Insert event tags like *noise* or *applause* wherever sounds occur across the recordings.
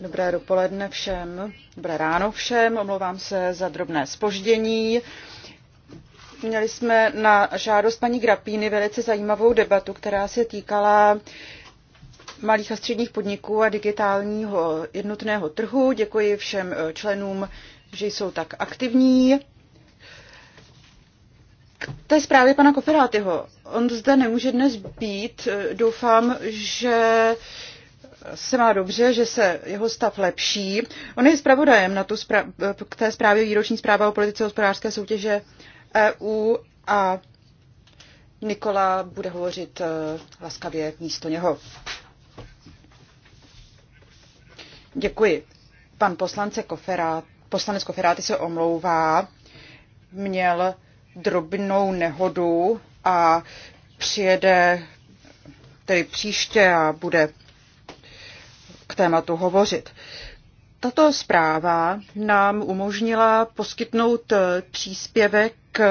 Dobré dopoledne všem, dobré ráno všem, omlouvám se za drobné spoždění. Měli jsme na žádost paní Grapíny velice zajímavou debatu, která se týkala malých a středních podniků a digitálního jednotného trhu. Děkuji všem eh, členům, že jsou tak aktivní. K té zprávě pana Koferátyho. On zde nemůže dnes být. Eh, doufám, že se má dobře, že se jeho stav lepší. On je zpravodajem na tu zpra- k té zprávě výroční zpráva o politice hospodářské soutěže EU a Nikola bude hovořit eh, laskavě místo něho. Děkuji. Pan poslance Kofera, poslanec Koferáty se omlouvá. Měl drobnou nehodu a přijede tedy příště a bude k tématu hovořit. Tato zpráva nám umožnila poskytnout eh, příspěvek eh,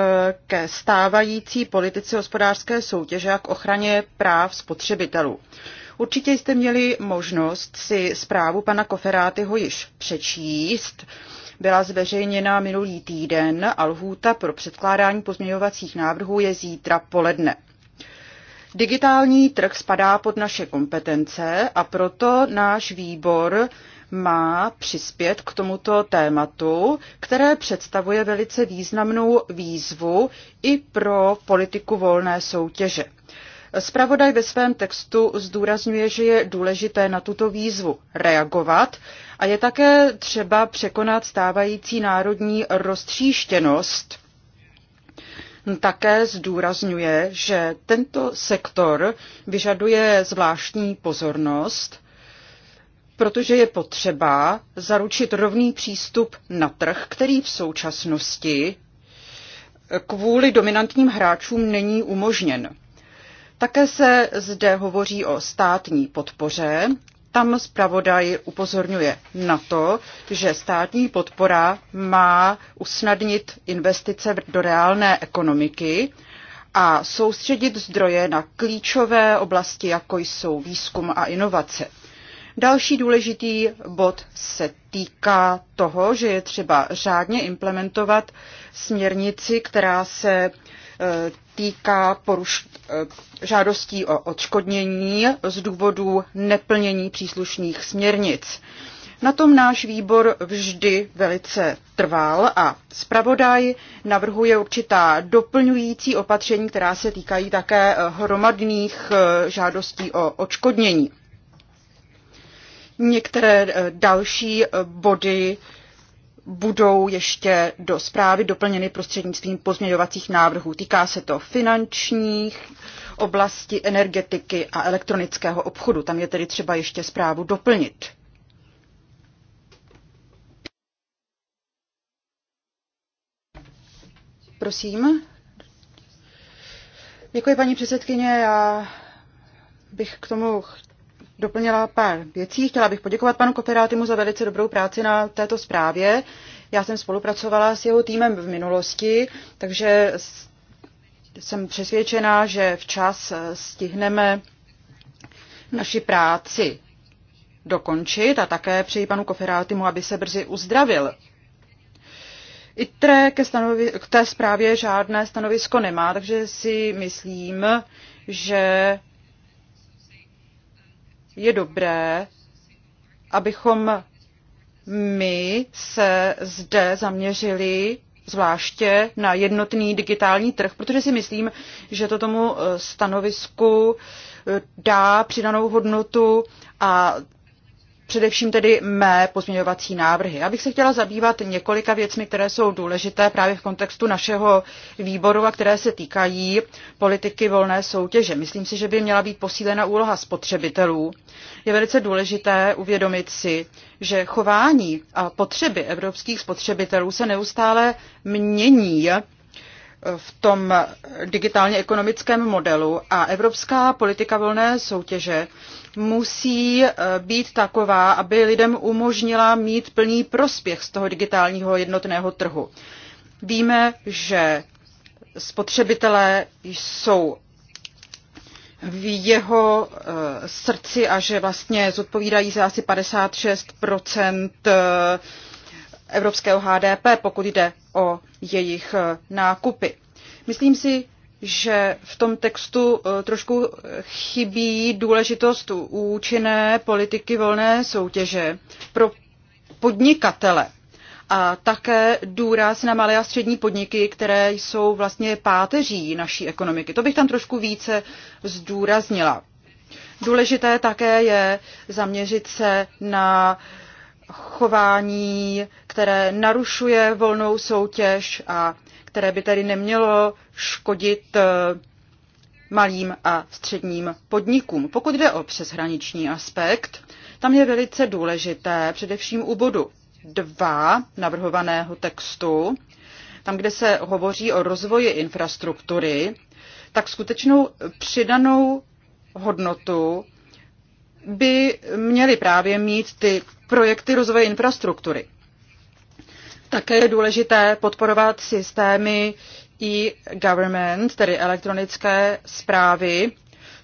ke stávající politice hospodářské soutěže a k ochraně práv spotřebitelů. Určitě jste měli možnost si zprávu pana Koferátyho již přečíst. Byla zveřejněna minulý týden a lhůta pro předkládání pozměňovacích návrhů je zítra poledne. Digitální trh spadá pod naše kompetence a proto náš výbor má přispět k tomuto tématu, které představuje velice významnou výzvu i pro politiku volné soutěže. Spravodaj ve svém textu zdůrazňuje, že je důležité na tuto výzvu reagovat a je také třeba překonat stávající národní roztříštěnost také zdůrazňuje, že tento sektor vyžaduje zvláštní pozornost, protože je potřeba zaručit rovný přístup na trh, který v současnosti kvůli dominantním hráčům není umožněn. Také se zde hovoří o státní podpoře, tam zpravodaj upozorňuje na to, že státní podpora má usnadnit investice do reálné ekonomiky a soustředit zdroje na klíčové oblasti, jako jsou výzkum a inovace. Další důležitý bod se týká toho, že je třeba řádně implementovat směrnici, která se týká poruš- eh, žádostí o odškodnění z důvodu neplnění příslušných směrnic. Na tom náš výbor vždy velice trval a zpravodaj navrhuje určitá doplňující opatření, která se týkají také eh, hromadných eh, žádostí o odškodnění. Některé další body budou ještě do zprávy doplněny prostřednictvím pozměňovacích návrhů. Týká se to finančních oblasti energetiky a elektronického obchodu. Tam je tedy třeba ještě zprávu doplnit. Prosím. Děkuji, paní předsedkyně. Já bych k tomu doplnila pár věcí. Chtěla bych poděkovat panu Koperátimu za velice dobrou práci na této zprávě. Já jsem spolupracovala s jeho týmem v minulosti, takže jsem přesvědčená, že včas eh, stihneme naši práci dokončit a také přeji panu koferátimu, aby se brzy uzdravil. ITRE ke stanovi- k té zprávě žádné stanovisko nemá, takže si myslím, že je dobré, abychom my se zde zaměřili zvláště na jednotný digitální trh, protože si myslím, že to tomu eh, stanovisku eh, dá přidanou hodnotu a především tedy mé pozměňovací návrhy. Já bych se chtěla zabývat několika věcmi, které jsou důležité právě v kontextu našeho výboru a které se týkají politiky volné soutěže. Myslím si, že by měla být posílena úloha spotřebitelů. Je velice důležité uvědomit si, že chování a potřeby evropských spotřebitelů se neustále mění v tom digitálně ekonomickém modelu a evropská politika volné soutěže musí eh, být taková, aby lidem umožnila mít plný prospěch z toho digitálního jednotného trhu. Víme, že spotřebitelé jsou v jeho eh, srdci a že vlastně zodpovídají za asi 56 evropského HDP, pokud jde o jejich eh, nákupy. Myslím si, že v tom textu eh, trošku chybí důležitost účinné politiky volné soutěže pro podnikatele a také důraz na malé a střední podniky, které jsou vlastně páteří naší ekonomiky. To bych tam trošku více zdůraznila. Důležité také je zaměřit se na uh, chování, které narušuje volnou soutěž a které by tedy nemělo škodit eh, malým a středním podnikům. Pokud jde o přeshraniční aspekt, tam je velice důležité, především u bodu 2 navrhovaného textu, tam, kde se hovoří o rozvoji infrastruktury, tak skutečnou přidanou hodnotu by měly právě mít ty projekty rozvoje infrastruktury. Také je důležité podporovat systémy e-government, tedy elektronické zprávy,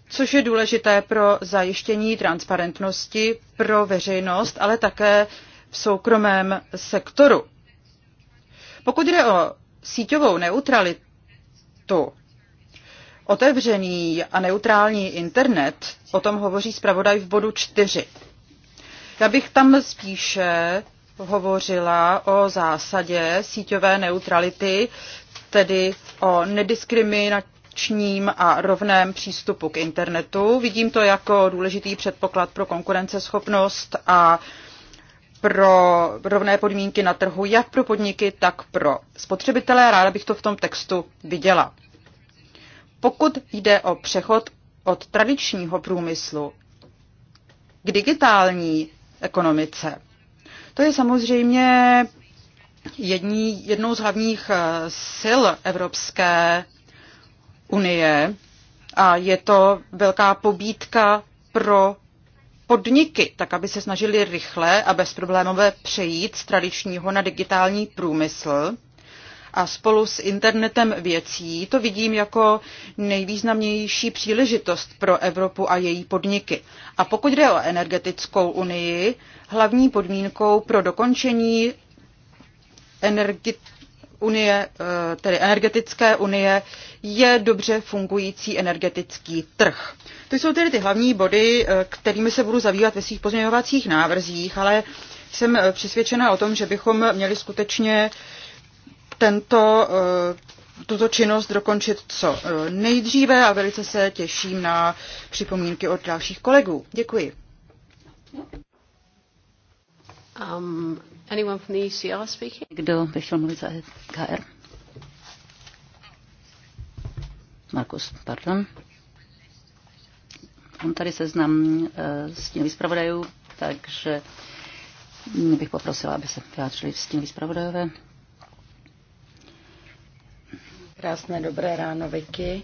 což je důležité pro zajištění transparentnosti pro veřejnost, ale také v soukromém sektoru. Pokud jde o síťovou neutralitu, otevřený a neutrální internet, o tom hovoří zpravodaj v bodu 4. Já bych tam spíše hovořila o zásadě síťové neutrality, tedy o nediskriminačním a rovném přístupu k internetu. Vidím to jako důležitý předpoklad pro konkurenceschopnost a pro rovné podmínky na trhu, jak pro podniky, tak pro spotřebitele. Ráda bych to v tom textu viděla. Pokud jde o přechod od tradičního průmyslu k digitální ekonomice. To je samozřejmě jední, jednou z hlavních eh, sil Evropské unie a je to velká pobídka pro podniky, tak aby se snažili rychle a bezproblémové přejít z tradičního na digitální průmysl a spolu s internetem věcí to vidím jako nejvýznamnější příležitost pro Evropu a její podniky. A pokud jde o energetickou unii, hlavní podmínkou pro dokončení energi- unie, eh, tedy energetické unie je dobře fungující energetický trh. To jsou tedy ty hlavní body, eh, kterými se budu zabývat ve svých pozměňovacích návrzích, ale jsem eh, přesvědčena o tom, že bychom měli skutečně uh, tento, eh, tuto činnost dokončit co eh, nejdříve a velice se těším na připomínky od dalších kolegů. Děkuji. Um, anyone from the ECR speaking? Kdo by chtěl mluvit za e KR? Markus, pardon. Mám tady seznam uh, eh, tím zpravodajů, takže bych poprosila, aby se vyjádřili tím zpravodajové. Krásné dobré ráno, Vicky.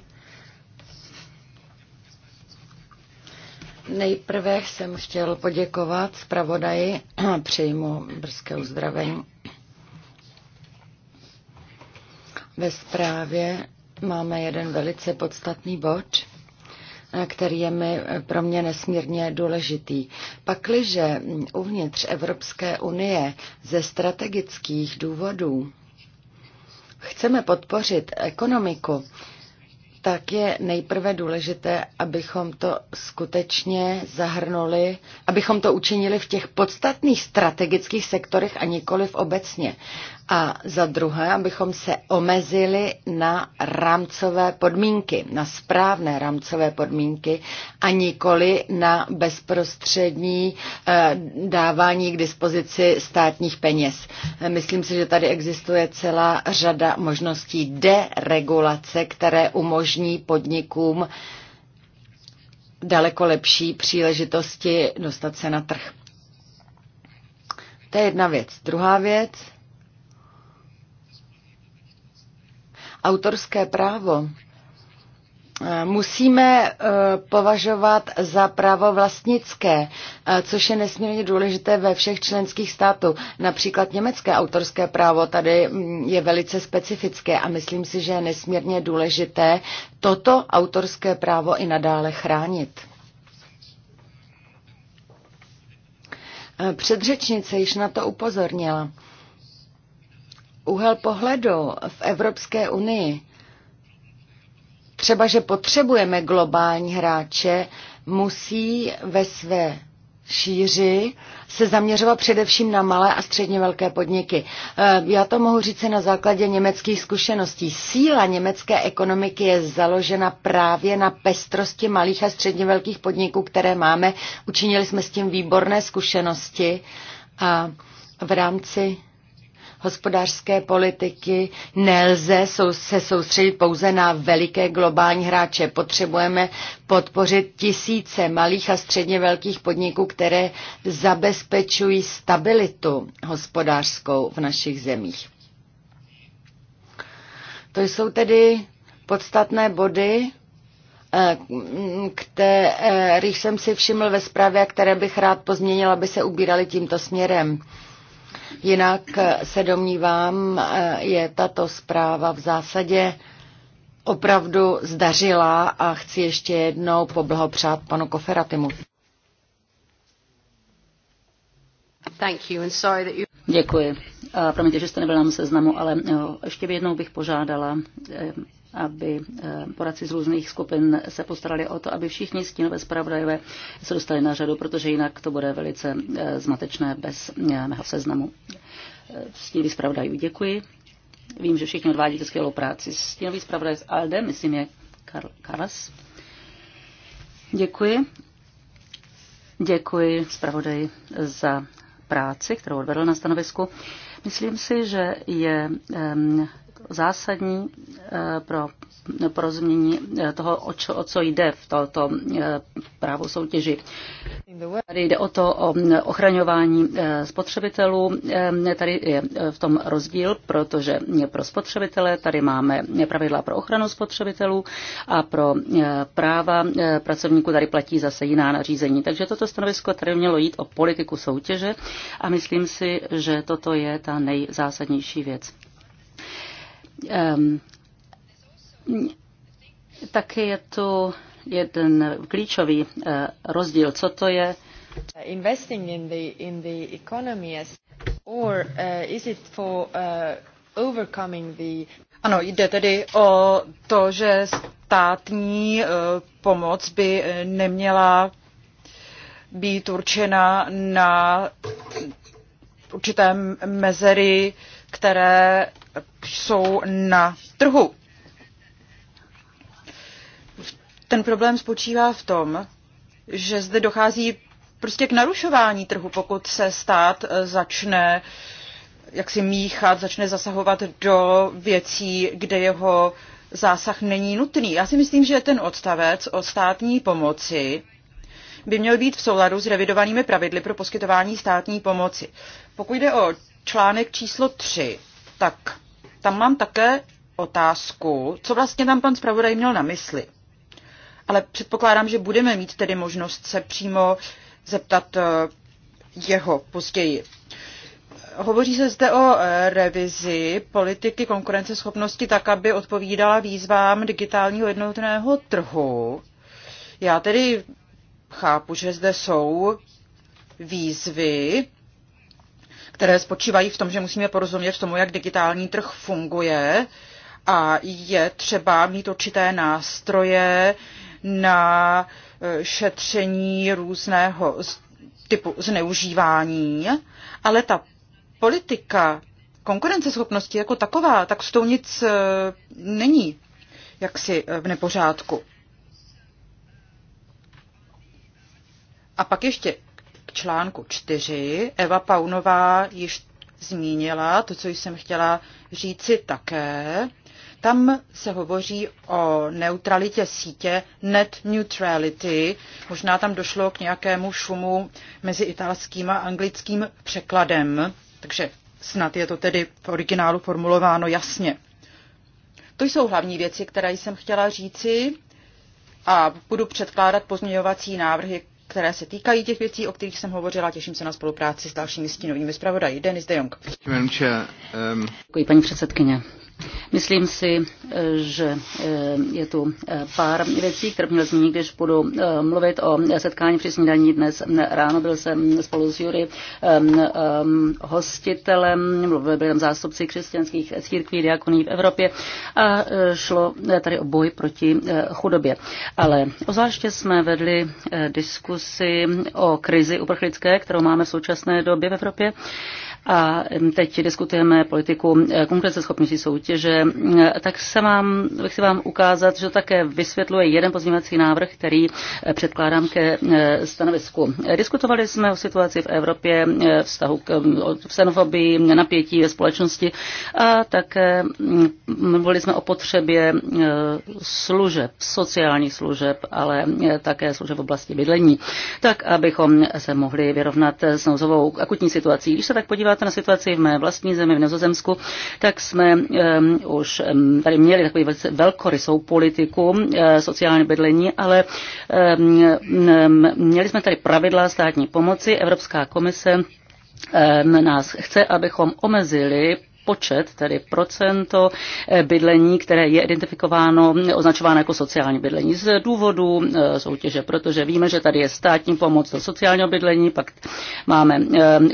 Nejprve jsem chtěl poděkovat zpravodaji a přejmu brzké uzdravení. Ve zprávě máme jeden velice podstatný bod, který je mi, pro mě nesmírně důležitý. Pakliže uvnitř Evropské unie ze strategických důvodů chceme podpořit ekonomiku, tak je nejprve důležité, abychom to skutečně zahrnuli, abychom to učinili v těch podstatných strategických sektorech a nikoli v obecně. A za druhé, abychom se omezili na rámcové podmínky, na správné rámcové podmínky a nikoli na bezprostřední eh, dávání k dispozici státních peněz. Myslím si, že tady existuje celá řada možností deregulace, které umožňují umožní podnikům daleko lepší příležitosti dostat se na trh. To je jedna věc. Druhá věc. Autorské právo musíme eh, považovat za právo vlastnické, eh, což je nesmírně důležité ve všech členských států. Například německé autorské právo tady mm, je velice specifické a myslím si, že je nesmírně důležité toto autorské právo i nadále chránit. Eh, předřečnice již na to upozornila. Úhel pohledu v Evropské unii třeba, že potřebujeme globální hráče, musí ve své šíři se zaměřovat především na malé a středně velké podniky. Eh, já to mohu říct na základě německých zkušeností. Síla německé ekonomiky je založena právě na pestrosti malých a středně velkých podniků, které máme. Učinili jsme s tím výborné zkušenosti a v rámci hospodářské politiky nelze se soustředit pouze na veliké globální hráče. Potřebujeme podpořit tisíce malých a středně velkých podniků, které zabezpečují stabilitu hospodářskou v našich zemích. To jsou tedy podstatné body, eh, kterých jsem si všiml ve zprávě které bych rád pozměnil, aby se ubírali tímto směrem. Jinak eh, se domnívám, eh, je tato zpráva v zásadě opravdu zdařila a chci ještě jednou poblahopřát panu Koferatimu. Děkuji. Eh, promiňte, že jste nebyl na seznamu, ale jo, ještě jednou bych požádala aby eh, poradci z různých skupin se postarali o to, aby všichni stínové zpravodajové se dostali na řadu, protože jinak to bude velice eh, zmatečné bez eh, mého seznamu. Stínový zpravodajů děkuji. Vím, že všichni odvádíte skvělou práci. Stínový zpravodaj z ALDE, myslím, je Kar- Karas. Děkuji. Děkuji zpravodaji za práci, kterou odvedl na stanovisku. Myslím si, že je um, zásadní eh, pro porozumění eh, toho, o čo o co jde v tohoto eh, právu soutěži. Tady jde o to o ochraňování spotřebitelů. Tady je v tom rozdíl, protože pro spotřebitele tady máme pravidla pro ochranu spotřebitelů a pro práva pracovníků tady platí zase jiná nařízení. Takže toto stanovisko tady mělo jít o politiku soutěže a myslím si, že toto je ta nejzásadnější věc. Um, ehm, tak je tu jeden klíčový uh, rozdíl. Co to je? Investing in the, in the economy as, or uh, is it for uh, overcoming the... Ano, jde tedy o to, že státní pomoc by neměla být určena na určité mezery, které jsou na trhu. Ten problém spočívá v tom, že zde dochází prostě k narušování trhu, pokud se stát eh, začne jak si míchat, začne zasahovat do věcí, kde jeho zásah není nutný. Já si myslím, že ten odstavec o státní pomoci by měl být v souladu s revidovanými pravidly pro poskytování státní pomoci. Pokud jde o článek číslo 3, tak tam mám také otázku, co vlastně tam pan zpravodaj měl na mysli. Ale předpokládám, že budeme mít tedy možnost se přímo zeptat eh, jeho později. Hovoří se zde o eh, revizi politiky konkurenceschopnosti tak, aby odpovídala výzvám digitálního jednotného trhu. Já tedy chápu, že zde jsou výzvy, které spočívají v tom, že musíme porozumět tomu, jak digitální trh funguje a je třeba mít určité nástroje na eh, šetření různého typu zneužívání, ale ta politika konkurenceschopnosti jako taková, tak s tou nic eh, není jaksi eh, v nepořádku. A pak ještě k článku 4. Eva Paunová již zmínila to, co jsem chtěla říci také. Tam se hovoří o neutralitě sítě, net neutrality. Možná tam došlo k nějakému šumu mezi italským a anglickým překladem, takže snad je to tedy v originálu formulováno jasně. To jsou hlavní věci, které jsem chtěla říci a budu předkládat pozměňovací návrhy které se týkají těch věcí, o kterých jsem hovořila. Těším se na spolupráci s dalšími stínovými zpravodaji. Denis de Jong. Děkuji, paní předsedkyně. Myslím si, eh, že eh, je tu eh, pár věcí, které měl zmínit, když budu mluvit o setkání při snídaní dnes ráno. Byl jsem spolu s Jury ehm, ehm, hostitelem, byl jsem zástupci křesťanských církví diakoní v Evropě a šlo tady o boj proti chudobě. Ale ozvláště jsme vedli diskusi o krizi uprchlické, kterou máme v současné době v Evropě a teď diskutujeme politiku eh, konkurenceschopnosti soutěže, eh, tak se vám, bych si vám ukázat, že také vysvětluje jeden pozměňovací návrh, který eh, předkládám ke stanovisku. Diskutovali jsme o situaci v Evropě, vztahu k xenofobii, napětí ve společnosti a také mm, mluvili jsme o potřebě služeb, sociálních služeb, ale také služeb v oblasti bydlení, tak abychom se mohli vyrovnat s nouzovou akutní situací. Když se tak podíváme, podíváte na situaci v mé vlastní zemi, v Nizozemsku, tak jsme um, už um, tady měli takový velkorysou politiku uh, sociální bydlení, ale um, um, měli jsme tady pravidla státní pomoci. Evropská komise nás chce, abychom omezili počet, tedy procento eh, bydlení, které je identifikováno, označováno jako sociální bydlení z důvodu eh, soutěže, protože víme, že tady je státní pomoc do sociálního bydlení, pak máme,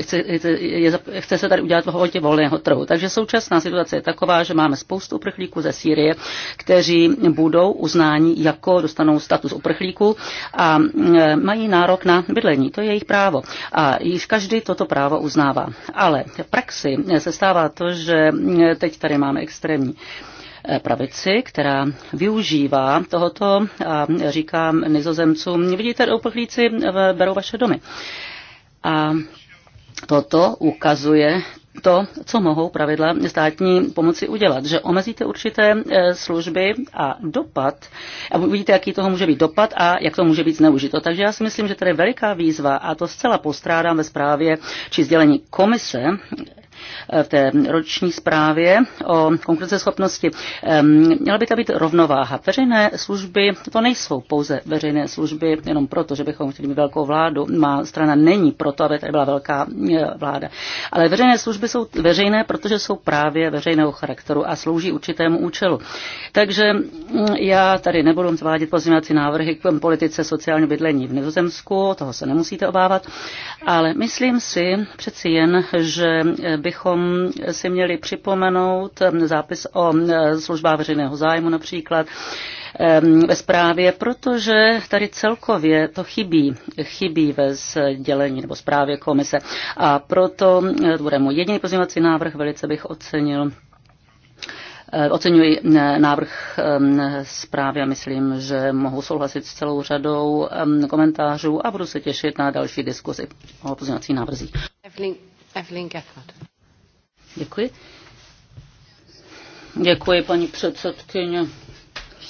eh, chce, je, chce se tady udělat v hodě volného trhu. Takže současná situace je taková, že máme spoustu uprchlíků ze Sýrie, kteří budou uznáni jako dostanou status uprchlíků a mají nárok na bydlení. To je jejich právo. A již každý toto právo uznává. Ale v praxi se stává to, že mm, teď tady máme extrémní eh, pravici, která využívá tohoto a říká nizozemcům, vidíte, uprchlíci berou vaše domy. A toto ukazuje to, co mohou pravidla státní pomoci udělat, že omezíte určité eh, služby a dopad, a uvidíte, jaký toho může být dopad a jak to může být zneužito. Takže já si myslím, že tady je veliká výzva a to zcela postrádám ve zprávě či sdělení komise, Eh, v té roční zprávě o konkurenceschopnosti. Měla by to být rovnováha. Veřejné služby to nejsou pouze veřejné služby, jenom proto, že bychom chtěli mít velkou vládu. Má strana není proto, aby tady byla velká eh, vláda. Ale veřejné služby jsou veřejné, protože jsou právě veřejného charakteru a slouží určitému účelu. Takže mm, já tady nebudu zvádět pozměňovací návrhy k politice sociálního bydlení v Nizozemsku, toho se nemusíte obávat, ale myslím si přeci jen, že bych bychom si měli připomenout zápis o e, službách veřejného zájmu například e, ve zprávě, protože tady celkově to chybí, chybí ve sdělení nebo zprávě komise. A proto e, to bude můj jediný pozměňovací návrh, velice bych ocenil Oceňuji návrh zprávy a myslím, že mohu souhlasit s celou řadou komentářů a budu se těšit na další diskuzi o pozměňovacích návrzích. Evelyn, Evelyn Děkuji. Děkuji, paní předsedkyně.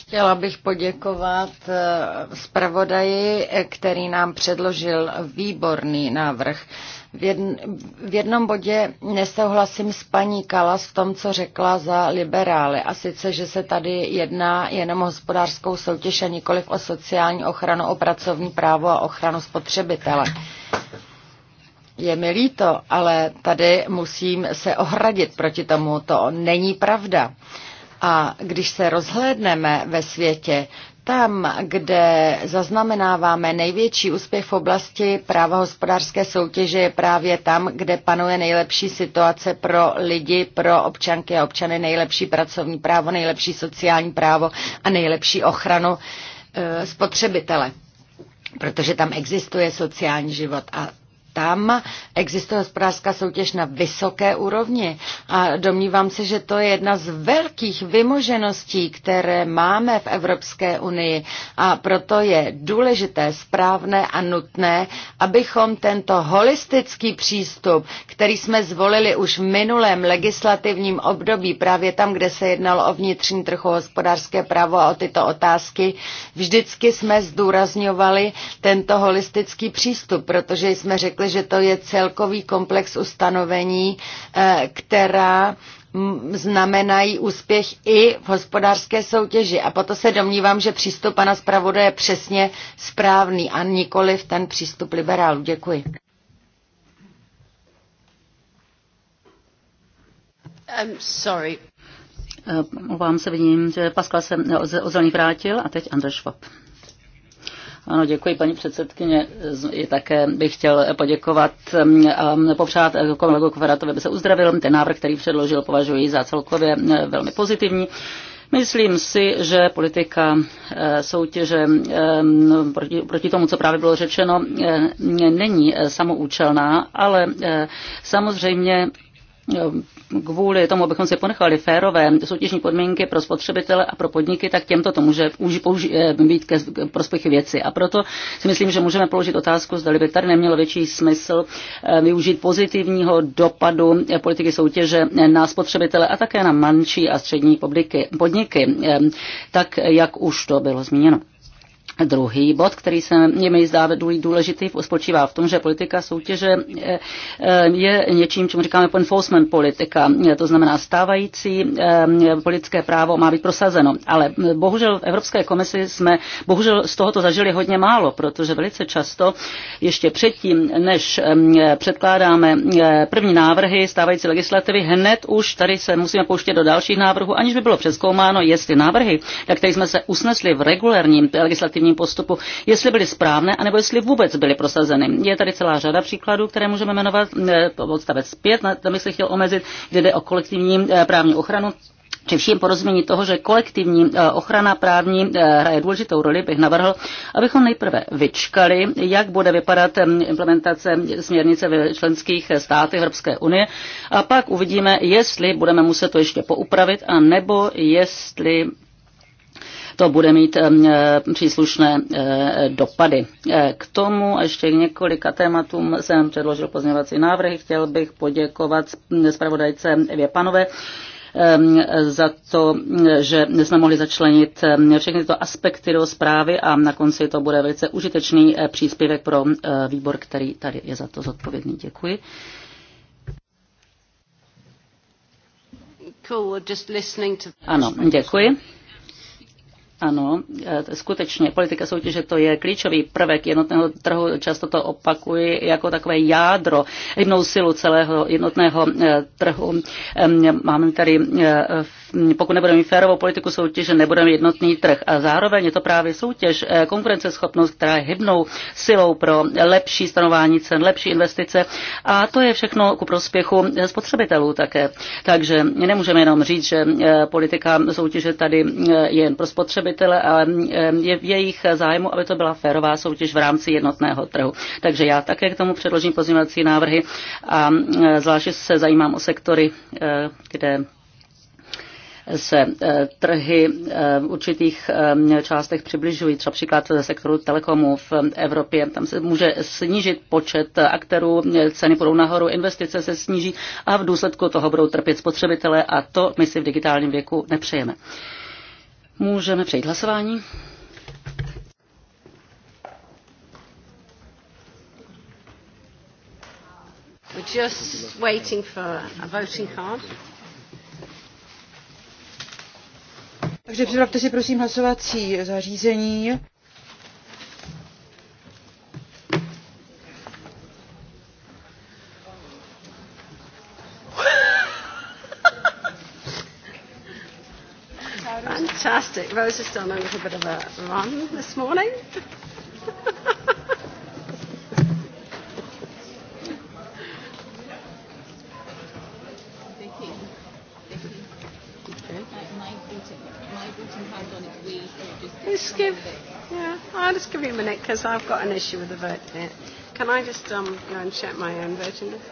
Chtěla bych poděkovat eh, zpravodaji, eh, který nám předložil výborný návrh. V jednom bodě nesouhlasím s paní Kalas v tom, co řekla za liberály. A sice, že se tady jedná jenom o hospodářskou soutěž a nikoliv o sociální ochranu, o pracovní právo a ochranu spotřebitele. Je mi líto, ale tady musím se ohradit proti tomu. To není pravda. A když se rozhlédneme ve světě, tam, kde zaznamenáváme největší úspěch v oblasti práva hospodářské soutěže, je právě tam, kde panuje nejlepší situace pro lidi, pro občanky a občany, nejlepší pracovní právo, nejlepší sociální právo a nejlepší ochranu e, spotřebitele. Protože tam existuje sociální život a tam existuje hospodářská soutěž na vysoké úrovni a domnívám se, že to je jedna z velkých vymožeností, které máme v Evropské unii a proto je důležité, správné a nutné, abychom tento holistický přístup, který jsme zvolili už v minulém legislativním období, právě tam, kde se jednalo o vnitřní trhu hospodářské právo a o tyto otázky, vždycky jsme zdůrazňovali tento holistický přístup, protože jsme řekli, řekli, že to je celkový komplex ustanovení, eh, která znamenají úspěch i v hospodářské soutěži. A proto se domnívám, že přístup pana zpravodaje je přesně správný a nikoli v ten přístup liberálů. Děkuji. I'm um, sorry. Eh, vám se, vidím, že Pascal se od zelených vrátil a teď Andrej Schwab. Ano, děkuji paní předsedkyně. I také bych chtěl poděkovat mm, a popřát kolegu Kvaratovi, aby se uzdravil. Ten návrh, který předložil, považuji za celkově mm, velmi pozitivní. Myslím si, že politika eh, soutěže mm, proti, proti tomu, co právě bylo řečeno, eh, není samoučelná, ale eh, samozřejmě kvůli tomu, abychom si ponechali férové soutěžní podmínky pro spotřebitele a pro podniky, tak těmto to může eh, být ke prospěchy věci. A proto si myslím, že můžeme položit otázku, zda by tady nemělo větší smysl eh, využít pozitivního dopadu eh, politiky soutěže na spotřebitele a také na manší a střední podniky, tak jak už to bylo zmíněno. Druhý bod, který se mi zdá důležitý, spočívá v tom, že politika soutěže eh, eh, je něčím, čemu říkáme enforcement politika. To znamená, stávající eh, politické právo má být prosazeno. Ale bohužel v Evropské komisi jsme bohužel z tohoto zažili hodně málo, protože velice často ještě předtím, než předkládáme první návrhy stávající legislativy, hned už tady se musíme pouštět do dalších návrhů, aniž by bylo přeskoumáno, jestli návrhy, na které jsme se usnesli v regulérním legislativním legislativním postupu, jestli byly správné, anebo jestli vůbec byly prosazeny. Je tady celá řada příkladů, které můžeme jmenovat. E, odstavec 5, tam bych se chtěl omezit, kde jde o kolektivní e, právní ochranu Či vším porozumění toho, že kolektivní e, ochrana právní hraje důležitou roli, bych navrhl, abychom nejprve vyčkali, jak bude vypadat implementace směrnice ve členských státech Evropské unie a pak uvidíme, jestli budeme muset to ještě poupravit a nebo jestli to bude mít e, příslušné e, dopady. E, k tomu a ještě několika tématům jsem předložil pozměňovací návrhy. Chtěl bych poděkovat zpravodajce Evě Panové za to, že jsme mohli začlenit všechny tyto aspekty do zprávy a na konci to bude velice užitečný příspěvek pro výbor, který tady je za to zodpovědný. Děkuji. Ano, děkuji. Ano, e, skutečně politika soutěže to je klíčový prvek jednotného trhu, často to opakuji jako takové jádro, jednou silu celého jednotného e, trhu. Máme tady e, pokud nebudeme mít férovou politiku soutěže, nebudeme jednotný trh. A zároveň je to právě soutěž, eh, konkurenceschopnost, která je hybnou silou pro lepší stanování cen, lepší investice. A to je všechno ku prospěchu spotřebitelů také. Takže nemůžeme jenom říct, že eh, politika soutěže tady eh, je jen pro spotřebitele, ale je v jejich zájmu, aby to byla férová soutěž v rámci jednotného trhu. Takže já také k tomu předložím pozměňovací návrhy a zvláště se zajímám o sektory, kde se eh, trhy eh, v určitých eh, částech přibližují, třeba příklad sektoru telekomu v Evropě, tam se může snížit počet aktérů, ceny budou nahoru, investice se sníží a v důsledku toho budou trpět spotřebitelé a to my si v digitálním věku nepřejeme. Můžeme přejít hlasování. We're just waiting for a voting card. Takže připravte si prosím hlasovací zařízení. Fantastic. Rose has done a little bit of a run this morning. *laughs* just give, yeah, I'll just give you a minute because I've got an issue with the vote here. Can I just um, go and check my own voting list?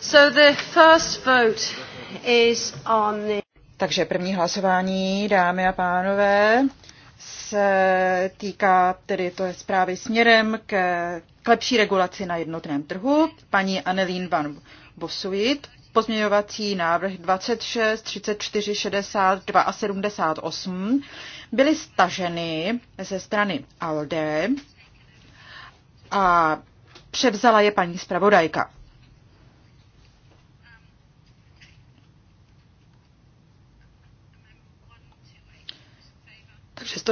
So the first vote is on the... Takže první hlasování, dámy a pánové, se týká tedy to je zprávy směrem k, k lepší regulaci na jednotném trhu. Paní Anelín van Bosuit, pozměňovací návrh 26, 34, 62 a 78 byly staženy ze strany ALDE a převzala je paní zpravodajka.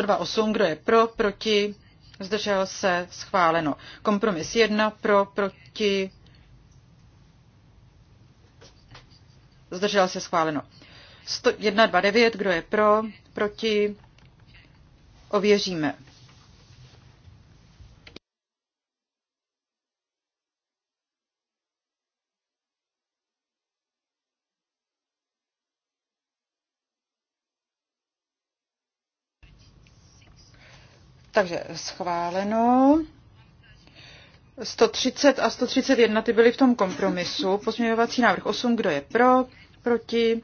128, kdo je pro, proti, zdržel se, schváleno. Kompromis 1, pro, proti, zdržel se, schváleno. 129, kdo je pro, proti, ověříme. Takže schváleno. 130 a 131 ty byly v tom kompromisu. Pozměňovací návrh 8, kdo je pro, proti,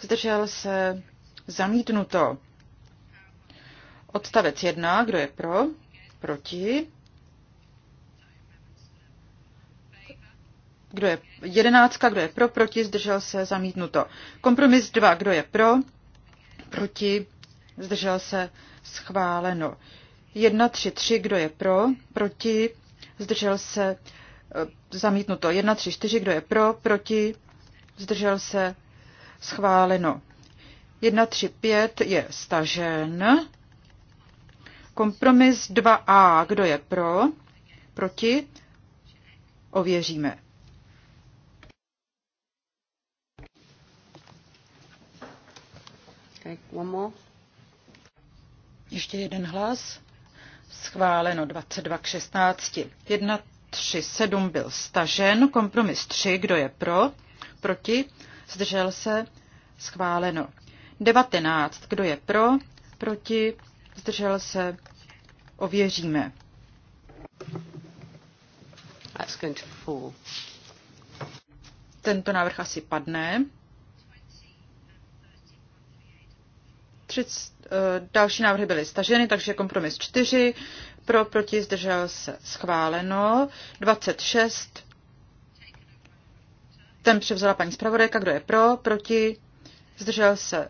zdržel se, zamítnuto. Odstavec 1, kdo je pro, proti, kdo je jedenáctka, kdo je pro, proti, zdržel se, zamítnuto. Kompromis 2, kdo je pro, proti, zdržel se, schváleno. 1, 3, 3, kdo je pro, proti, zdržel se, e, zamítnuto. 1, 3, 4, kdo je pro, proti, zdržel se, schváleno. 1, 3, 5 je stažen. Kompromis 2a, kdo je pro, proti, ověříme. Okay, one more. Ještě jeden hlas. Schváleno 22 k 16. 1, 3, 7 byl stažen. Kompromis 3. Kdo je pro? Proti? Zdržel se? Schváleno. 19. Kdo je pro? Proti? Zdržel se? Ověříme. That's going to fall. Tento návrh asi padne. 30, eh, další návrhy byly staženy, takže kompromis 4, pro, proti, zdržel se schváleno, 26, ten převzala paní zpravodajka, kdo je pro, proti, zdržel se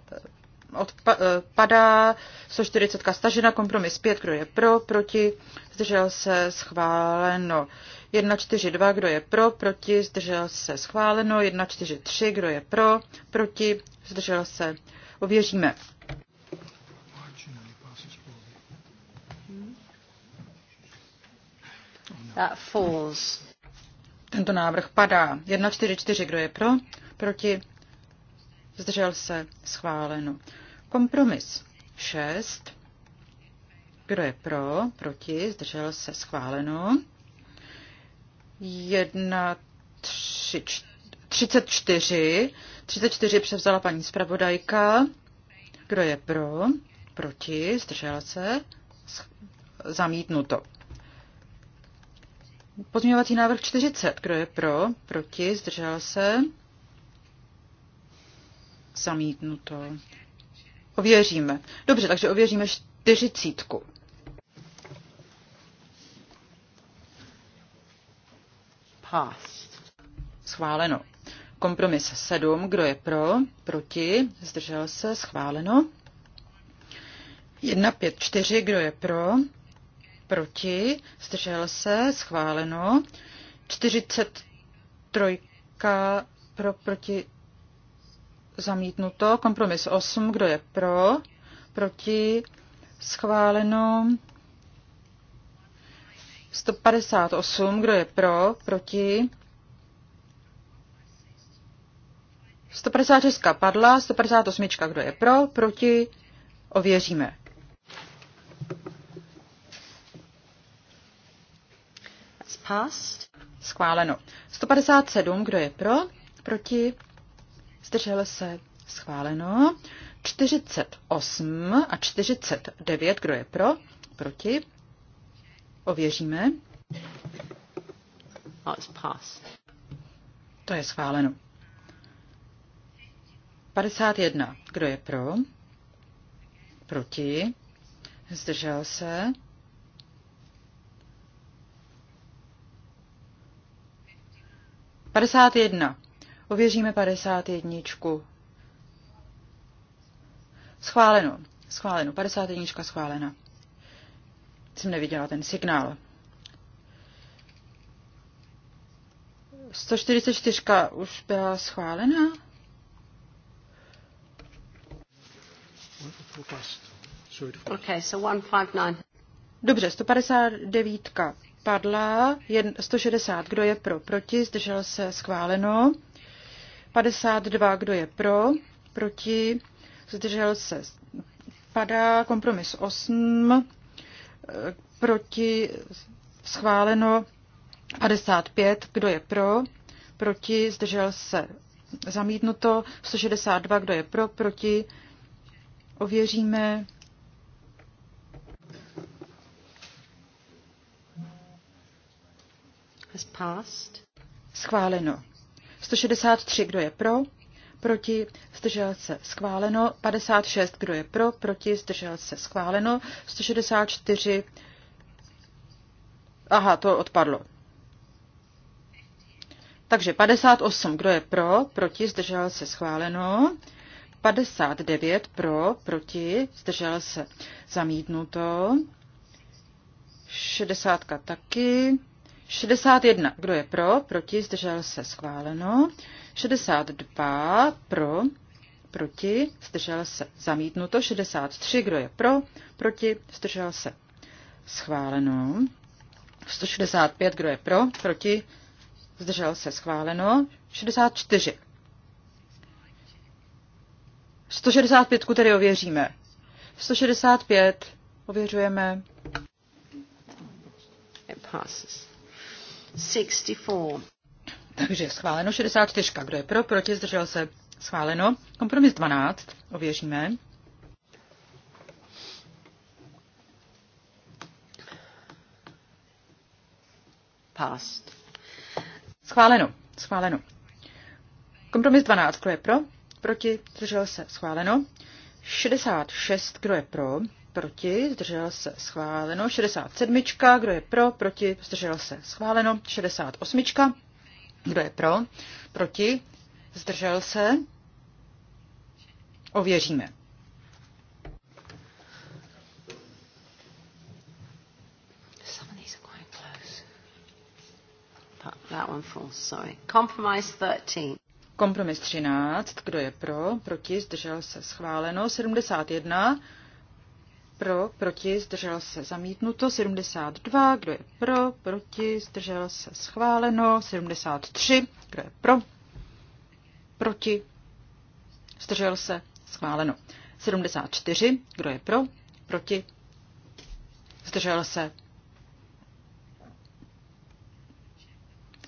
eh, odpadá, eh, 140 stažena, kompromis 5, kdo je pro, proti, zdržel se schváleno. 142, kdo je pro, proti, zdržel se schváleno. 143, kdo je pro, proti, zdržel se. Ověříme. That falls. Tento návrh padá. 144, kdo je pro? Proti? Zdržel se? Schváleno. Kompromis 6. Kdo je pro? Proti? Zdržel se? Schváleno. 1, 3, 34. 34 převzala paní zpravodajka. Kdo je pro? Proti? Zdržel se? Zamítnuto. Pozměňovací návrh 40. Kdo je pro? Proti? Zdržel se? Zamítnuto. Ověříme. Dobře, takže ověříme 40. Passed. Schváleno. Kompromis 7. Kdo je pro? Proti? Zdržel se? Schváleno. 1, 5, 4. Kdo je pro? proti, zdržel se, schváleno. 43 pro, proti, zamítnuto. Kompromis 8, kdo je pro, proti, schváleno. 158, kdo je pro, proti. 156 padla, 158, kdo je pro, proti, ověříme. Passed. Schváleno. 157, kdo je pro? Proti? Zdržel se? Schváleno. 48 a 49, kdo je pro? Proti? Ověříme. That's oh, passed. To je schváleno. 51. Kdo je pro? Proti? Zdržel se? 51. Ověříme 51. Schváleno. Schváleno. 51. schválena. Jsem neviděla ten signál. 144 už byla schválena? Okay, so 159. Dobře, 159 padla 160, kdo je pro, proti, zdržel se schváleno. 52, kdo je pro, proti, zdržel se padá. Kompromis 8, eh, proti, schváleno. 55, kdo je pro, proti, zdržel se zamítnuto. 162, kdo je pro, proti, ověříme. passed. Schváleno. 163, kdo je pro? Proti, zdržel se, schváleno. 56, kdo je pro? Proti, zdržel se, schváleno. 164, aha, to odpadlo. Takže 58, kdo je pro? Proti, zdržel se, schváleno. 59 pro, proti, zdržel se zamítnuto. 60 taky. 61. Kdo je pro? Proti? Zdržel se? Schváleno. 62. Pro? Proti? Zdržel se? Zamítnuto. 63. Kdo je pro? Proti? Zdržel se? Schváleno. 165. Kdo je pro? Proti? Zdržel se? Schváleno. 64. 165 tedy ověříme. 165 ověřujeme. It passes. 64. Takže schváleno 64. Kdo je pro, proti, zdržel se. Schváleno. Kompromis 12. Ověříme. Past. Schváleno. Schváleno. Kompromis 12. Kdo je pro? Proti, zdržel se. Schváleno. 66. Kdo je pro? proti, zdržel se, schváleno. 67. Kdo je pro, proti, zdržel se, schváleno. 68. Kdo je pro, proti, zdržel se, ověříme. That one falls, sorry. Compromise 13. Kompromis 13. Kdo je pro? Proti? Zdržel se. Schváleno. 71 pro, proti, zdržel se zamítnuto, 72, kdo je pro, proti, zdržel se schváleno, 73, kdo je pro, proti, zdržel se schváleno, 74, kdo je pro, proti, zdržel se.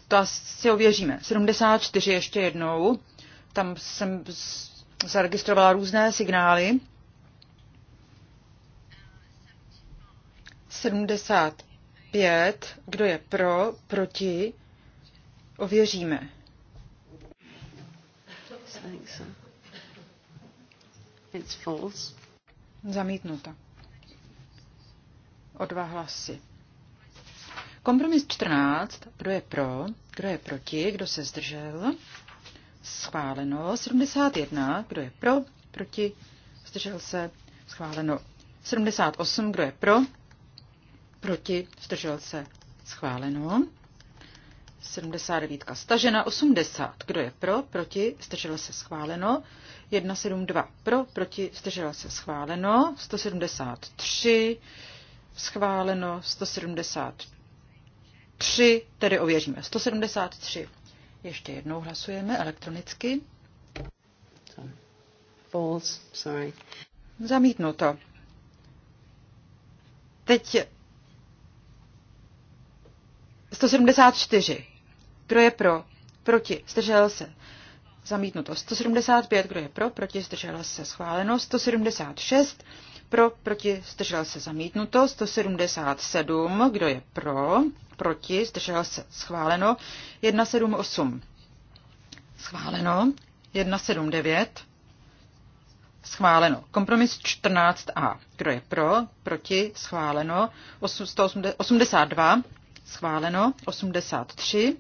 To asi ověříme. 74 ještě jednou. Tam jsem zaregistrovala různé signály. 75. Kdo je pro, proti? Ověříme. It's false. Zamítnuto. O dva hlasy. Kompromis 14. Kdo je pro? Kdo je proti? Kdo se zdržel? Schváleno. 71. Kdo je pro? Proti? Zdržel se? Schváleno. 78. Kdo je pro? proti, zdržel se, schváleno. 79 stažena, 80, kdo je pro, proti, zdržel se, schváleno. 172 pro, proti, zdržel se, schváleno. 173 schváleno, 173, tedy ověříme, 173. Ještě jednou hlasujeme elektronicky. False, sorry. Zamítnuto. Teď 174. Kdo je pro? Proti. Zdržel se. Zamítnuto. 175. Kdo je pro? Proti. Zdržel se. Schváleno. 176. Pro. Proti. Zdržel se. Zamítnuto. 177. Kdo je pro? Proti. Zdržel se. Schváleno. 178. Schváleno. 179. Schváleno. Kompromis 14a. Kdo je pro? Proti? Schváleno. 82. Schváleno. 83.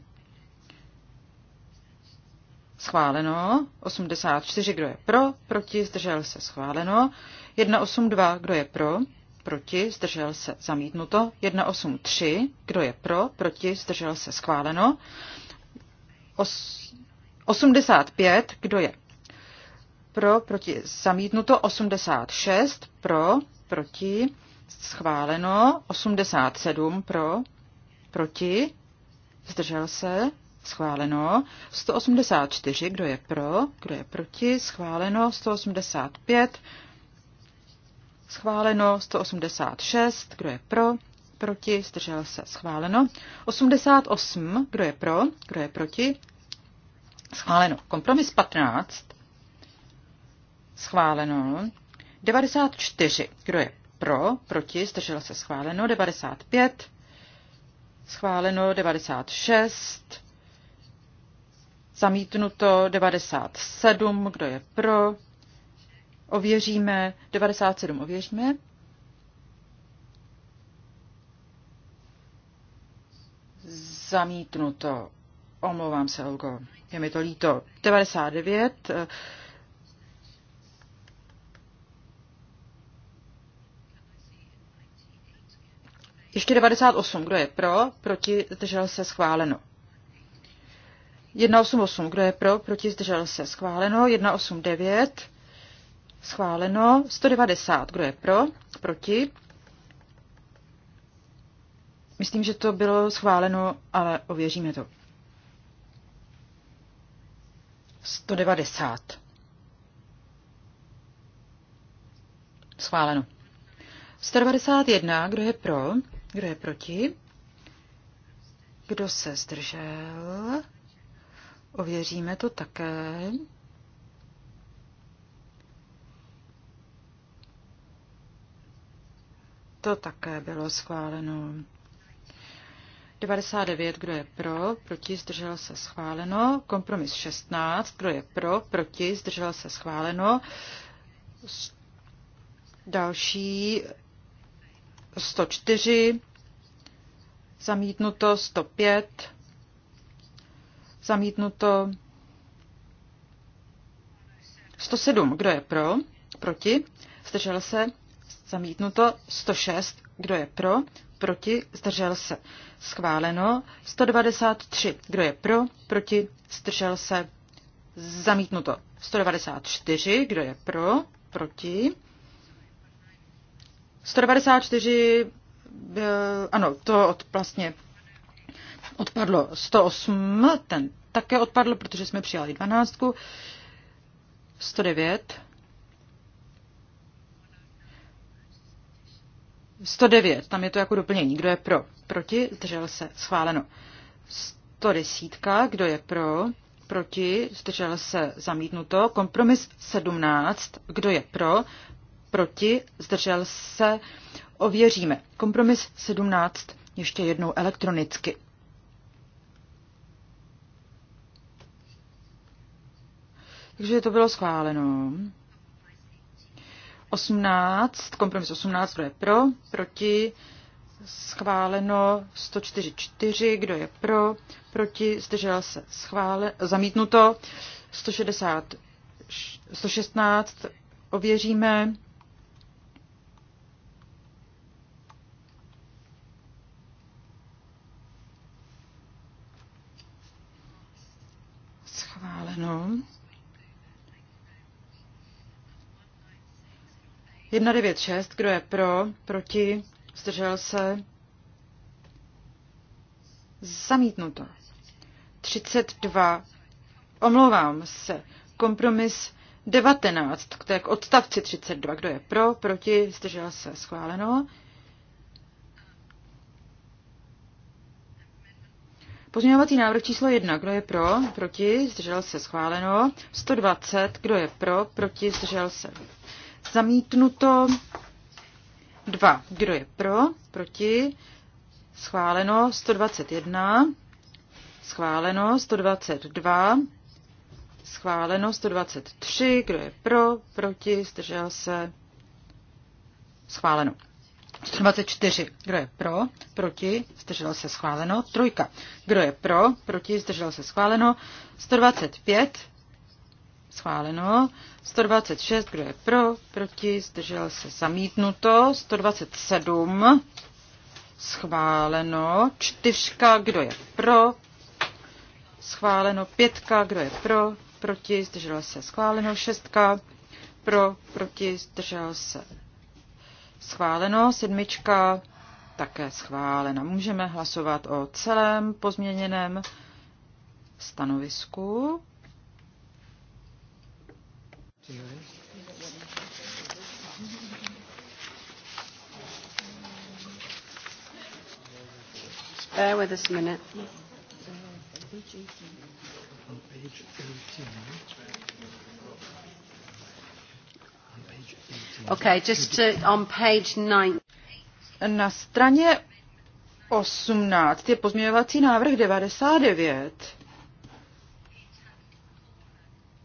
Schváleno. 84. Kdo je pro? Proti. Zdržel se. Schváleno. 182. Kdo je pro? Proti. Zdržel se. Zamítnuto. 183. Kdo je pro? Proti. Zdržel se. Schváleno. Os, 85. Kdo je pro? Proti. Zamítnuto. 86. Pro? Proti. Schváleno. 87. Pro? Proti? Zdržel se? Schváleno. 184. Kdo je pro? Kdo je proti? Schváleno. 185. Schváleno. 186. Kdo je pro? Proti? Zdržel se? Schváleno. 88. Kdo je pro? Kdo je proti? Schváleno. Kompromis 15. Schváleno. 94. Kdo je pro? Proti? Zdržel se? Schváleno. 95 schváleno 96, zamítnuto 97, kdo je pro, ověříme, 97 ověříme. Zamítnuto, omlouvám se, Olgo, je mi to líto. 99, Ještě 98, kdo je pro, proti, zdržel se, schváleno. 188, kdo je pro, proti, zdržel se, schváleno. 189, schváleno. 190, kdo je pro, proti. Myslím, že to bylo schváleno, ale ověříme to. 190. Schváleno. 191, kdo je pro, kdo je proti? Kdo se zdržel? Ověříme to také. To také bylo schváleno. 99, kdo je pro, proti, zdržel se schváleno. Kompromis 16, kdo je pro, proti, zdržel se schváleno. Další 104, zamítnuto 105, zamítnuto 107, kdo je pro, proti, zdržel se, zamítnuto 106, kdo je pro, proti, zdržel se, schváleno 193, kdo je pro, proti, zdržel se, zamítnuto 194, kdo je pro, proti, 194, eh, ano, to od, vlastně odpadlo 108, ten také odpadl, protože jsme přijali 12. 109. 109, tam je to jako doplnění. Kdo je pro? Proti? Zdržel se. Schváleno. 110, kdo je pro? Proti? Zdržel se. Zamítnuto. Kompromis 17, kdo je pro? proti, zdržel se, ověříme. Kompromis 17 ještě jednou elektronicky. Takže to bylo schváleno. 18, kompromis 18, kdo je pro, proti, schváleno 144, kdo je pro, proti, zdržel se, schvále, zamítnuto 160, 116, ověříme. 196, kdo je pro, proti, zdržel se, zamítnuto. 32, omlouvám se, kompromis 19, to je k odstavci 32, kdo je pro, proti, zdržel se, schváleno. Pozměňovací návrh číslo 1. Kdo je pro? Proti? Zdržel se schváleno. 120. Kdo je pro? Proti? Zdržel se Zamítnuto. dva. Kdo je pro? Proti? Schváleno. 121. Schváleno. 122. Schváleno. 123. Kdo je pro? Proti? Zdržel se? Schváleno. 124. Kdo je pro? Proti? Zdržel se schváleno. Trojka. Kdo je pro? Proti? Zdržel se schváleno. 125. Schváleno. 126, kdo je pro, proti, zdržel se zamítnuto. 127, schváleno. Čtyřka, kdo je pro, schváleno. Pětka, kdo je pro, proti, zdržel se schváleno. Šestka, pro, proti, zdržel se schváleno. Sedmička, také schválena. Můžeme hlasovat o celém pozměněném stanovisku. Bear with us a minute. Okay, just to, on page nine. Na straně 18 je pozměňovací návrh 99.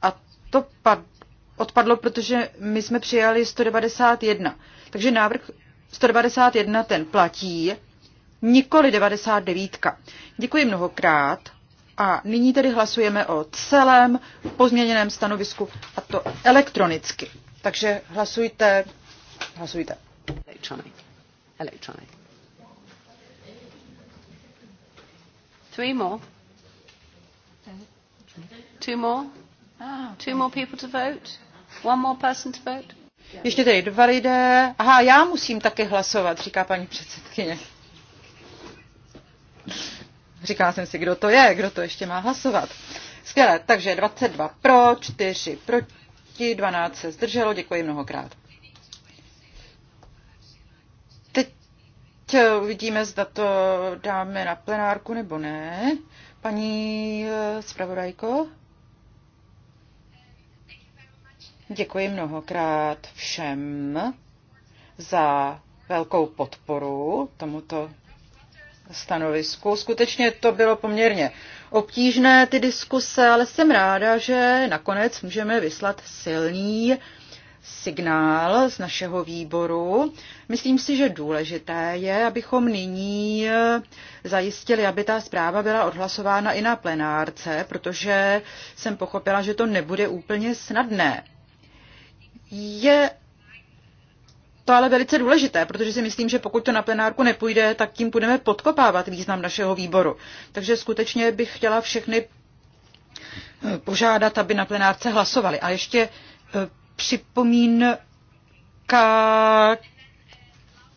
A to padá odpadlo, protože my jsme přijali 191. Takže návrh 191 ten platí, nikoli 99. Děkuji mnohokrát a nyní tedy hlasujeme o celém pozměněném stanovisku a to elektronicky. Takže hlasujte, hlasujte. Electronic. Electronic. Three more. Two more. Ah, Two more people to vote. One more person to vote? Ještě tady dva lidé. Aha, já musím také hlasovat, říká paní předsedkyně. Říká jsem si, kdo to je, kdo to ještě má hlasovat. Skvěle, takže 22 pro, 4 proti, 12 se zdrželo, děkuji mnohokrát. Teď eh, uvidíme, zda to dáme na plenárku nebo ne. Paní eh, zpravodajko. Děkuji mnohokrát všem za velkou podporu tomuto stanovisku. Skutečně to bylo poměrně obtížné, ty diskuse, ale jsem ráda, že nakonec můžeme vyslat silný signál z našeho výboru. Myslím si, že důležité je, abychom nyní zajistili, aby ta zpráva byla odhlasována i na plenárce, protože jsem pochopila, že to nebude úplně snadné je to ale velice důležité, protože si myslím, že pokud to na plenárku nepůjde, tak tím budeme podkopávat význam našeho výboru. Takže skutečně bych chtěla všechny eh, požádat, aby na plenárce hlasovali. A ještě eh, připomínka,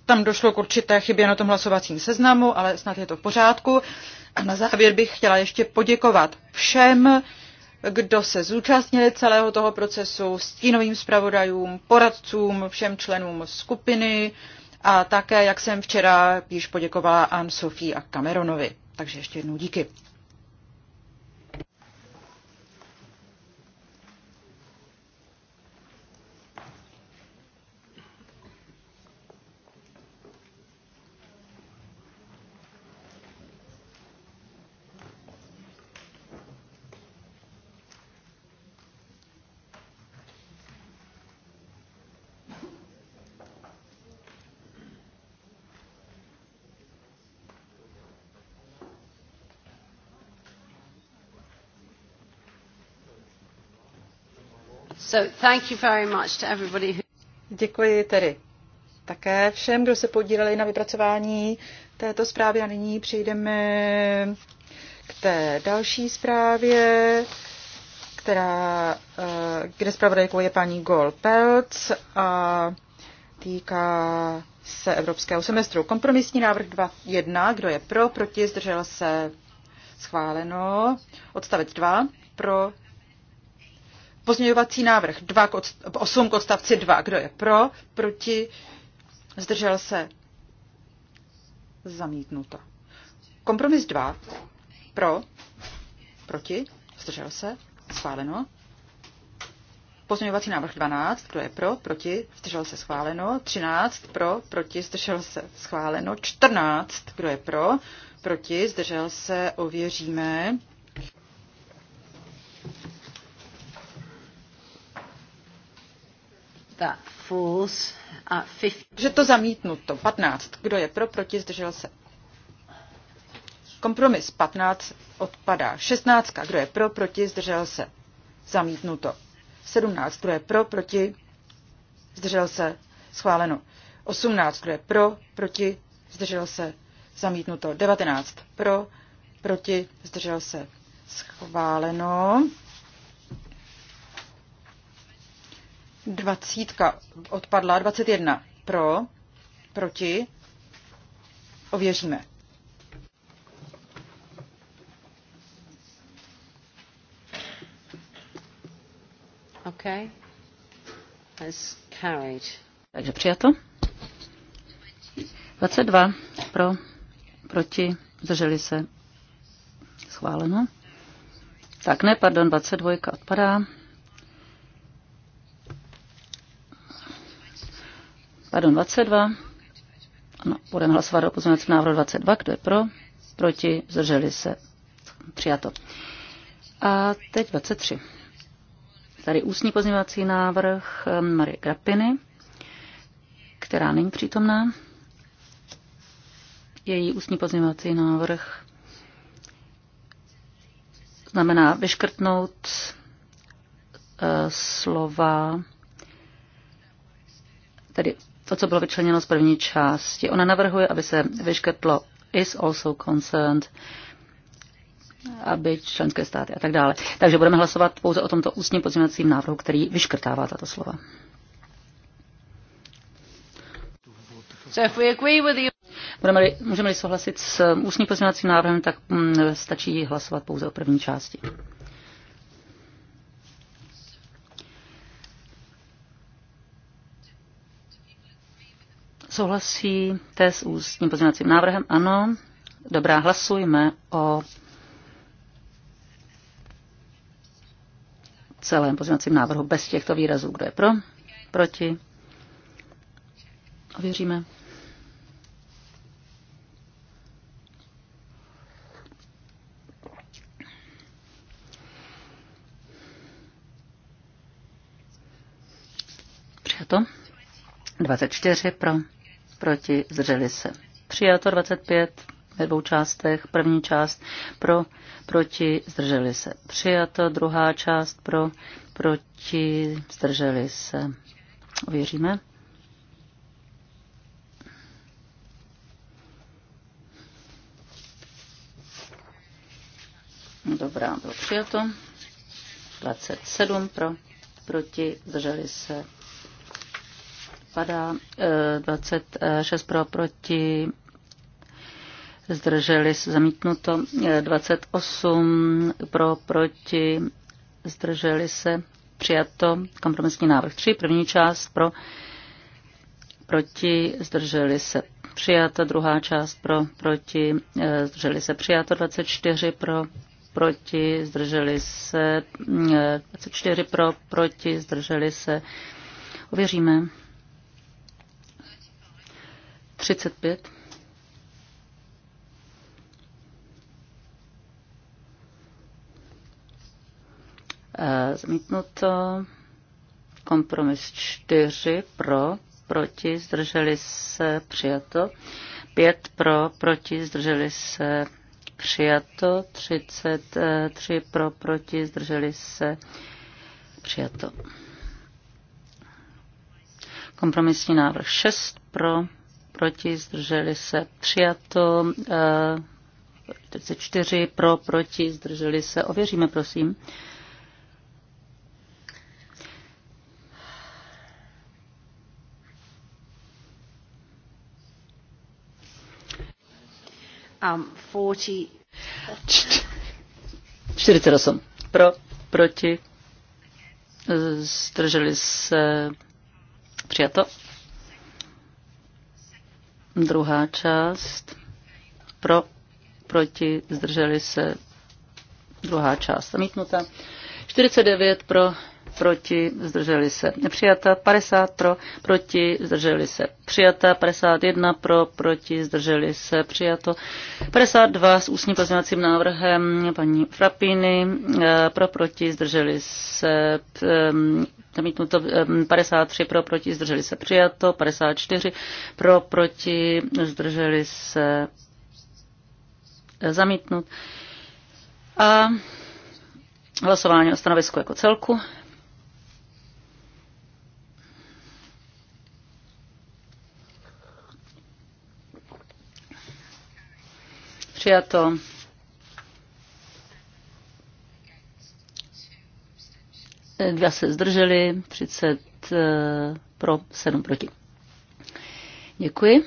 tam došlo k určité chybě na tom hlasovacím seznamu, ale snad je to v pořádku. A na závěr bych chtěla ještě poděkovat všem, kdo se zúčastnili celého toho procesu, stínovým zpravodajům, poradcům, všem členům skupiny a také, jak jsem včera již poděkovala Anne Sophie a Cameronovi. Takže ještě jednou díky. Děkuji tedy také všem, kdo se podíleli na vypracování této zprávy a nyní přejdeme k té další zprávě, která, eh, kde zpravodajkou je paní Gol a týká se evropského semestru. Kompromisní návrh 2.1. Kdo je pro, proti, zdržel se schváleno. Odstavec 2. Pro, Pozměňovací návrh 2 k odst- 8 k odstavci 2. Kdo je pro? Proti? Zdržel se? Zamítnuto. Kompromis 2. Pro? Proti? Zdržel se? Schváleno. Pozměňovací návrh 12, kdo je pro, proti, zdržel se schváleno. 13, pro, proti, zdržel se schváleno. 14, kdo je pro, proti, zdržel se, ověříme. Že to zamítnuto. 15. Kdo je pro, proti, zdržel se. Kompromis 15 odpadá. 16. Kdo je pro, proti, zdržel se. Zamítnuto. 17. Kdo je pro, proti, zdržel se. Schváleno. 18. Kdo je pro, proti, zdržel se. Zamítnuto. 19. Pro, proti, zdržel se. Schváleno. Dvacítka odpadla, 21 pro, proti, ověříme. Okay. That's carried. Takže přijato. 22 pro, proti, zdrželi se, schváleno. Tak ne, pardon, 22 odpadá. Pardon, 22. Ano, budeme hlasovat o pozměňovacím návrhu 22. Kdo je pro? Proti? Zdrželi se? Přijato. A teď 23. Tady ústní pozměňovací návrh ehm, Marie Grapiny, která není přítomná. Její ústní pozměňovací návrh znamená vyškrtnout eh, slova, tedy to, co bylo vyčleněno z první části. Ona navrhuje, aby se vyškrtlo is also concerned, aby členské státy a tak dále. Takže budeme hlasovat pouze o tomto ústním pozměňovacím návrhu, který vyškrtává tato slova. So if we agree with Budeme-li, můžeme-li souhlasit s ústním pozměňovacím návrhem, tak mm, stačí hlasovat pouze o první části. Souhlasíte s ústním pozměňovacím návrhem? Ano. Dobrá, hlasujme o celém pozměňovacím návrhu bez těchto výrazů. Kdo je pro? Proti? Ověříme. Přijato. 24 pro proti, zdrželi se. Přijato 25 ve dvou částech. První část pro, proti, zdrželi se. Přijato druhá část pro, proti, zdrželi se. Ověříme. Dobrá, bylo přijato. 27 pro, proti, zdrželi se Padá 26 eh, pro proti. Zdrželi se zamítnuto 28 eh, pro proti. Zdrželi se přijato kompromisní návrh 3, první část pro proti, zdrželi se přijato, druhá část pro, proti, eh, zdrželi se přijato 24 pro, proti, zdrželi se 24 mm, pro, proti, zdrželi se. Ověříme. 35. Eh, Zmítnuto Kompromis 4 pro, proti, zdrželi se, přijato. 5 pro, proti, zdrželi se, přijato. 33 eh, pro, proti, zdrželi se, přijato. Kompromisní návrh 6 pro, proti, zdrželi se a přijato, 34 eh, pro, proti, zdrželi se. Ověříme, prosím. Um, 48 pro, proti, zdrželi se přijato. Druhá část. Pro, proti, zdrželi se. Druhá část zamítnuta. 49 pro, proti, zdrželi se. Přijata 50 pro, proti, zdrželi se. Přijata 51 pro, proti, zdrželi se. Přijato 52 s ústním pozměňovacím návrhem paní Frapiny eh, pro, proti, zdrželi se. Ehm, zamítnuto 53 ehm, pro, proti, zdrželi se. Přijato 54 pro, proti, zdrželi se. Zamítnut. A hlasování o stanovisku jako celku. Přijato. Dva se zdrželi, 30 eh, pro, 7 proti. Děkuji.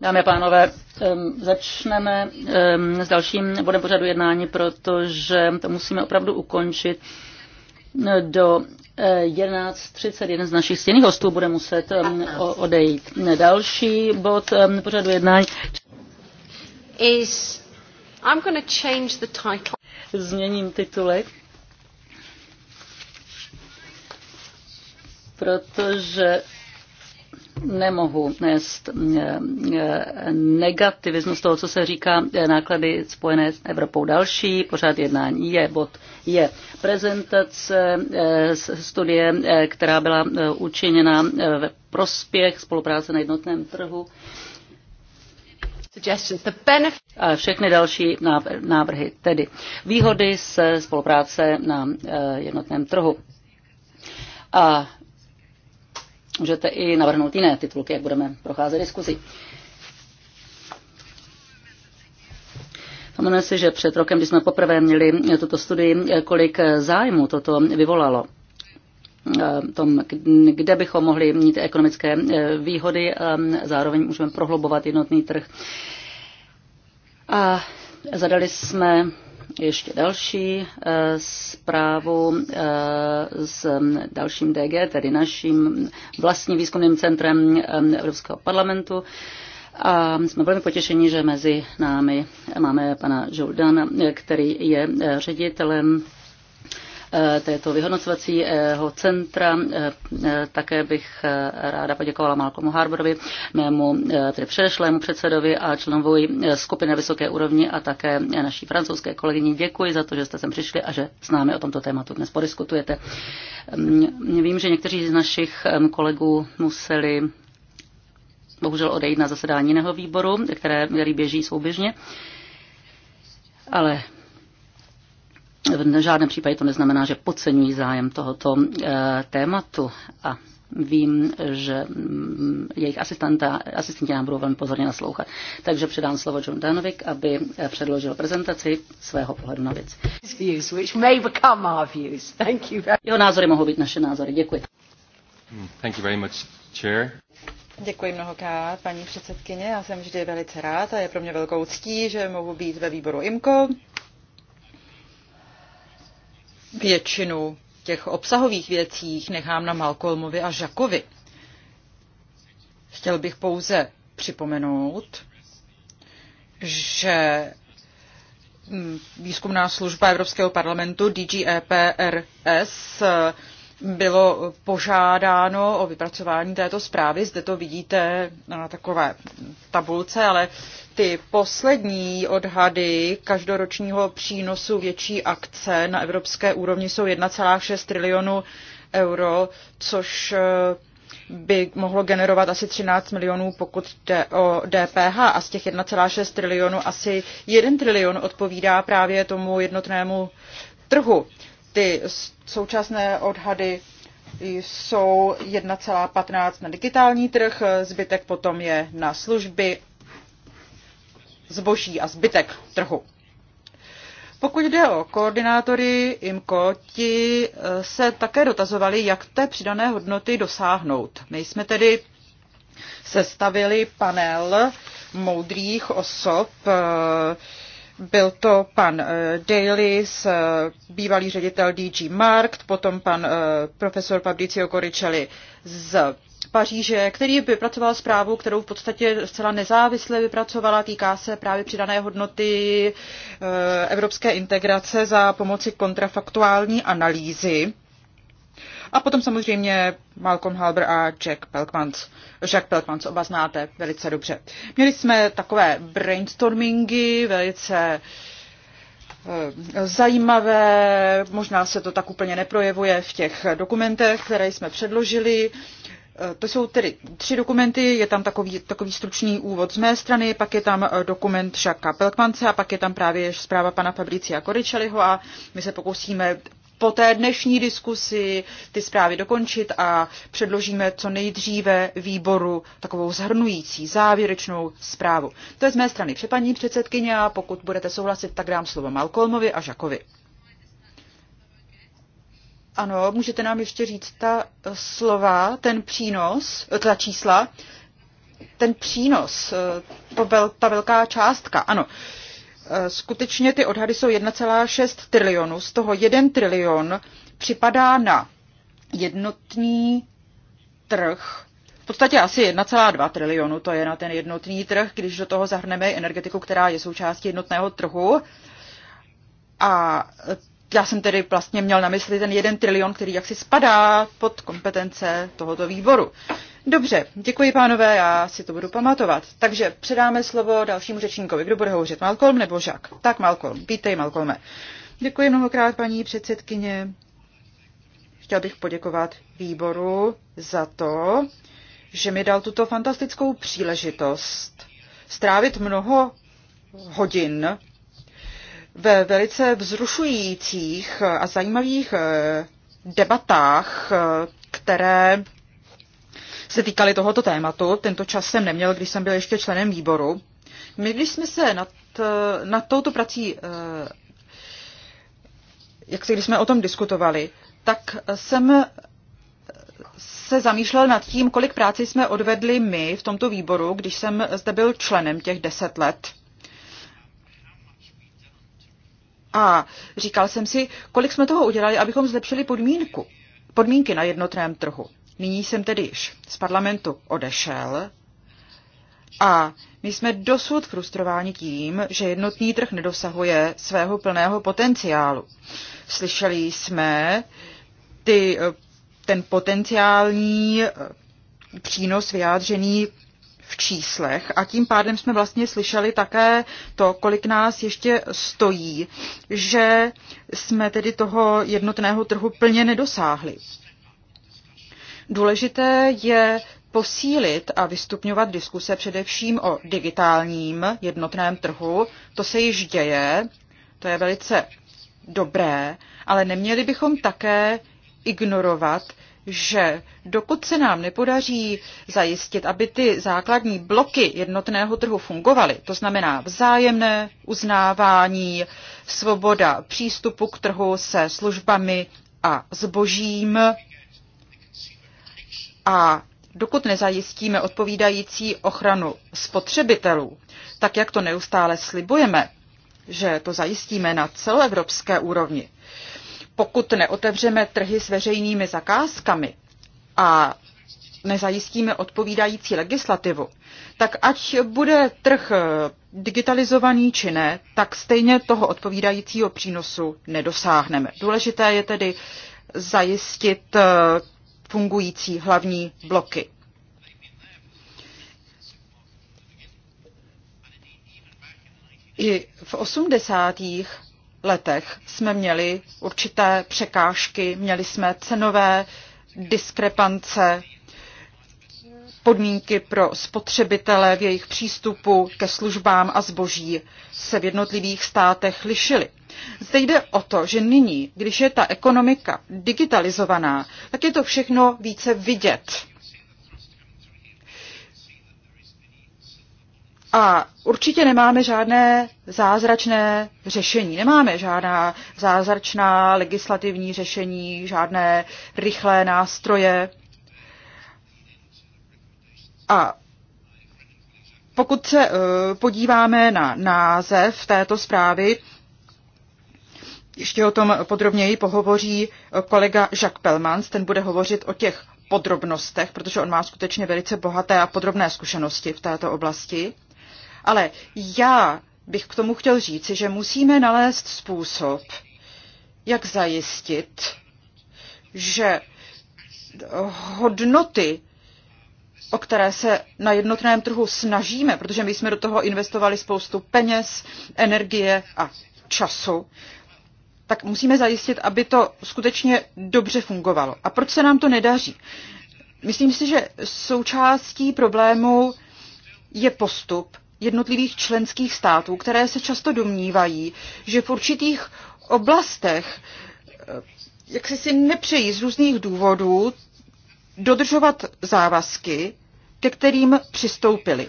Dámy a pánové, začneme s dalším bodem pořadu jednání, protože to musíme opravdu ukončit do 11.30 eh, jeden z našich stěných hostů bude muset odejít. Další bod pořadu jednání is I'm going to change the title. Změním titulek. Protože nemohu nést eh, eh, negativismus toho, co se říká eh, náklady spojené s Evropou. Další pořád jednání je bod je prezentace studie, která byla učiněna ve prospěch spolupráce na jednotném trhu a všechny další návrhy, tedy výhody se spolupráce na jednotném trhu. A můžete i navrhnout jiné titulky, jak budeme procházet diskuzi. Pamatujeme si, že před rokem, když jsme poprvé měli tuto studii, kolik zájmu toto vyvolalo eh, tom, kde bychom mohli mít ekonomické eh, výhody, eh, zároveň můžeme prohlubovat jednotný trh. A zadali jsme ještě další eh, zprávu eh, s dalším DG, tedy naším vlastním výzkumným centrem eh, Evropského parlamentu. A jsme velmi potěšeni, že mezi námi máme pana Žoldana, který je ředitelem Eh, této vyhodnocovacího centra. Eh, eh, také bych ráda poděkovala Malcolmu Harborovi, mému tedy předešlému předsedovi a členovu skupiny na vysoké úrovni a také naší francouzské kolegyni. Děkuji za to, že jste sem přišli a že s námi o tomto tématu dnes podiskutujete. Mm, vím, že někteří z našich kolegů museli bohužel odejít na zasedání jiného výboru, které, který běží souběžně. Ale v žádném případě to neznamená, že podceňují zájem tohoto eh, tématu. A vím, že mm, jejich asistenta, asistenti nám budou velmi pozorně naslouchat. Takže předám slovo John Danovic, aby eh, předložil prezentaci svého pohledu na věc. Jeho názory mohou být naše názory. Děkuji. Hmm, thank you very much, Chair. Děkuji mnohokrát, paní předsedkyně. Já jsem vždy velice rád a je pro mě velkou ctí, že mohu být ve výboru IMCO Většinu těch obsahových věcí nechám na Malcolmovi a Žakovi. Chtěl bych pouze připomenout, že mm, výzkumná služba Evropského parlamentu DGEPRS eh, bylo požádáno o vypracování této zprávy. Zde to vidíte na takové tabulce, ale ty poslední odhady každoročního přínosu větší akce na evropské úrovni jsou 1,6 trilionu euro, což eh, by mohlo generovat asi 13 milionů, pokud jde o DPH a z těch 1,6 trilionů asi 1 trilion odpovídá právě tomu jednotnému trhu. Ty současné odhady jsou 1,15 na digitální trh, eh, zbytek potom je na služby zboží a zbytek trhu. Pokud jde o koordinátory IMCO, ti eh, se také dotazovali, jak té přidané hodnoty dosáhnout. My jsme tedy sestavili panel moudrých osob. Eh, byl to pan eh, Daly, bývalý ředitel DG Markt, potom pan profesor Fabricio Coricelli z Paříže, který vypracoval zprávu, kterou v podstatě zcela nezávisle vypracovala, týká se právě přidané hodnoty eh, evropské integrace za pomoci kontrafaktuální analýzy. A potom samozřejmě Malcolm Halber a Jack Pelkmans. Jack Pelkmans oba znáte velice dobře. Měli jsme takové brainstormingy, velice eh, zajímavé, možná se to tak úplně neprojevuje v těch dokumentech, které jsme předložili. Eh, to jsou tedy tři dokumenty, je tam takový, takový stručný úvod z mé strany, pak je tam eh, dokument Šaka Pelkmance a pak je tam právě zpráva pana Fabricia Koričeliho a my se pokusíme po té dnešní diskusi ty zprávy dokončit a předložíme co nejdříve výboru takovou zhrnující závěrečnou zprávu. To je z mé strany vše, paní předsedkyně, a pokud budete souhlasit, tak dám slovo Malcolmovi a Žakovi. Ano, můžete nám ještě říct ta eh, slova, ten přínos, eh, ta čísla, ten přínos, eh, to byl, ta velká částka, ano. Skutečně ty odhady jsou 1,6 trilionu, z toho 1 trilion připadá na jednotný trh, v podstatě asi 1,2 trilionu to je na ten jednotný trh, když do toho zahrneme energetiku, která je součástí jednotného trhu. A já jsem tedy vlastně měl na mysli ten jeden trilion, který jaksi spadá pod kompetence tohoto výboru. Dobře, děkuji pánové, já si to budu pamatovat. Takže předáme slovo dalšímu řečníkovi. Kdo bude hovořit, Malcolm nebo Žak? Tak Malcolm, vítej Malcolme. Děkuji mnohokrát paní předsedkyně. Chtěl bych poděkovat výboru za to, že mi dal tuto fantastickou příležitost strávit mnoho hodin ve velice vzrušujících a zajímavých eh, debatách, eh, které se týkaly tohoto tématu. Tento čas jsem neměl, když jsem byl ještě členem výboru. My, když jsme se nad, eh, nad touto prací, jak se, když jsme o tom diskutovali, tak jsem se zamýšlel nad tím, kolik práce jsme odvedli my v tomto výboru, když jsem zde byl členem těch deset let. A říkal jsem si, kolik jsme toho udělali, abychom zlepšili podmínku, podmínky na jednotném trhu. Nyní jsem tedy již z parlamentu odešel a my jsme dosud frustrováni tím, že jednotný trh nedosahuje svého plného potenciálu. Slyšeli jsme ty, eh, ten potenciální eh, přínos vyjádřený v číslech a tím pádem jsme vlastně slyšeli také to, kolik nás ještě stojí, že jsme tedy toho jednotného trhu plně nedosáhli. Důležité je posílit a vystupňovat diskuse především o digitálním jednotném trhu. To se již děje, to je velice dobré, ale neměli bychom také ignorovat že dokud se nám nepodaří zajistit, aby ty základní bloky jednotného trhu fungovaly, to znamená vzájemné uznávání, svoboda přístupu k trhu se službami a zbožím a dokud nezajistíme odpovídající ochranu spotřebitelů, tak jak to neustále slibujeme, že to zajistíme na celoevropské úrovni, pokud neotevřeme trhy s veřejnými zakázkami a nezajistíme odpovídající legislativu, tak ať bude trh digitalizovaný či ne, tak stejně toho odpovídajícího přínosu nedosáhneme. Důležité je tedy zajistit eh, fungující hlavní bloky. I v osmdesátých letech jsme měli určité překážky, měli jsme cenové diskrepance, podmínky pro spotřebitele v jejich přístupu ke službám a zboží se v jednotlivých státech lišily. Zde jde o to, že nyní, když je ta ekonomika digitalizovaná, tak je to všechno více vidět. A určitě nemáme žádné zázračné řešení. Nemáme žádná zázračná legislativní řešení, žádné rychlé nástroje. A pokud se eh, podíváme na název této zprávy, ještě o tom podrobněji pohovoří eh, kolega Jacques Pelmans, ten bude hovořit o těch podrobnostech, protože on má skutečně velice bohaté a podrobné zkušenosti v této oblasti. Ale já bych k tomu chtěl říci, že musíme nalézt způsob, jak zajistit, že hodnoty, o které se na jednotném trhu snažíme, protože my jsme do toho investovali spoustu peněz, energie a času, tak musíme zajistit, aby to skutečně dobře fungovalo. A proč se nám to nedaří? Myslím si, že součástí problému je postup, jednotlivých členských států, které se často domnívají, že v určitých oblastech eh, jak si si nepřejí z různých důvodů dodržovat závazky, ke kterým přistoupili.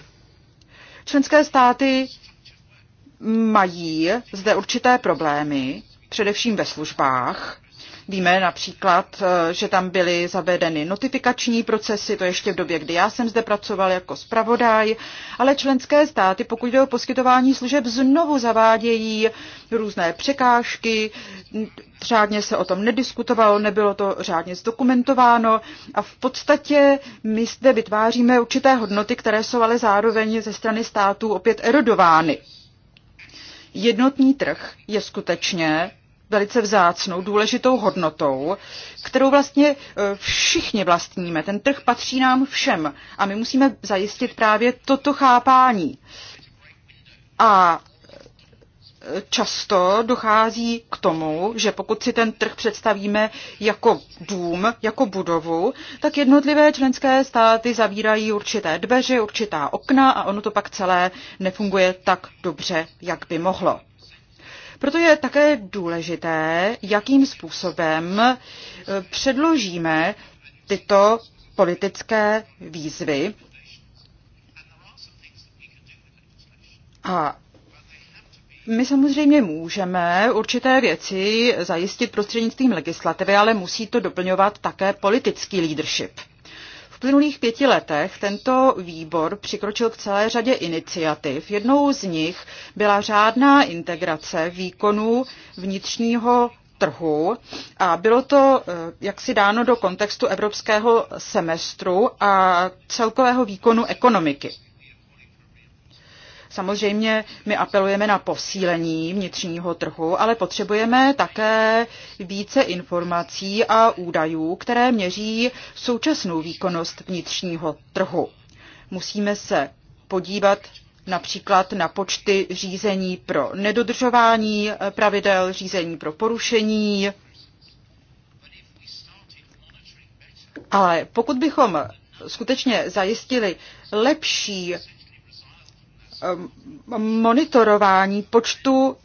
Členské státy mají zde určité problémy, především ve službách, Víme například, eh, že tam byly zavedeny notifikační procesy, to ještě v době, kdy já jsem zde pracoval jako zpravodaj, ale členské státy, pokud jde o poskytování služeb, znovu zavádějí různé překážky, řádně se o tom nediskutovalo, nebylo to řádně zdokumentováno a v podstatě my zde vytváříme určité hodnoty, které jsou ale zároveň ze strany států opět erodovány. Jednotný trh je skutečně velice vzácnou, důležitou hodnotou, kterou vlastně e, všichni vlastníme. Ten trh patří nám všem a my musíme zajistit právě toto chápání. A e, často dochází k tomu, že pokud si ten trh představíme jako dům, jako budovu, tak jednotlivé členské státy zavírají určité dveře, určitá okna a ono to pak celé nefunguje tak dobře, jak by mohlo. Proto je také důležité, jakým způsobem e, předložíme tyto politické výzvy. A my samozřejmě můžeme určité věci zajistit prostřednictvím legislativy, ale musí to doplňovat také politický leadership. V plynulých pěti letech tento výbor přikročil k celé řadě iniciativ. Jednou z nich byla řádná integrace výkonů vnitřního trhu a bylo to eh, jaksi dáno do kontextu evropského semestru a celkového výkonu ekonomiky. Samozřejmě my apelujeme na posílení vnitřního trhu, ale potřebujeme také více informací a údajů, které měří současnou výkonnost vnitřního trhu. Musíme se podívat například na počty řízení pro nedodržování pravidel, řízení pro porušení. Ale pokud bychom skutečně zajistili lepší Um, monitorování počtu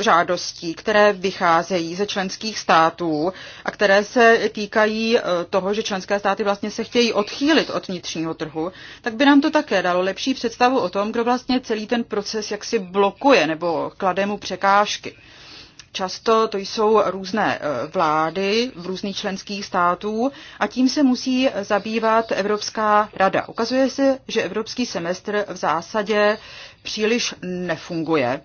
žádostí, které vycházejí ze členských států a které se týkají eh, toho, že členské státy vlastně se chtějí odchýlit od vnitřního trhu, tak by nám to také dalo lepší představu o tom, kdo vlastně celý ten proces jaksi blokuje nebo klade mu překážky. Často to jsou různé eh, vlády v různých členských států a tím se musí zabývat Evropská rada. Ukazuje se, že evropský semestr v zásadě příliš nefunguje.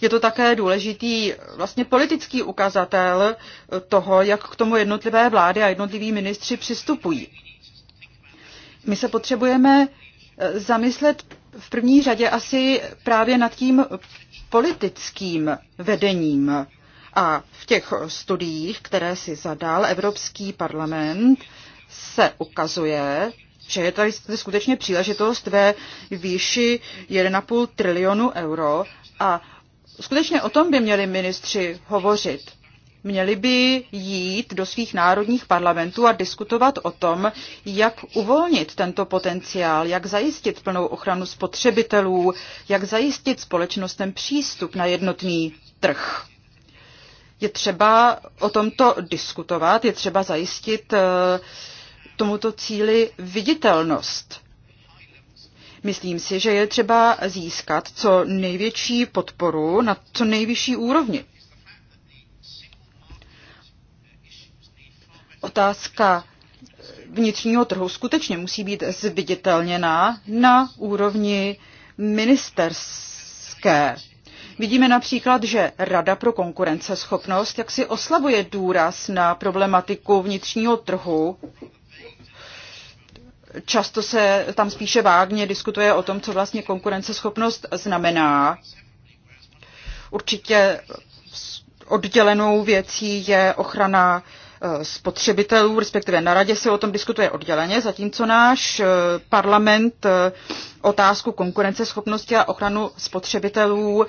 Je to také důležitý vlastně politický ukazatel toho, jak k tomu jednotlivé vlády a jednotliví ministři přistupují. My se potřebujeme eh, zamyslet v první řadě asi právě nad tím politickým vedením. A v těch studiích, které si zadal Evropský parlament, se ukazuje, že je tady skutečně příležitost ve výši 1,5 trilionu euro a skutečně o tom by měli ministři hovořit. Měli by jít do svých národních parlamentů a diskutovat o tom, jak uvolnit tento potenciál, jak zajistit plnou ochranu spotřebitelů, jak zajistit společnostem přístup na jednotný trh. Je třeba o tomto diskutovat, je třeba zajistit eh, tomuto cíli viditelnost. Myslím si, že je třeba získat co největší podporu na co nejvyšší úrovni. otázka vnitřního trhu skutečně musí být zviditelněná na úrovni ministerské. Vidíme například, že Rada pro konkurenceschopnost jaksi oslabuje důraz na problematiku vnitřního trhu. Často se tam spíše vágně diskutuje o tom, co vlastně konkurenceschopnost znamená. Určitě oddělenou věcí je ochrana Eh, spotřebitelů, respektive na radě se o tom diskutuje odděleně, zatímco náš eh, parlament eh, otázku konkurenceschopnosti a ochranu spotřebitelů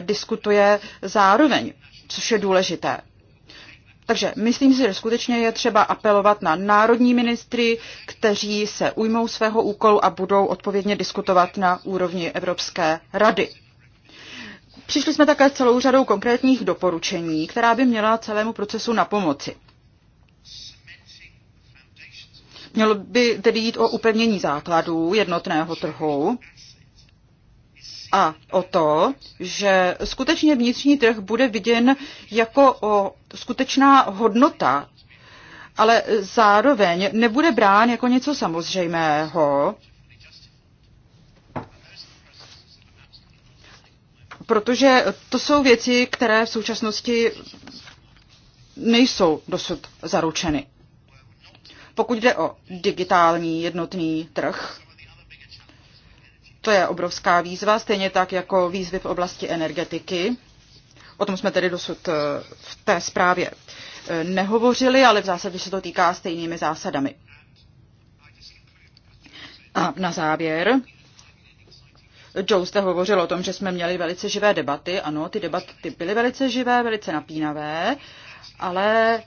diskutuje zároveň, což je důležité. Takže myslím si, že skutečně je třeba apelovat na národní ministry, kteří se ujmou svého úkolu a budou odpovědně diskutovat na úrovni Evropské rady. Přišli jsme také s celou řadou konkrétních doporučení, která by měla celému procesu na pomoci. Mělo by tedy jít o upevnění základů jednotného trhu a o to, že skutečně vnitřní trh bude viděn jako o skutečná hodnota, ale zároveň nebude brán jako něco samozřejmého, protože to jsou věci, které v současnosti nejsou dosud zaručeny. Pokud jde o digitální jednotný trh, to je obrovská výzva, stejně tak jako výzvy v oblasti energetiky. O tom jsme tedy dosud eh, v té zprávě eh, nehovořili, ale v zásadě se to týká stejnými zásadami. A na závěr, Joe jste hovořil o tom, že jsme měli velice živé debaty. Ano, ty debaty byly velice živé, velice napínavé, ale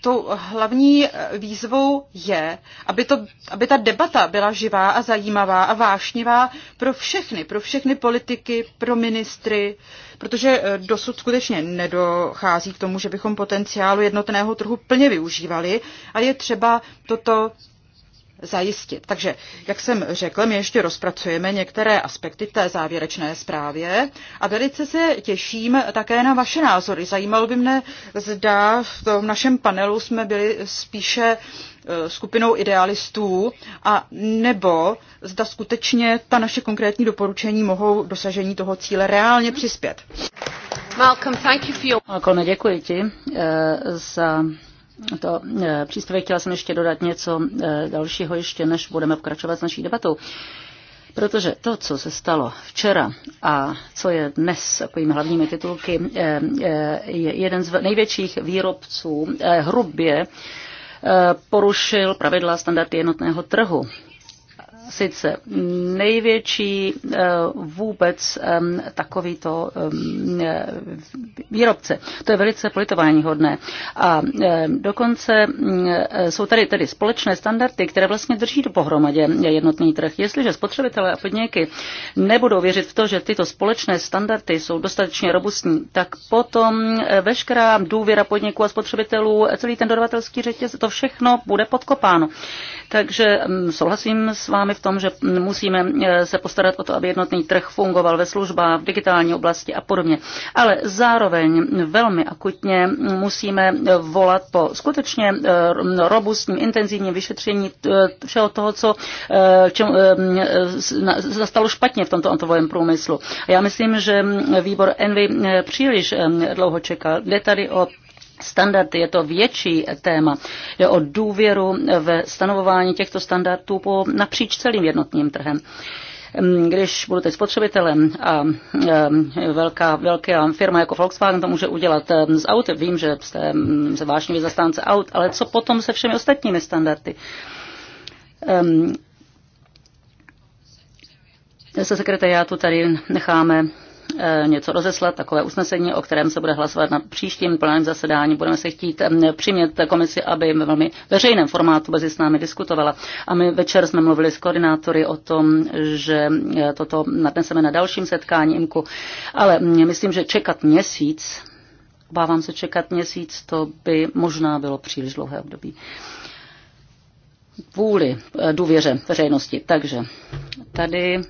tou hlavní výzvou je, aby, to, aby ta debata byla živá a zajímavá a vášnivá pro všechny, pro všechny politiky, pro ministry, protože eh, dosud skutečně nedochází k tomu, že bychom potenciálu jednotného trhu plně využívali a je třeba toto zajistit. Takže, jak jsem řekl, my ještě rozpracujeme některé aspekty té závěrečné zprávě a velice se těším také na vaše názory. Zajímalo by mne, zda v tom našem panelu jsme byli spíše e, skupinou idealistů a nebo zda skutečně ta naše konkrétní doporučení mohou dosažení toho cíle reálně přispět. Malcolm, thank you for your... Malcolm, děkuji ti e, za to e, příspěvek. Chtěla jsem ještě dodat něco e, dalšího, ještě než budeme pokračovat s naší debatou. Protože to, co se stalo včera a co je dnes takovými hlavními titulky, e, je jeden z největších výrobců hrubě porušil pravidla standardy jednotného trhu sice největší eh, vůbec takovýto eh, výrobce. To je velice politování hodné. A dokonce mm, eh, jsou tady tedy společné standardy, které vlastně drží do pohromadě jednotný trh. Jestliže spotřebitelé a podniky nebudou věřit v to, že tyto společné standardy jsou dostatečně robustní, tak potom veškerá důvěra podniků a spotřebitelů, celý ten dodavatelský řetěz, to všechno bude podkopáno. Takže souhlasím s vámi v tom, že musíme e, se postarat o to, aby jednotný trh fungoval ve službách, v digitální oblasti a podobně. Ale zároveň velmi akutně musíme volat po skutečně e, robustním, intenzivním vyšetření e, všeho toho, co čem, zastalo špatně v tomto antovém průmyslu. Já myslím, že výbor Envy příliš dlouho čekal. Jde tady o standardy, je to větší téma. Jde o důvěru ve stanovování těchto standardů po, napříč celým jednotným trhem když budete spotřebitelem a velká, velká firma jako Volkswagen to může udělat s aut, vím, že jste se vášnivě zastánce aut, ale co potom se všemi ostatními standardy? Se sekretariátu tady necháme Eh, něco rozeslat, takové usnesení, o kterém se bude hlasovat na příštím plném zasedání. Budeme se chtít eh, přimět komisi, aby ve velmi veřejném formátu mezi s námi diskutovala. A my večer jsme mluvili s koordinátory o tom, že eh, toto nadneseme na dalším setkání IMKU. Ale mm, myslím, že čekat měsíc, obávám se čekat měsíc, to by možná bylo příliš dlouhé období vůli důvěře veřejnosti. Takže tady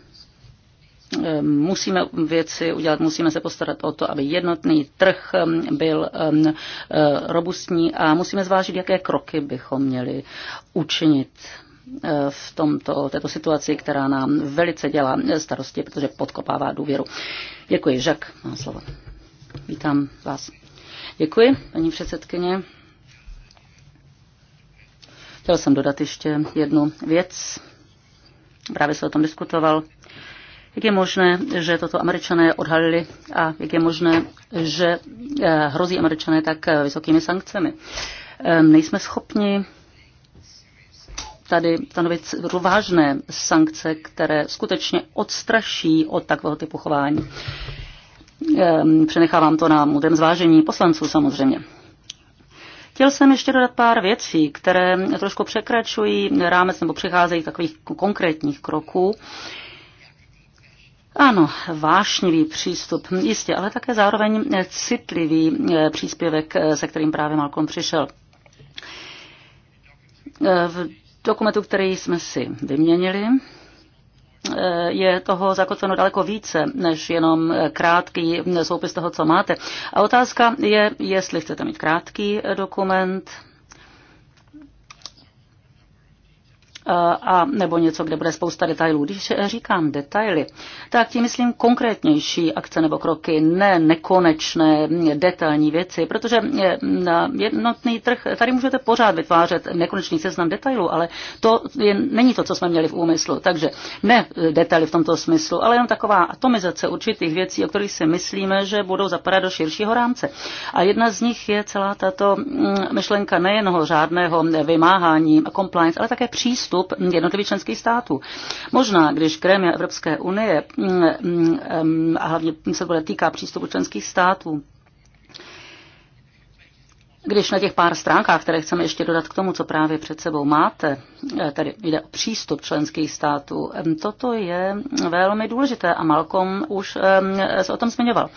Ehm, musíme věci udělat, musíme se postarat o to, aby jednotný trh ehm, byl ehm, eh, robustní a musíme zvážit, jaké kroky bychom měli učinit eh, v tomto, této situaci, která nám velice dělá starosti, protože podkopává důvěru. Děkuji, Žak, má slovo. Vítám vás. Děkuji, paní předsedkyně. Chtěl jsem dodat ještě jednu věc. Právě se o tom diskutoval. Jak je možné, že toto američané odhalili a jak je možné, že eh, hrozí američané tak eh, vysokými sankcemi? Ehm, nejsme schopni tady stanovit vážné sankce, které skutečně odstraší od takového typu chování. Ehm, přenechávám to na mudrém zvážení poslanců samozřejmě. Chtěl jsem ještě dodat pár věcí, které trošku překračují rámec nebo přicházejí takových konkrétních kroků ano, vášnivý přístup, jistě, ale také zároveň citlivý eh, příspěvek, eh, se kterým právě Malcolm přišel. Eh, v dokumentu, který jsme si vyměnili, je toho zakotveno daleko více než jenom krátký soupis toho, co máte. A otázka je, jestli chcete mít krátký dokument, Eh, a nebo něco, kde bude spousta detailů. Když říkám detaily, tak tím myslím konkrétnější akce nebo kroky, ne nekonečné mm, detailní věci, protože eh, na jednotný trh, tady můžete pořád vytvářet nekonečný seznam detailů, ale to je, není to, co jsme měli v úmyslu. Takže ne eh, detaily v tomto smyslu, ale jenom taková atomizace určitých věcí, o kterých si myslíme, že budou zapadat do širšího rámce. A jedna z nich je celá tato mm, myšlenka nejenho řádného vymáhání, compliance, ale také přístup přístup jednotlivých členských států. Možná, když Kremia Evropské unie mm, mm, a hlavně se bude týká přístupu členských států, když na těch pár stránkách, které chceme ještě dodat k tomu, co právě před sebou máte, eh, tedy jde o přístup členských států, toto je velmi důležité a Malcolm už se o tom zmiňoval.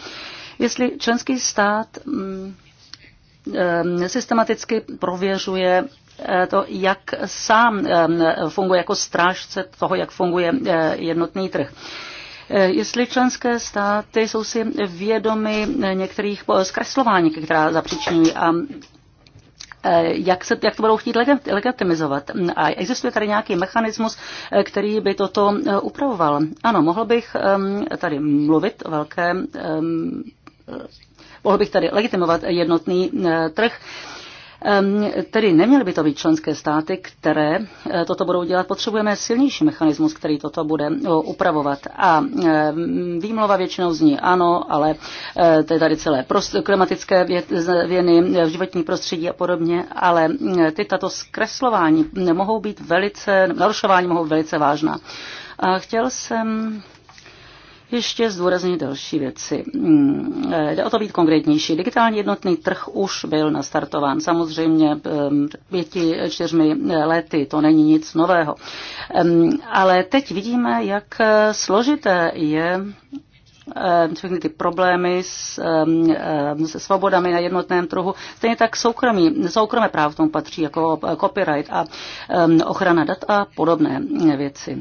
Jestli členský stát mm, systematicky prověřuje Eh, to, jak sám funguje jako strážce toho, jak funguje eh, jednotný trh. Eh, jestli členské státy jsou si vědomy některých zkreslování, která zapříčinují a jak, se, jak to budou chtít legitimizovat. Hm, a existuje tady nějaký mechanismus, který by toto upravoval. Ano, mohl bych tady mluvit o velké, mohl bych tady legitimovat jednotný trh Tedy neměly by to být členské státy, které eh, toto budou dělat. Potřebujeme silnější mechanismus, který toto bude eh, upravovat. A výmluva většinou zní ano, ale eh, to je tady celé klimatické věny v životní prostředí a podobně, ale mm, ty tato zkreslování mohou být velice, narušování mohou být velice vážná. A chtěl jsem ještě zdůraznit další věci. Hmm, eh, jde o to být konkrétnější. Digitální jednotný trh už byl nastartován. Samozřejmě ehm, pěti, čtyřmi eh, lety, to není nic nového. Ehm, ale teď vidíme, jak eh, složité je ehm, všechny ty problémy s, se svobodami na jednotném trhu. Stejně tak soukromí, soukromé právo tomu patří jako copyright a ochrana dat a podobné věci.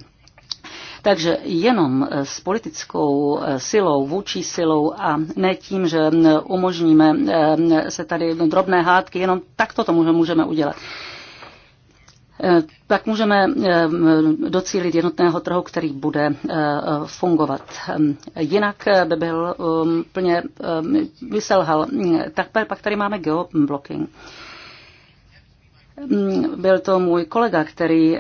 Takže jenom eh, s politickou eh, silou, vůči silou a ne tím, že eh, umožníme se tady drobné hádky, jenom takto to můžeme udělat tak můžeme docílit jednotného trhu, který bude fungovat. Jinak by byl um, plně vyselhal. Tak pak tady máme geoblocking. Hm, byl to můj kolega, který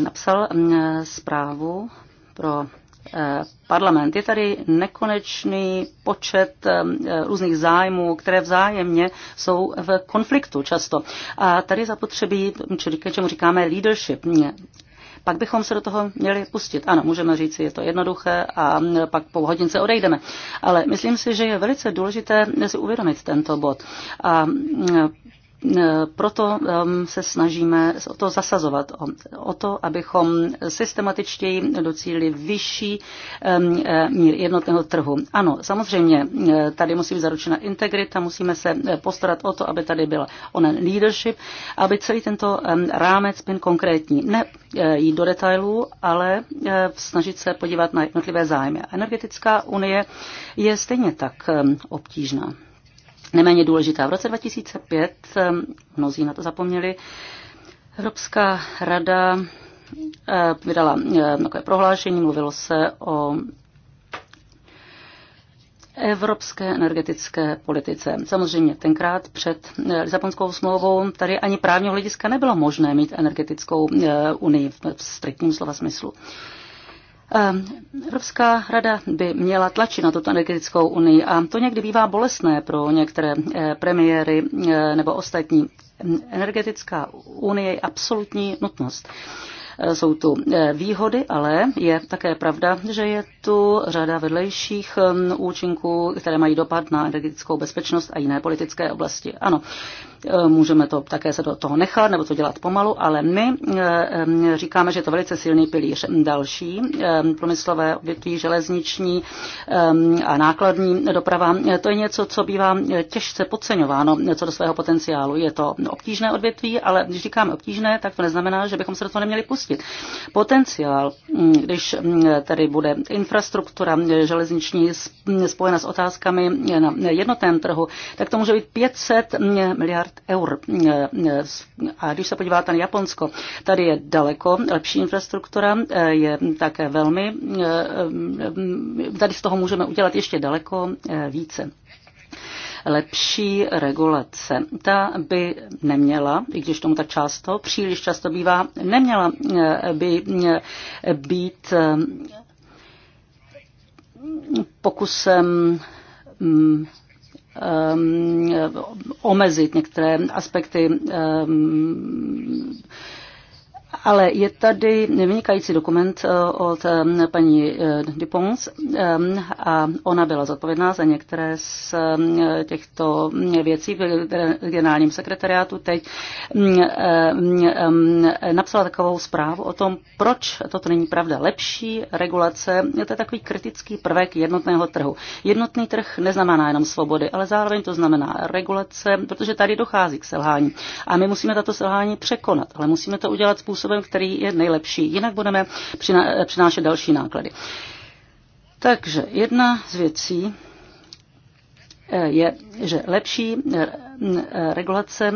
napsal hm, zprávu pro eh, parlament. Je tady nekonečný počet eh, různých zájmů, které vzájemně jsou v konfliktu často. A tady zapotřebí, čemu říkáme leadership, pak bychom se do toho měli pustit. Ano, můžeme říct, je to jednoduché a pak po hodince odejdeme. Ale myslím si, že je velice důležité si uvědomit tento bod. A Eh, proto ehm, se snažíme o to zasazovat, o to, abychom systematičtěji docílili vyšší ehm, eh, mír jednotného trhu. Ano, samozřejmě eh, tady musí být zaručena integrita, musíme se postarat o to, aby tady byl onen leadership, aby celý tento ehm, rámec byl konkrétní. Ne jít do detailů, ale snažit se podívat na jednotlivé zájmy. Energetická unie je stejně tak obtížná neméně důležitá. V roce 2005, ehm, mnozí na to zapomněli, Evropská rada ehm, vydala ehm, takové prohlášení, mluvilo se o evropské energetické politice. Samozřejmě tenkrát před eh, Lisabonskou smlouvou tady ani právního hlediska nebylo možné mít energetickou eh, unii v striktním slova smyslu. Ehm, Evropská rada by měla tlačit na tuto energetickou unii a to někdy bývá bolestné pro některé eh, premiéry eh, nebo ostatní. Energetická unie je absolutní nutnost. Eh, jsou tu výhody, ale je také pravda, že je tu řada vedlejších ehm, účinků, které mají dopad na energetickou bezpečnost a jiné politické oblasti. Ano, Eh, můžeme to také se do toho nechat nebo to dělat pomalu, ale my eh, eh, říkáme, že je to velice silný pilíř. Další průmyslové odvětví, železniční a nákladní doprava, to je něco, co bývá těžce podceňováno co do svého potenciálu. Je to obtížné odvětví, ale když říkáme obtížné, tak to neznamená, že bychom se do toho neměli pustit. Potenciál, hm, když hm, tady bude infrastruktura železniční spojena s otázkami na jednotném trhu, tak to může být 500 hm, miliard miliard eur. Eh, eh, a když se podíváte na Japonsko, tady je daleko lepší infrastruktura, eh, je také velmi, tady z toho můžeme udělat ještě daleko více lepší regulace. Ta by neměla, i když tomu tak často, příliš často bývá, neměla by být pokusem mm, Um, omezit některé aspekty um, ale je tady vynikající dokument eh, od eh, paní eh, Dupont a ona byla zodpovědná za některé z těchto mm, věcí v generálním sekretariátu teď. Mm, mm, napsala takovou zprávu o tom, proč toto není pravda. Lepší regulace, to je takový kritický prvek jednotného trhu. Jednotný trh neznamená jenom svobody, ale zároveň to znamená regulace, protože tady dochází k selhání. A my musíme tato selhání překonat, ale musíme to udělat způsobem, způsobem, který je nejlepší. Jinak budeme přinášet další náklady. Takže jedna z věcí, eh, je, že lepší eh, eh, regulace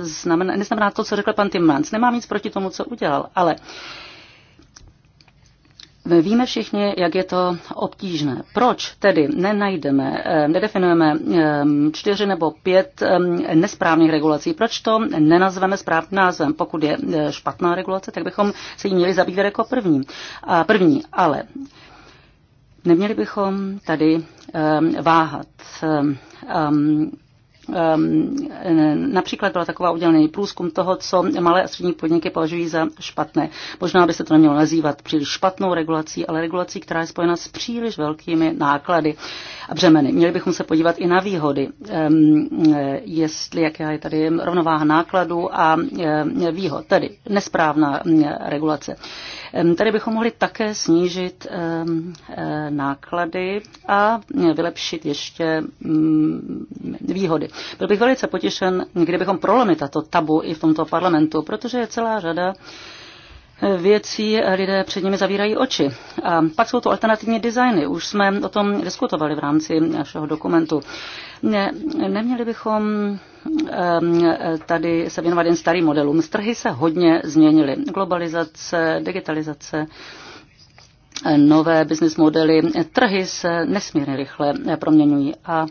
znamená, neznamená to, co řekl pan Timmans. Nemám nic proti tomu, co udělal, ale Víme všichni, jak je to obtížné. Proč tedy nenajdeme, eh, nedefinujeme eh, čtyři nebo pět eh, nesprávných regulací? Proč to nenazveme správným názvem? Pokud je špatná regulace, tak bychom se jí měli zabývat jako první. A první, ale neměli bychom tady váhat. Ehm, například byla taková udělaný průzkum toho, co malé a střední podniky považují za špatné. Možná by se to nemělo nazývat příliš špatnou regulací, ale regulací, která je spojena s příliš velkými náklady a břemeny. Měli bychom se podívat i na výhody, ehm, e, jestli jaká je tady rovnováha nákladů a e, výhod, tedy nesprávná regulace. Ehm, tady bychom mohli také snížit e, náklady a vylepšit ještě výhody. Byl bych velice potěšen, kdybychom prolomili tato tabu i v tomto parlamentu, protože je celá řada věcí lidé před nimi zavírají oči. A pak jsou to alternativní designy. Už jsme o tom diskutovali v rámci našeho dokumentu. Ne, neměli bychom ehm, tady se věnovat jen starým modelům. Strhy se hodně změnily. Globalizace, digitalizace, nové business modely. Trhy se nesmírně rychle proměňují a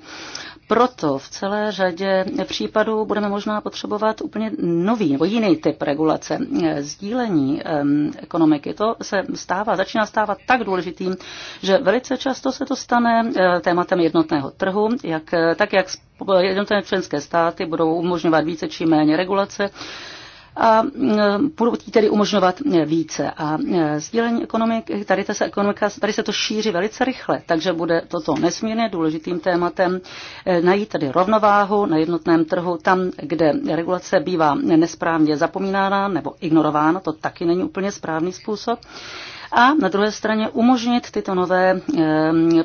proto v celé řadě případů budeme možná potřebovat úplně nový nebo jiný typ regulace. Sdílení um, ekonomiky, to se stává, začíná stávat tak důležitým, že velice často se to stane uh, tématem jednotného trhu, jak, eh, tak jak jednotné členské státy budou umožňovat více či méně regulace. Uh, a budou mm, tedy umožňovat eh, více. A eh, sdílení ekonomik, tady, ta se ekonomika, tady se to šíří velice rychle, takže bude toto nesmírně důležitým tématem eh, najít tady rovnováhu na jednotném trhu, tam, kde regulace bývá nesprávně zapomínána nebo ignorována, to taky není úplně správný způsob a na druhé straně umožnit tyto nové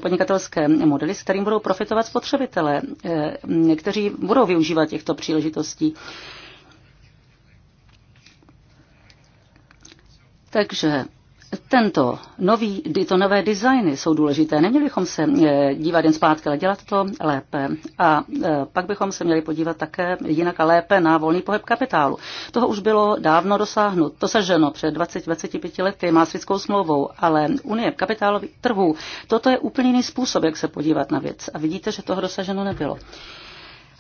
podnikatelské modely, s kterým budou profitovat spotřebitelé, kteří budou využívat těchto příležitostí. Takže tento nový, tyto nové designy jsou důležité. Neměli bychom se eh, dívat jen zpátky, ale dělat to lépe. A eh, pak bychom se měli podívat také jinak a lépe na volný pohyb kapitálu. Toho už bylo dávno To dosaženo před 20-25 lety Maastrichtskou smlouvou, ale Unie kapitálových trhů, toto je úplně jiný způsob, jak se podívat na věc. A vidíte, že toho dosaženo nebylo.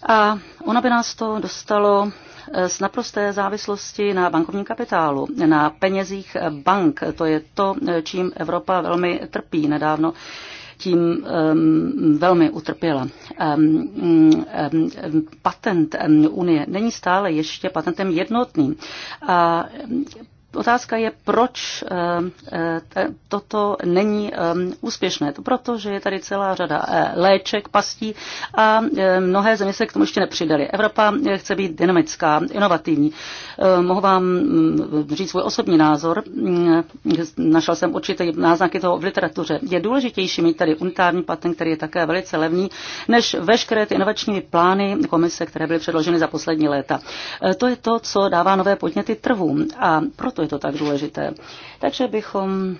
A ono by nás to dostalo eh, z naprosté závislosti na bankovním kapitálu, na penězích bank. To je to, eh, čím Evropa velmi trpí nedávno tím um, velmi utrpěla. Um, um, patent Unie není stále ještě patentem jednotným. A Otázka je, proč eh, eh, toto není eh, úspěšné. To proto, že je tady celá řada léček, pastí a mnohé země se k tomu ještě nepřidaly. Evropa chce být dynamická, inovativní. Mohu vám mm, říct svůj osobní názor. Mm, našel jsem určitý náznaky toho v literatuře. Je důležitější mít tady unitární patent, který je také velice levný, než veškeré ty inovační plány komise, které byly předloženy za poslední léta. To je to, co dává nové podněty trhům. A proto proto je to tak důležité. Takže bychom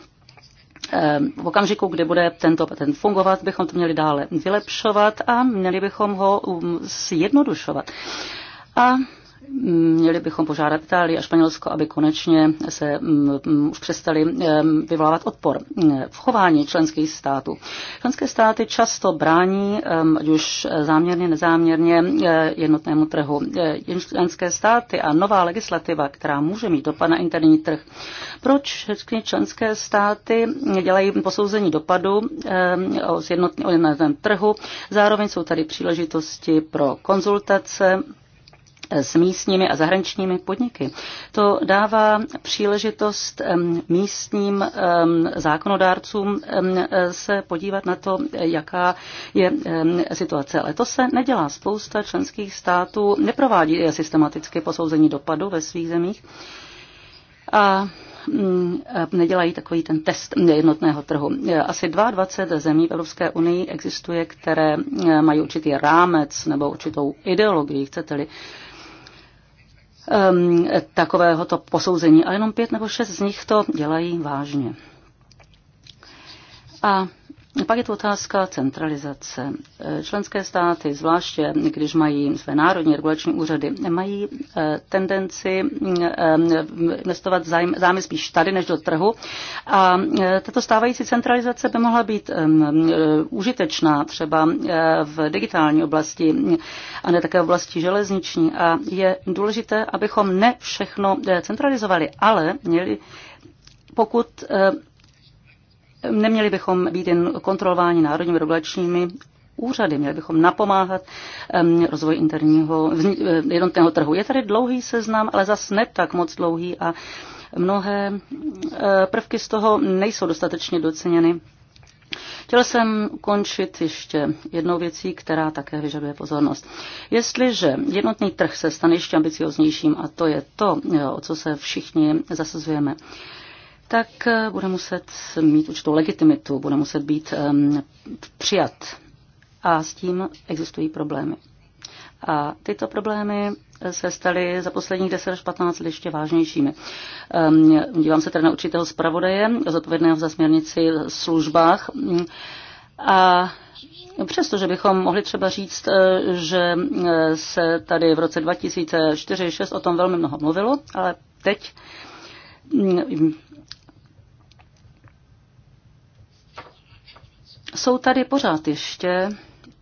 eh, v okamžiku, kdy bude tento patent fungovat, bychom to měli dále vylepšovat a měli bychom ho um, zjednodušovat. A měli bychom požádat Itálii a Španělsko, aby konečně se mm, mm, už přestali vyvolávat odpor mm, v chování členských států. Členské státy často brání, ať už záměrně, nezáměrně, e, jednotnému trhu. E, členské státy a nová legislativa, která může mít dopad na interní trh. Proč všechny členské státy dělají posouzení dopadu o jednotném trhu? Zároveň jsou tady příležitosti pro konzultace s místními a zahraničními podniky. To dává příležitost místním zákonodárcům se podívat na to, jaká je situace. Ale to se nedělá. Spousta členských států neprovádí systematické posouzení dopadu ve svých zemích. A mm, nedělají takový ten test jednotného trhu. Asi 22 zemí v Evropské unii existuje, které mají určitý rámec nebo určitou ideologii, chcete-li, um, takovéhoto posouzení a jenom pět nebo šest z nich to dělají vážně. A pak je to otázka centralizace. Členské státy, zvláště když mají své národní regulační úřady, mají eh, tendenci eh, eh, investovat zájmy spíš tady než do trhu. A tato stávající centralizace by mohla být užitečná třeba v digitální oblasti a ne také v oblasti železniční. A je důležité, abychom ne všechno centralizovali, ale měli pokud Neměli bychom být jen kontrolováni národními regulačními úřady, měli bychom napomáhat um, rozvoji interního eh, jednotného trhu. Je tady dlouhý seznam, ale zas ne tak moc dlouhý a mnohé eh, prvky z toho nejsou dostatečně doceněny. Chtěl jsem ukončit ještě jednou věcí, která také vyžaduje pozornost. Jestliže jednotný trh se stane ještě ambicioznějším, a to je to, o co se všichni zasazujeme, tak eh, bude muset mít určitou legitimitu, bude muset být um, přijat. A s tím existují problémy. A tyto problémy eh, se staly za posledních 10 až 15 let ještě vážnějšími. Um, dívám se tedy na určitého zpravodaje, zodpovědného za směrnici v službách. A Přestože bychom mohli třeba říct, eh, že se tady v roce 2004-2006 o tom velmi mnoho mluvilo, ale teď mm, jsou tady pořád ještě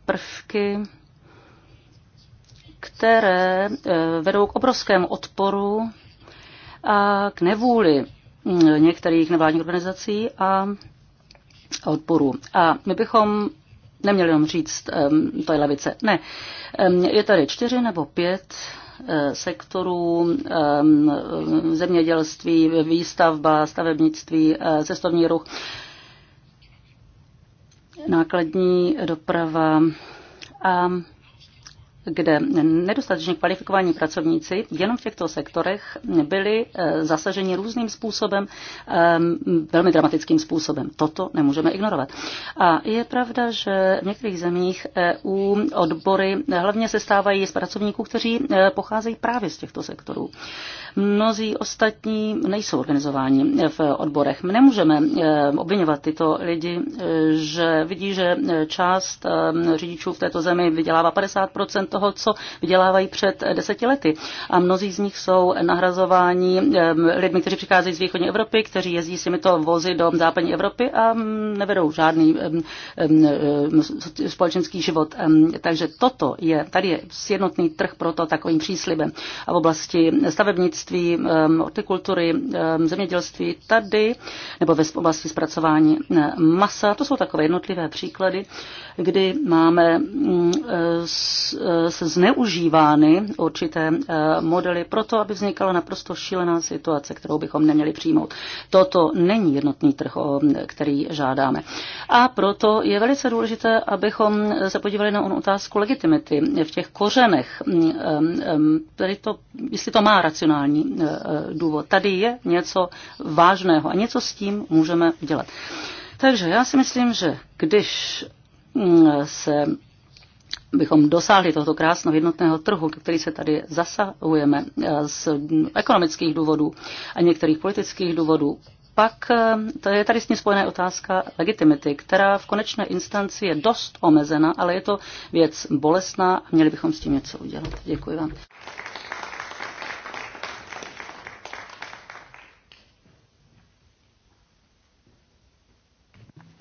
prvky, které eh, vedou k obrovskému odporu a k nevůli mm, některých nevládních organizací a odporu. A my bychom neměli jenom říct, ehm, to je levice. Ne, ehm, je tady čtyři nebo pět eh, sektorů ehm, zemědělství, výstavba, stavebnictví, eh, cestovní ruch nákladní doprava a kde nedostatečně kvalifikovaní pracovníci jenom v těchto sektorech byli eh, zasaženi různým způsobem, eh, velmi dramatickým způsobem. Toto nemůžeme ignorovat. A je pravda, že v některých zemích EU odbory hlavně se stávají z pracovníků, kteří eh, pocházejí právě z těchto sektorů. Mnozí ostatní nejsou organizováni v odborech. My nemůžeme eh, obvinovat tyto lidi, eh, že vidí, že eh, část řidičů v této zemi vydělává 50% toho, co vydělávají před deseti lety. A mnozí z nich jsou nahrazováni lidmi, kteří přicházejí z východní Evropy, kteří jezdí s těmito vozy do západní Evropy a mm, nevedou žádný mm, mm, společenský život. Takže toto je, tady je sjednotný trh proto takovým příslibem. A v oblasti stavebnictví lesnictví, hortikultury, zemědělství tady, nebo ve oblasti zpracování masa. To jsou takové jednotlivé příklady, kdy máme se mm, e, zneužívány určité modely proto, aby vznikala naprosto šílená situace, kterou bychom neměli přijmout. Toto není jednotný trh, který žádáme. A proto je velice důležité, abychom se podívali na onu otázku legitimity v těch kořenech, tedy to, jestli to má racionální sociální eh, eh, důvod. Tady je něco vážného a něco s tím můžeme dělat. Takže já si myslím, že když mm, se bychom dosáhli tohoto krásného jednotného trhu, který se tady zasahujeme eh, z ekonomických důvodů a některých politických důvodů, pak to je tady s ní spojená otázka legitimity, která v konečné instanci je dost omezena, ale je to věc bolestná a měli bychom s tím něco udělat. Děkuji vám.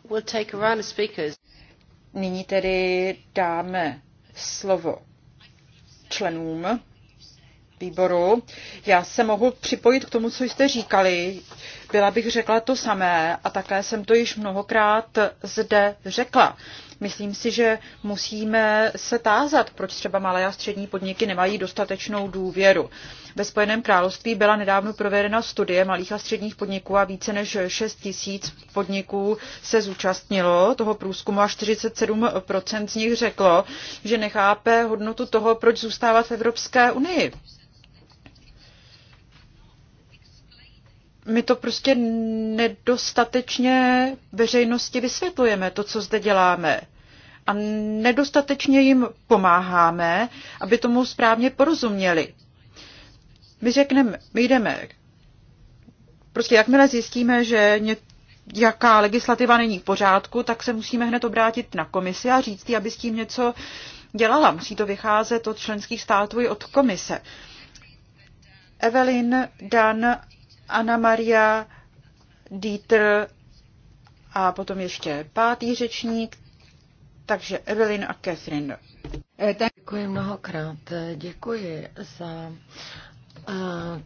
We'll take a round of speakers. Nyní tedy dáme slovo členům výboru. Já se mohu připojit k tomu, co jste říkali. Byla bych řekla to samé a také jsem to již mnohokrát zde řekla. Myslím si, že musíme se tázat, proč třeba malé a střední podniky nemají dostatečnou důvěru. Ve Spojeném království byla nedávno provedena studie malých a středních podniků a více než 6 tisíc podniků se zúčastnilo toho průzkumu a 47% z nich řeklo, že nechápe hodnotu toho, proč zůstávat v Evropské unii. my to prostě nedostatečně veřejnosti vysvětlujeme, to, co zde děláme. A nedostatečně jim pomáháme, aby tomu správně porozuměli. My řekneme, my jdeme, prostě jakmile zjistíme, že ně, jaká legislativa není v pořádku, tak se musíme hned obrátit na komisi a říct jí, aby s tím něco dělala. Musí to vycházet od členských států i od komise. Evelyn Dan Anna Maria Dieter a potom ještě pátý řečník, takže Evelyn a Catherine. Eh, Děkuji mnohokrát. Děkuji za eh,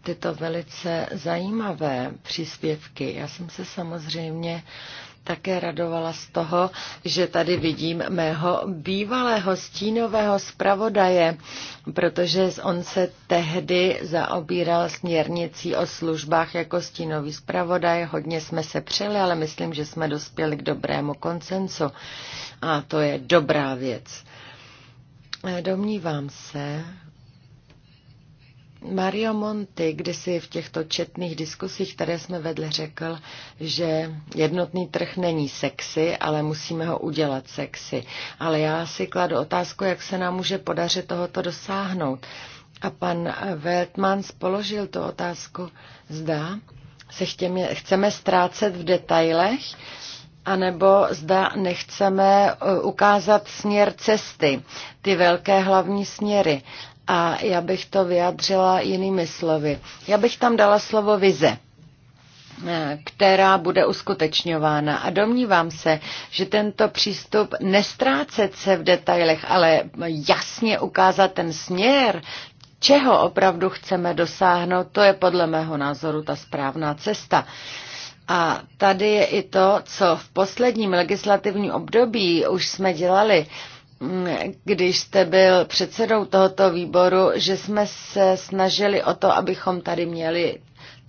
tyto velice zajímavé příspěvky. Já jsem se samozřejmě také radovala z toho, že tady vidím mého bývalého stínového zpravodaje, protože on se tehdy zaobíral směrnicí o službách jako stínový zpravodaj. Hodně jsme se přeli, ale myslím, že jsme dospěli k dobrému koncensu. A to je dobrá věc. Domnívám se, Mario Monti kdysi v těchto četných diskusích, které jsme vedli, řekl, že jednotný trh není sexy, ale musíme ho udělat sexy. Ale já si kladu otázku, jak se nám může podařit tohoto dosáhnout. A pan Weltman spoložil tu otázku, zdá, se chtěmě, chceme ztrácet v detailech, anebo zda nechceme uh, ukázat směr cesty, ty velké hlavní směry a já bych to vyjádřila jinými slovy. Já bych tam dala slovo vize eh, která bude uskutečňována. A domnívám se, že tento přístup nestrácet se v detailech, ale jasně ukázat ten směr, čeho opravdu chceme dosáhnout, to je podle mého názoru ta správná cesta. A tady je i to, co v posledním legislativním období už jsme dělali, když jste byl předsedou tohoto výboru, že jsme se snažili o to, abychom tady měli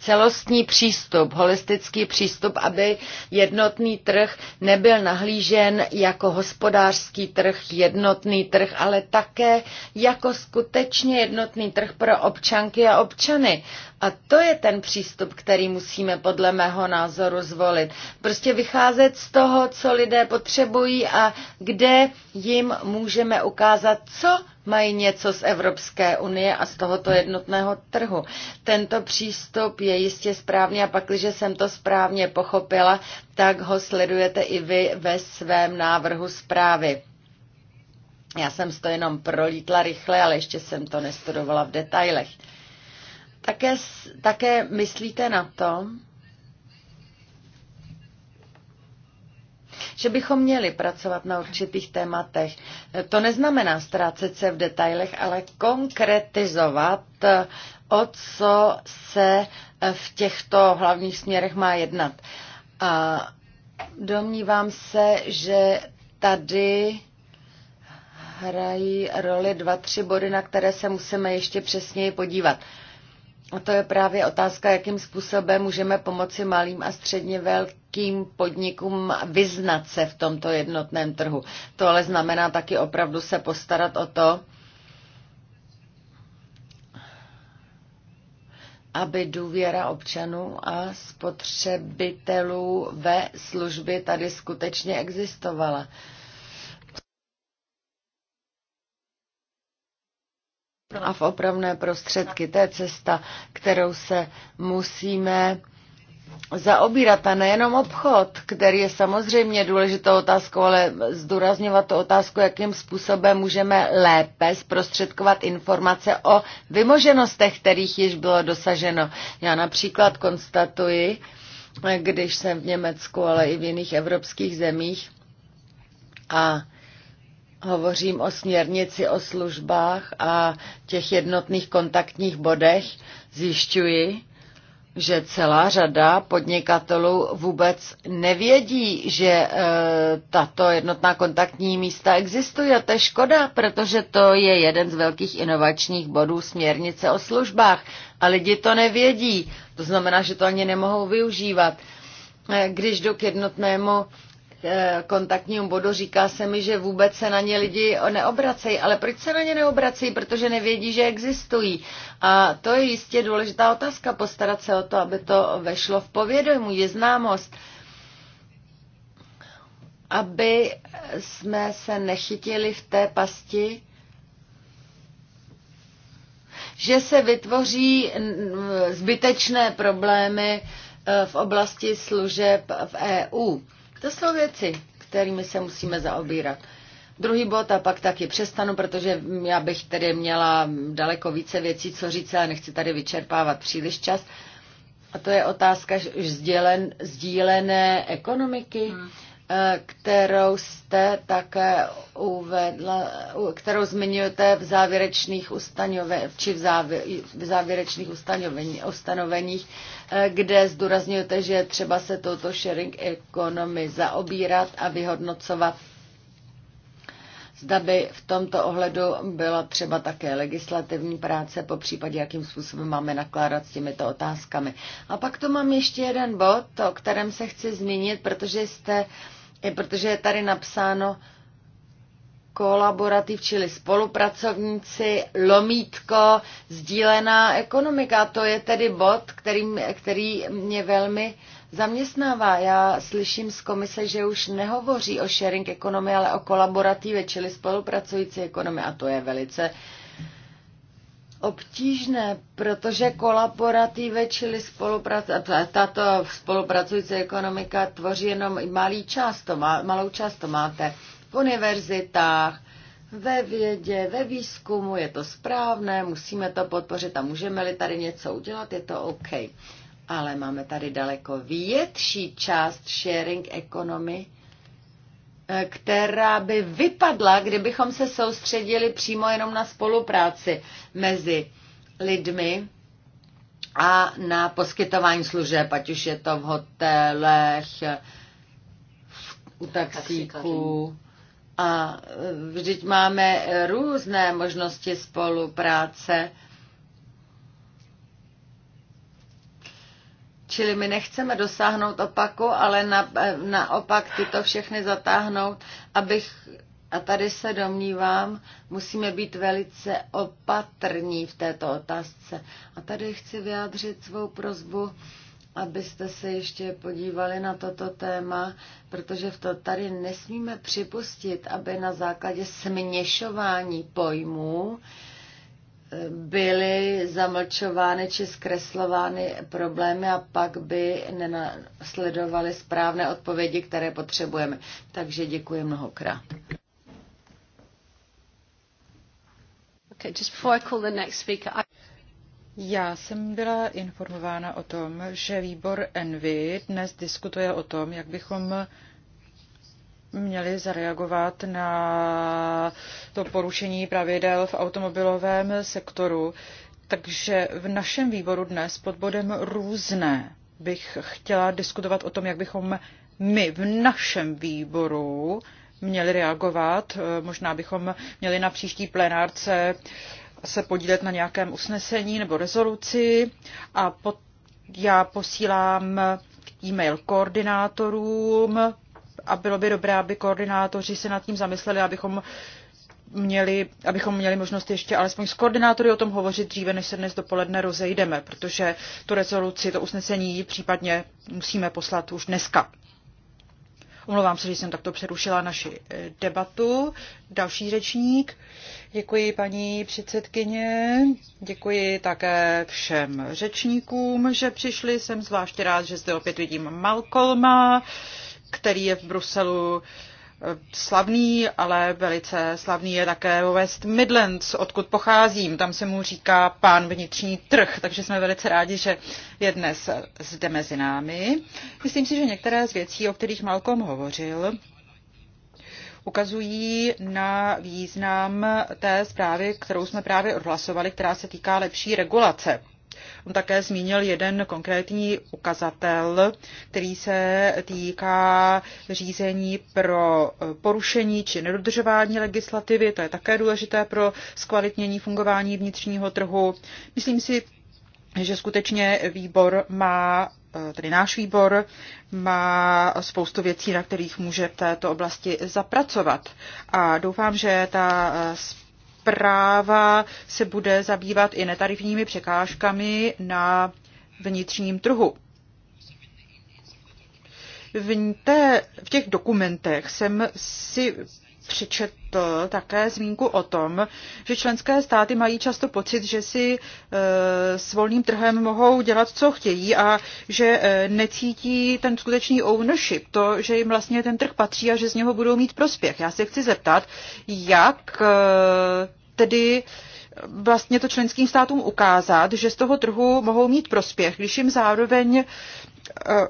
celostní přístup, holistický přístup, aby jednotný trh nebyl nahlížen jako hospodářský trh, jednotný trh, ale také jako skutečně jednotný trh pro občanky a občany. A to je ten přístup, který musíme podle mého názoru zvolit. Prostě vycházet z toho, co lidé potřebují a kde jim můžeme ukázat, co mají něco z Evropské unie a z tohoto jednotného trhu. Tento přístup je jistě správný a pak, když jsem to správně pochopila, tak ho sledujete i vy ve svém návrhu zprávy. Já jsem to jenom prolítla rychle, ale ještě jsem to nestudovala v detailech. Také, také myslíte na to, že bychom měli pracovat na určitých tématech. To neznamená ztrácet se v detailech, ale konkretizovat, o co se v těchto hlavních směrech má jednat. A domnívám se, že tady hrají roli dva, tři body, na které se musíme ještě přesněji podívat. A to je právě otázka, jakým způsobem můžeme pomoci malým a středně velkým podnikům vyznat se v tomto jednotném trhu. To ale znamená taky opravdu se postarat o to, aby důvěra občanů a spotřebitelů ve službě tady skutečně existovala. a v opravné prostředky. To je cesta, kterou se musíme zaobírat a nejenom obchod, který je samozřejmě důležitou otázkou, ale zdůrazňovat tu otázku, jakým způsobem můžeme lépe zprostředkovat informace o vymoženostech, kterých již bylo dosaženo. Já například konstatuji, když jsem v Německu, ale i v jiných evropských zemích a Hovořím o směrnici o službách a těch jednotných kontaktních bodech. Zjišťuji, že celá řada podnikatelů vůbec nevědí, že e, tato jednotná kontaktní místa existují. to je škoda, protože to je jeden z velkých inovačních bodů směrnice o službách. A lidi to nevědí. To znamená, že to ani nemohou využívat. E, když jdu k jednotnému Eh, kontaktního bodu, říká se mi, že vůbec se na ně lidi neobracejí. Ale proč se na ně neobracejí? Protože nevědí, že existují. A to je jistě důležitá otázka, postarat se o to, aby to vešlo v povědomí, je známost. Aby jsme se nechytili v té pasti, že se vytvoří zbytečné problémy eh, v oblasti služeb v EU to jsou věci, kterými se musíme zaobírat. Druhý bod a pak taky přestanu, protože já bych tedy měla daleko více věcí, co říct, ale nechci tady vyčerpávat příliš čas. A to je otázka sdílen, sdílené ekonomiky. Hmm kterou jste také uvedla, kterou zmiňujete v závěrečných ustanoveních, či v, závě, v závěrečných ustanovení, ustanoveních, eh, kde zdůrazňujete, že třeba se touto sharing economy zaobírat a vyhodnocovat zda by v tomto ohledu byla třeba také legislativní práce, po případě jakým způsobem máme nakládat s těmito otázkami. A pak tu mám ještě jeden bod, o kterém se chci zmínit, protože jste uh, i protože je tady napsáno kolaborativ, čili spolupracovníci, lomítko, sdílená ekonomika. To je tedy bod, který, který mě velmi zaměstnává. Já slyším z komise, že už nehovoří o sharing ekonomii, ale o kolaborativě, čili spolupracující ekonomii. A to je velice uh, obtížné, protože kolaborativy, čili spoluprace, tato spolupracující ekonomika tvoří jenom malý část, to má, malou část to máte v univerzitách, ve vědě, ve výzkumu, je to správné, musíme to podpořit a můžeme-li tady něco udělat, je to OK. Ale máme tady daleko větší část sharing economy, Eh, která by vypadla, kdybychom se soustředili přímo jenom na spolupráci mezi lidmi a na poskytování služeb, ať už je to v hotelech, u taxíků. A eh, vždyť máme různé možnosti spolupráce Čili my nechceme dosáhnout opaku, ale na, eh, naopak tyto všechny zatáhnout, abych, a tady se domnívám, musíme být velice opatrní v této otázce. A tady chci vyjádřit svou prozbu, abyste se ještě podívali na toto téma, protože v to tady nesmíme připustit, aby na základě směšování pojmů, byly zamlčovány či zkreslovány problémy a pak by nenasledovaly správné odpovědi, které potřebujeme. Takže děkuji mnohokrát. Okay, just before I call the next speaker, I... Já jsem byla informována o tom, že výbor Envy dnes diskutuje o tom, jak bychom měli zareagovat na to porušení pravidel v automobilovém sektoru. Takže v našem výboru dnes pod bodem různé bych chtěla diskutovat o tom, jak bychom my v našem výboru měli reagovat. Možná bychom měli na příští plenárce se podílet na nějakém usnesení nebo rezoluci a pot, já posílám e-mail koordinátorům a bylo by dobré, aby koordinátoři se nad tím zamysleli, abychom měli, abychom měli možnost ještě alespoň s koordinátory o tom hovořit dříve, než se dnes dopoledne rozejdeme, protože tu rezoluci, to usnesení případně musíme poslat už dneska. Omlouvám se, že jsem takto přerušila naši eh, debatu. Další řečník. Děkuji paní předsedkyně, děkuji také všem řečníkům, že přišli. Jsem zvláště rád, že zde opět vidím Malcolma který je v Bruselu eh, slavný, ale velice slavný je také West Midlands, odkud pocházím. Tam se mu říká pán vnitřní trh, takže jsme velice rádi, že je dnes zde mezi námi. Myslím si, že některé z věcí, o kterých Malcolm hovořil, ukazují na význam té zprávy, kterou jsme právě odhlasovali, která se týká lepší regulace. On také zmínil jeden konkrétní ukazatel, který se týká řízení pro e, porušení či nedodržování legislativy. To je také důležité pro zkvalitnění fungování vnitřního trhu. Myslím si, že skutečně výbor má, e, tedy náš výbor, má spoustu věcí, na kterých může v této oblasti zapracovat. A doufám, že ta e, zpráva se bude zabývat i netarifními překážkami na vnitřním trhu. V, té, v těch dokumentech jsem si přečetl také zmínku o tom, že členské státy mají často pocit, že si e, s volným trhem mohou dělat, co chtějí a že e, necítí ten skutečný ownership, to, že jim vlastně ten trh patří a že z něho budou mít prospěch. Já se chci zeptat, jak e, tedy vlastně to členským státům ukázat, že z toho trhu mohou mít prospěch, když jim zároveň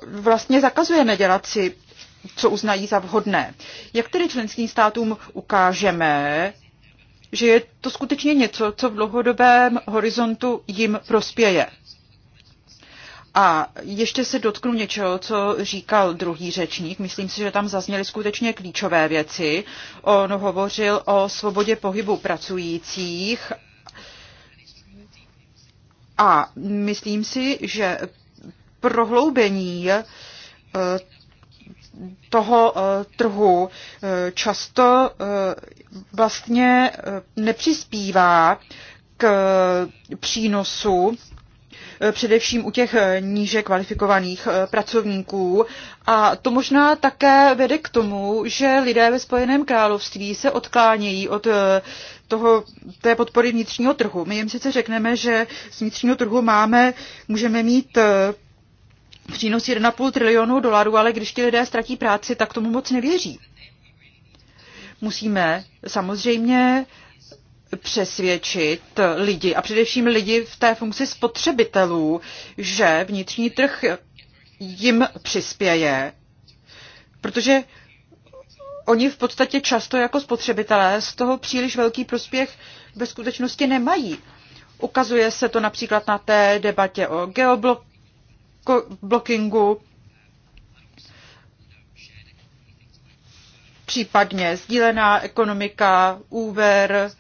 vlastně zakazujeme dělat si, co uznají za vhodné. Jak tedy členským státům ukážeme, že je to skutečně něco, co v dlouhodobém horizontu jim prospěje? A ještě se dotknu něčeho, co říkal druhý řečník. Myslím si, že tam zazněly skutečně klíčové věci. On hovořil o svobodě pohybu pracujících a myslím si, že prohloubení eh, toho eh, trhu eh, často eh, vlastně nepřispívá k přínosu především u těch níže kvalifikovaných pracovníků. A to možná také vede k tomu, že lidé ve Spojeném království se odklánějí od toho, té podpory vnitřního trhu. My jim sice řekneme, že z vnitřního trhu máme, můžeme mít přínos 1,5 trilionu dolarů, ale když ti lidé ztratí práci, tak tomu moc nevěří. Musíme samozřejmě přesvědčit lidi a především lidi v té funkci spotřebitelů, že vnitřní trh jim přispěje, protože oni v podstatě často jako spotřebitelé z toho příliš velký prospěch ve skutečnosti nemají. Ukazuje se to například na té debatě o geoblok blockingu, případně sdílená ekonomika, úver,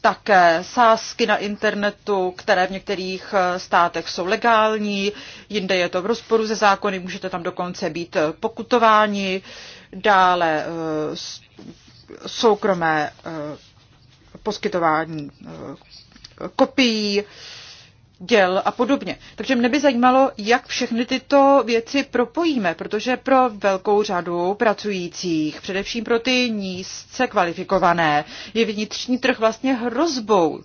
také sázky na internetu, které v některých eh, státech jsou legální, jinde je to v rozporu se zákony, můžete tam dokonce být pokutováni, dále eh, soukromé eh, poskytování kopií, děl a podobně. Takže mne by zajímalo, jak všechny tyto věci propojíme, protože pro velkou řadu pracujících, především pro ty nízce kvalifikované, je vnitřní trh vlastně hrozbou.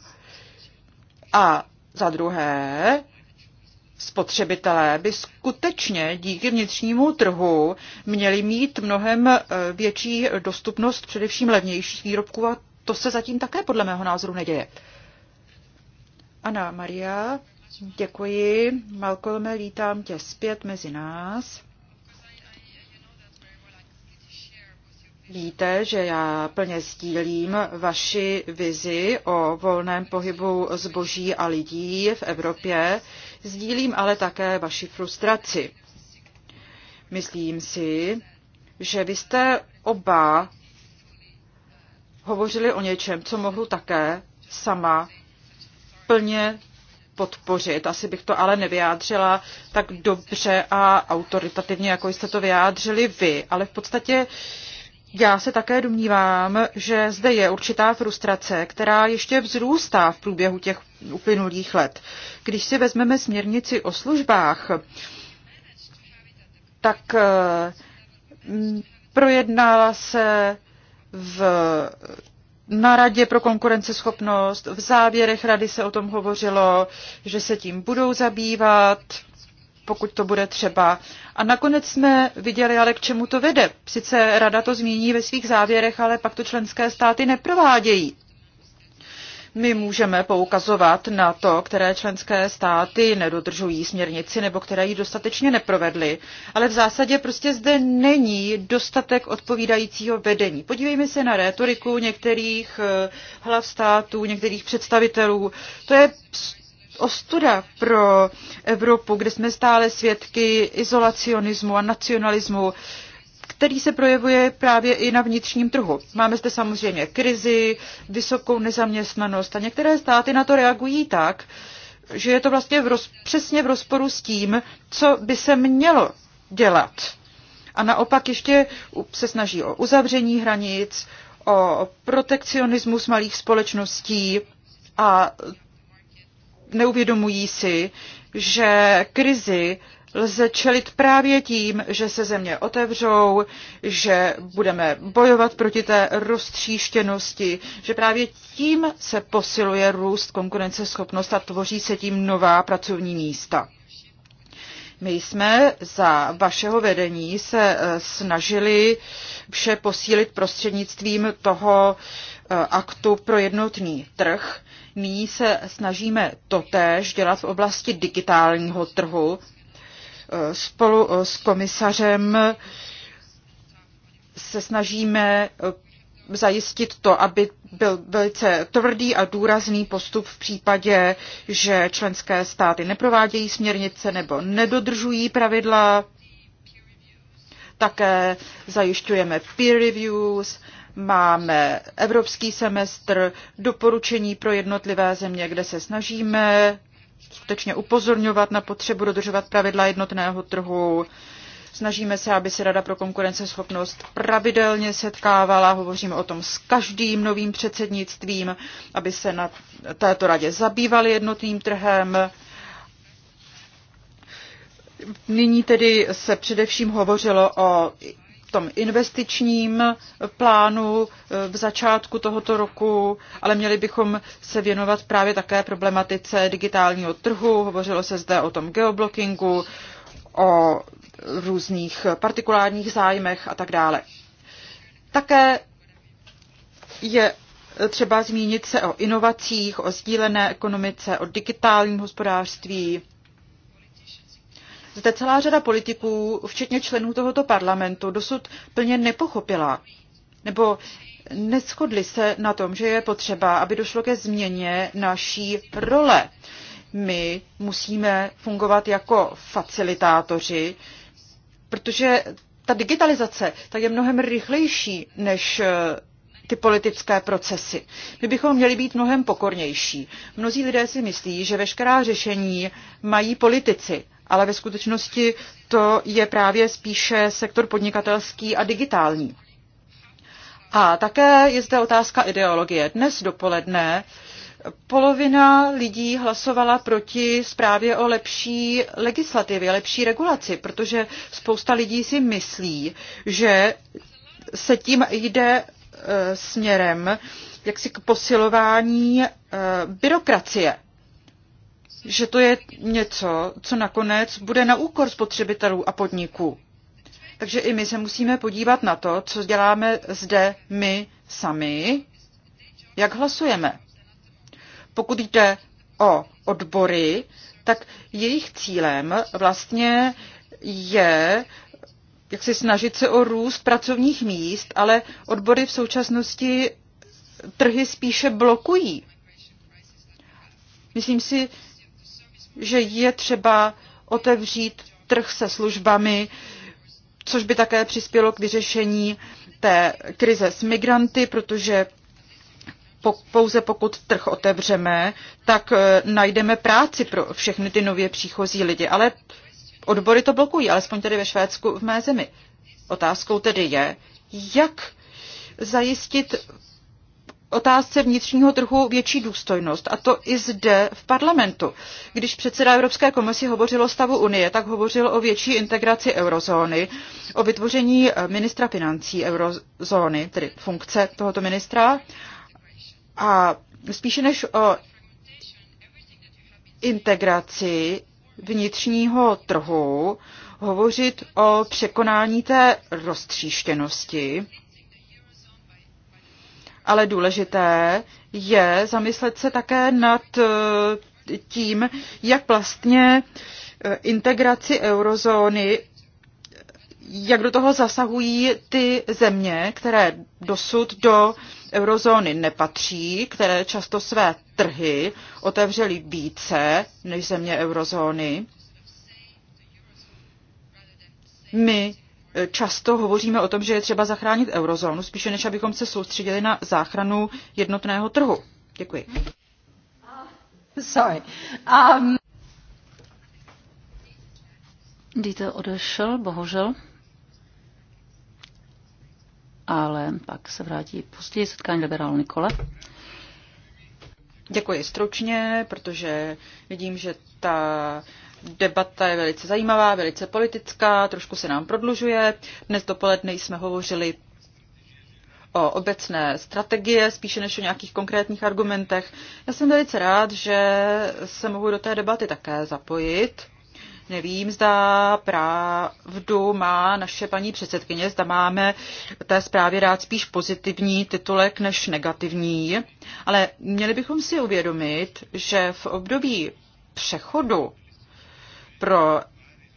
A za druhé, spotřebitelé by skutečně díky vnitřnímu trhu měli mít mnohem e, větší dostupnost především levnějších výrobků a to se zatím také podle mého názoru neděje. Ana Maria, děkuji. Malcolme, vítám tě zpět mezi nás. Víte, že já plně sdílím vaši vizi o volném pohybu zboží a lidí v Evropě, sdílím ale také vaši frustraci. Myslím si, že vy jste oba hovořili o něčem, co mohu také sama plně podpořit. Asi bych to ale nevyjádřila tak dobře a autoritativně, jako jste to vyjádřili vy. Ale v podstatě já se také domnívám, že zde je určitá frustrace, která ještě vzrůstá v průběhu těch uplynulých let. Když si vezmeme směrnici o službách, tak eh, projednala se v na Radě pro konkurenceschopnost, v závěrech Rady se o tom hovořilo, že se tím budou zabývat, pokud to bude třeba. A nakonec jsme viděli, ale k čemu to vede. Sice Rada to zmíní ve svých závěrech, ale pak to členské státy neprovádějí. My můžeme poukazovat na to, které členské státy nedodržují směrnici nebo které ji dostatečně neprovedly, ale v zásadě prostě zde není dostatek odpovídajícího vedení. Podívejme se na rétoriku některých eh, hlav států, některých představitelů. To je ostuda pro Evropu, kde jsme stále svědky izolacionismu a nacionalismu který se projevuje právě i na vnitřním trhu. Máme zde samozřejmě krizi, vysokou nezaměstnanost a některé státy na to reagují tak, že je to vlastně v roz, přesně v rozporu s tím, co by se mělo dělat. A naopak ještě se snaží o uzavření hranic, o protekcionismus malých společností a neuvědomují si, že krizi lze čelit právě tím, že se země otevřou, že budeme bojovat proti té roztříštěnosti, že právě tím se posiluje růst konkurenceschopnost a tvoří se tím nová pracovní místa. My jsme za vašeho vedení se eh, snažili vše posílit prostřednictvím toho eh, aktu pro jednotný trh. Nyní se snažíme totéž dělat v oblasti digitálního trhu, Spolu eh, s komisařem se snažíme eh, zajistit to, aby byl velice tvrdý a důrazný postup v případě, že členské státy neprovádějí směrnice nebo nedodržují pravidla. Také zajišťujeme peer reviews, máme evropský semestr, doporučení pro jednotlivé země, kde se snažíme skutečně upozorňovat na potřebu dodržovat pravidla jednotného trhu. Snažíme se, aby se Rada pro konkurenceschopnost pravidelně setkávala, hovoříme o tom s každým novým předsednictvím, aby se na této radě zabývali jednotným trhem. Nyní tedy se především hovořilo o tom investičním plánu eh, v začátku tohoto roku, ale měli bychom se věnovat právě také problematice digitálního trhu. Hovořilo se zde o tom geoblockingu, o různých partikulárních zájmech a tak dále. Také je třeba zmínit se o inovacích, o sdílené ekonomice, o digitálním hospodářství, zde celá řada politiků, včetně členů tohoto parlamentu, dosud plně nepochopila nebo neschodli se na tom, že je potřeba, aby došlo ke změně naší role. My musíme fungovat jako facilitátoři, protože ta digitalizace tak je mnohem rychlejší než eh, ty politické procesy. My bychom měli být mnohem pokornější. Mnozí lidé si myslí, že veškerá řešení mají politici ale ve skutečnosti to je právě spíše sektor podnikatelský a digitální. A také je zde otázka ideologie. Dnes dopoledne polovina lidí hlasovala proti zprávě o lepší legislativě, lepší regulaci, protože spousta lidí si myslí, že se tím jde e, směrem jaksi k posilování e, byrokracie že to je něco, co nakonec bude na úkor spotřebitelů a podniků. Takže i my se musíme podívat na to, co děláme zde my sami, jak hlasujeme. Pokud jde o odbory, tak jejich cílem vlastně je jak si snažit se o růst pracovních míst, ale odbory v současnosti trhy spíše blokují. Myslím si, že je třeba otevřít trh se službami, což by také přispělo k vyřešení té krize s migranty, protože pouze pokud trh otevřeme, tak eh, najdeme práci pro všechny ty nově příchozí lidi. Ale odbory to blokují, alespoň tedy ve Švédsku v mé zemi. Otázkou tedy je, jak zajistit otázce vnitřního trhu větší důstojnost, a to i zde v parlamentu. Když předseda Evropské komisi hovořil o stavu Unie, tak hovořil o větší integraci eurozóny, o vytvoření eh, ministra financí eurozóny, tedy funkce tohoto ministra, a spíše než o integraci vnitřního trhu, hovořit o překonání té roztříštěnosti, ale důležité je zamyslet se také nad eh, tím, jak vlastně eh, integraci eurozóny, jak do toho zasahují ty země, které dosud do eurozóny nepatří, které často své trhy otevřely více než země eurozóny. My často hovoříme o tom, že je třeba zachránit eurozónu, spíše než abychom se soustředili na záchranu jednotného trhu. Děkuji. Sorry. Um... Dieter odešel, bohužel. Ale pak se vrátí později setkání liberál Nikole. Děkuji stručně, protože vidím, že ta Debata je velice zajímavá, velice politická, trošku se nám prodlužuje. Dnes dopoledne jsme hovořili o obecné strategie, spíše než o nějakých konkrétních argumentech. Já jsem velice rád, že se mohu do té debaty také zapojit. Nevím, zda pravdu má naše paní předsedkyně, zda máme té zprávě rád spíš pozitivní titulek než negativní, ale měli bychom si uvědomit, že v období přechodu pro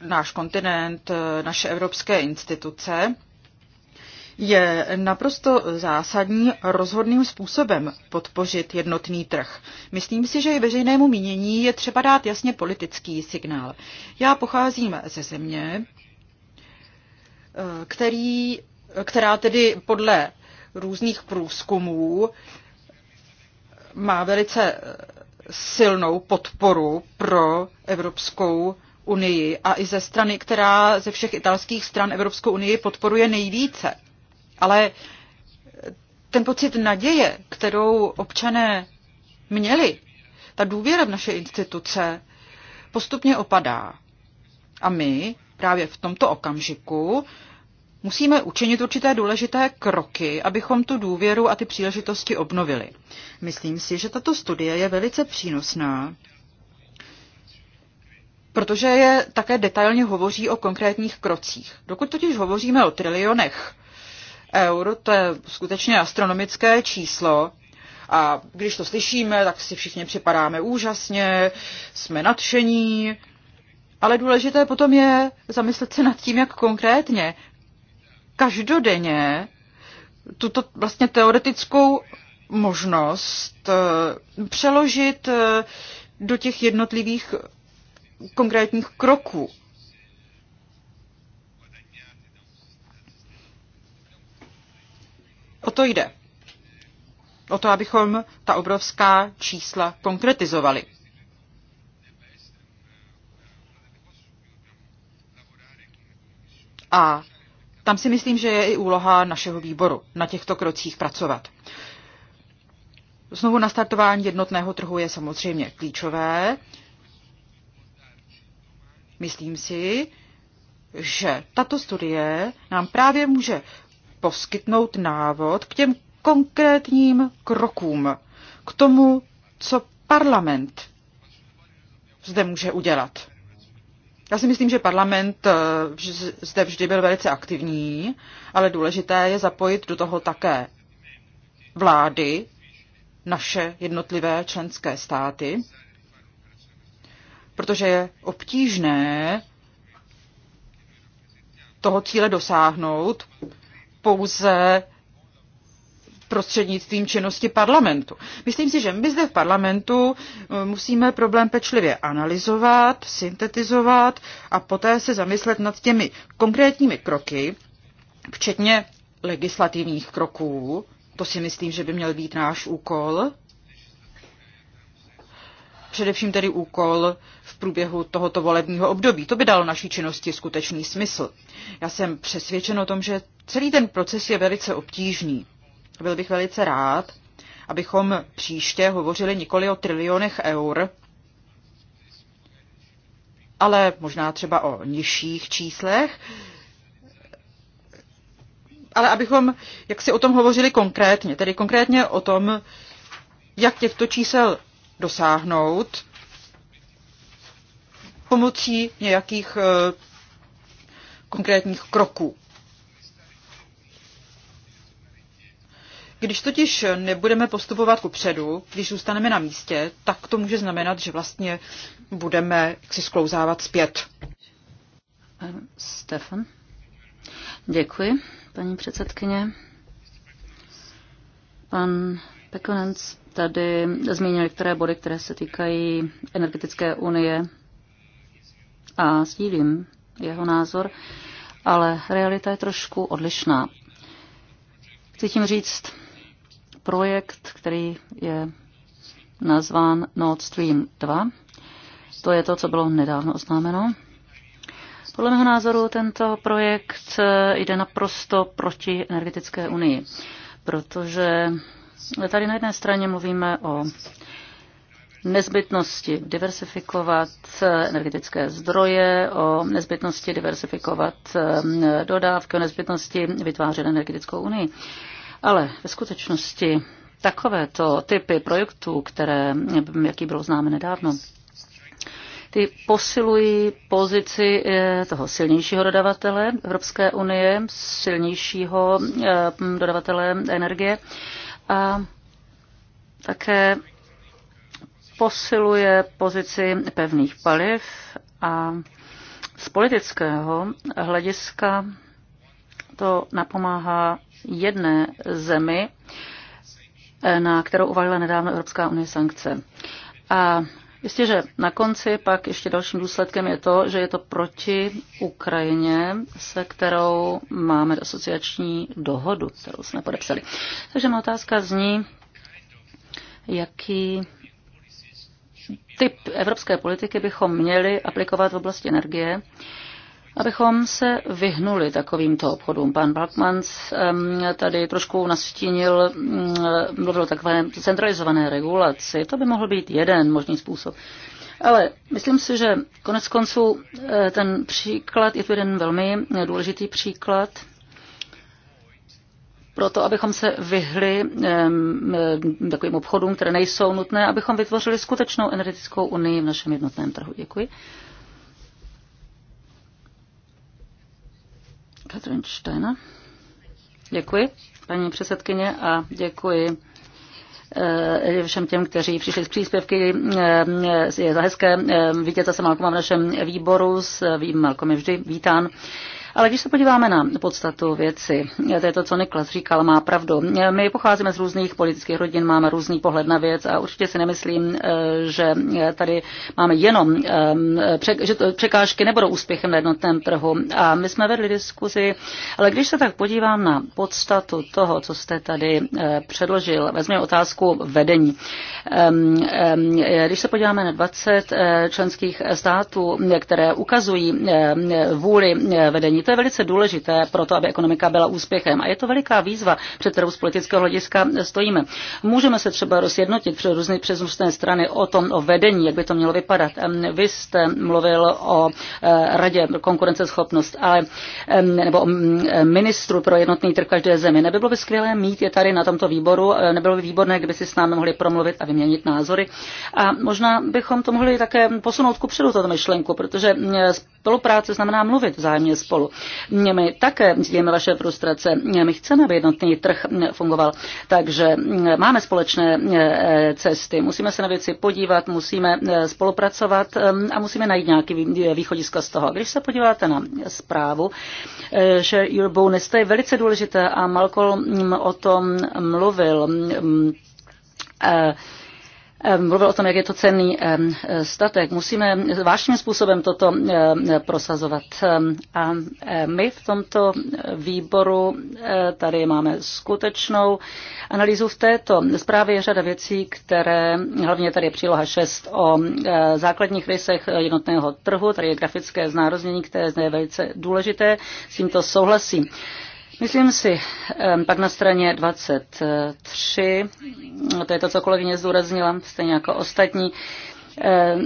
náš kontinent, naše evropské instituce, je naprosto zásadní rozhodným způsobem podpořit jednotný trh. Myslím si, že i veřejnému mínění je třeba dát jasně politický signál. Já pocházím ze země, který, která tedy podle různých průzkumů má velice silnou podporu pro evropskou unii a i ze strany, která ze všech italských stran Evropskou unii podporuje nejvíce. Ale ten pocit naděje, kterou občané měli, ta důvěra v naše instituce postupně opadá. A my právě v tomto okamžiku musíme učinit určité důležité kroky, abychom tu důvěru a ty příležitosti obnovili. Myslím si, že tato studie je velice přínosná protože je také detailně hovoří o konkrétních krocích. Dokud totiž hovoříme o trilionech eur, to je skutečně astronomické číslo, a když to slyšíme, tak si všichni připadáme úžasně, jsme nadšení, ale důležité potom je zamyslet se nad tím, jak konkrétně každodenně tuto vlastně teoretickou možnost eh, přeložit eh, do těch jednotlivých konkrétních kroků. O to jde. O to, abychom ta obrovská čísla konkretizovali. A tam si myslím, že je i úloha našeho výboru na těchto krocích pracovat. Znovu nastartování jednotného trhu je samozřejmě klíčové. Myslím si, že tato studie nám právě může poskytnout návod k těm konkrétním krokům, k tomu, co parlament zde může udělat. Já si myslím, že parlament eh, zde vždy byl velice aktivní, ale důležité je zapojit do toho také vlády, naše jednotlivé členské státy protože je obtížné toho cíle dosáhnout pouze prostřednictvím činnosti parlamentu. Myslím si, že my zde v parlamentu eh, musíme problém pečlivě analyzovat, syntetizovat a poté se zamyslet nad těmi konkrétními kroky, včetně legislativních kroků. To si myslím, že by měl být náš úkol především tedy úkol v průběhu tohoto volebního období. To by dalo naší činnosti skutečný smysl. Já jsem přesvědčen o tom, že celý ten proces je velice obtížný. Byl bych velice rád, abychom příště hovořili nikoli o trilionech eur, ale možná třeba o nižších číslech, ale abychom jak si o tom hovořili konkrétně, tedy konkrétně o tom, jak těchto čísel dosáhnout pomocí nějakých eh, konkrétních kroků. Když totiž nebudeme postupovat ku předu, když zůstaneme na místě, tak to může znamenat, že vlastně budeme si sklouzávat zpět. Eh, Stefan. Děkuji, paní předsedkyně. Pan Pekonenc tady zmínil některé body, které se týkají energetické unie a sdílím jeho názor, ale realita je trošku odlišná. Chci tím říct, projekt, který je nazván Nord Stream 2, to je to, co bylo nedávno oznámeno, podle mého názoru tento projekt jde naprosto proti energetické unii, protože Tady na jedné straně mluvíme o nezbytnosti diversifikovat energetické zdroje, o nezbytnosti diversifikovat um, dodávky, o nezbytnosti vytvářet energetickou unii. Ale ve skutečnosti takovéto typy projektů, které, jaký byl známe nedávno, ty posilují pozici eh, toho silnějšího dodavatele Evropské unie, silnějšího eh, dodavatele energie a také posiluje pozici pevných paliv a z politického hlediska to napomáhá jedné zemi, na kterou uvalila nedávno Evropská unie sankce. A Jistě, že na konci pak ještě dalším důsledkem je to, že je to proti Ukrajině, se kterou máme asociační dohodu, kterou jsme podepsali. Takže má otázka zní, jaký typ evropské politiky bychom měli aplikovat v oblasti energie, abychom se vyhnuli takovýmto obchodům. Pan Balkmans tady trošku nastínil, mm, mluvil o takové centralizované regulaci. To by mohl být jeden možný způsob. Ale myslím si, že konec konců eh, ten příklad je tu jeden velmi důležitý příklad proto, abychom se vyhli um, takovým obchodům, které nejsou nutné, abychom vytvořili skutečnou energetickou unii v našem jednotném trhu. Děkuji. Katrin Steiner. Děkuji, paní předsedkyně, a děkuji eh, všem těm, kteří přišli z příspěvky. Eh, je za hezké eh, vidět zase Malkoma v našem výboru. S Malkom je vždy vítán. Ale když se podíváme na podstatu věci, to je to, co Niklas říkal, má pravdu. My pocházíme z různých politických rodin, máme různý pohled na věc a určitě si nemyslím, eh, že tady máme jenom, eh, že překážky nebudou úspěchem na jednotném trhu. A my jsme vedli diskuzi, ale když se tak podívám na podstatu toho, co jste tady eh, předložil, vezměme otázku vedení. Ehm, ehm, když se podíváme na 20 členských států, které ukazují vůli vedení, zdanění. To je velice důležité pro to, aby ekonomika byla úspěchem. A je to veliká výzva, před kterou z politického hlediska stojíme. Můžeme se třeba rozjednotit přes různé, přes různé strany o tom, o vedení, jak by to mělo vypadat. Vy jste mluvil o e, radě konkurenceschopnost, ale, nebo o ministru pro jednotný trh každé zemi. Nebylo by skvělé mít je tady na tomto výboru, e, nebylo by výborné, kdyby si s námi mohli promluvit a vyměnit názory. A možná bychom to mohli také posunout ku předu, tato myšlenku, protože e, spolupráce znamená mluvit vzájemně spolu. My také sdílíme vaše frustrace. My chceme, aby jednotný trh fungoval. Takže máme společné eh, cesty. Musíme se na věci podívat, musíme eh, spolupracovat eh, a musíme najít nějaký východisko z toho. Když se podíváte na zprávu, že Your Bonus, to je velice důležité a Malcolm o tom mluvil. Uh, mluvil o tom, jak je to cenný statek. Musíme vážným způsobem toto prosazovat. A my v tomto výboru e, tady máme skutečnou analýzu v této zprávě je řada věcí, které, hlavně tady je příloha 6 o e, základních rysech jednotného trhu, tady je grafické znároznění, které je velice důležité, s tímto souhlasím. Myslím si, pak na straně 23, no, to je to, co kolegyně zdůraznila, stejně jako ostatní,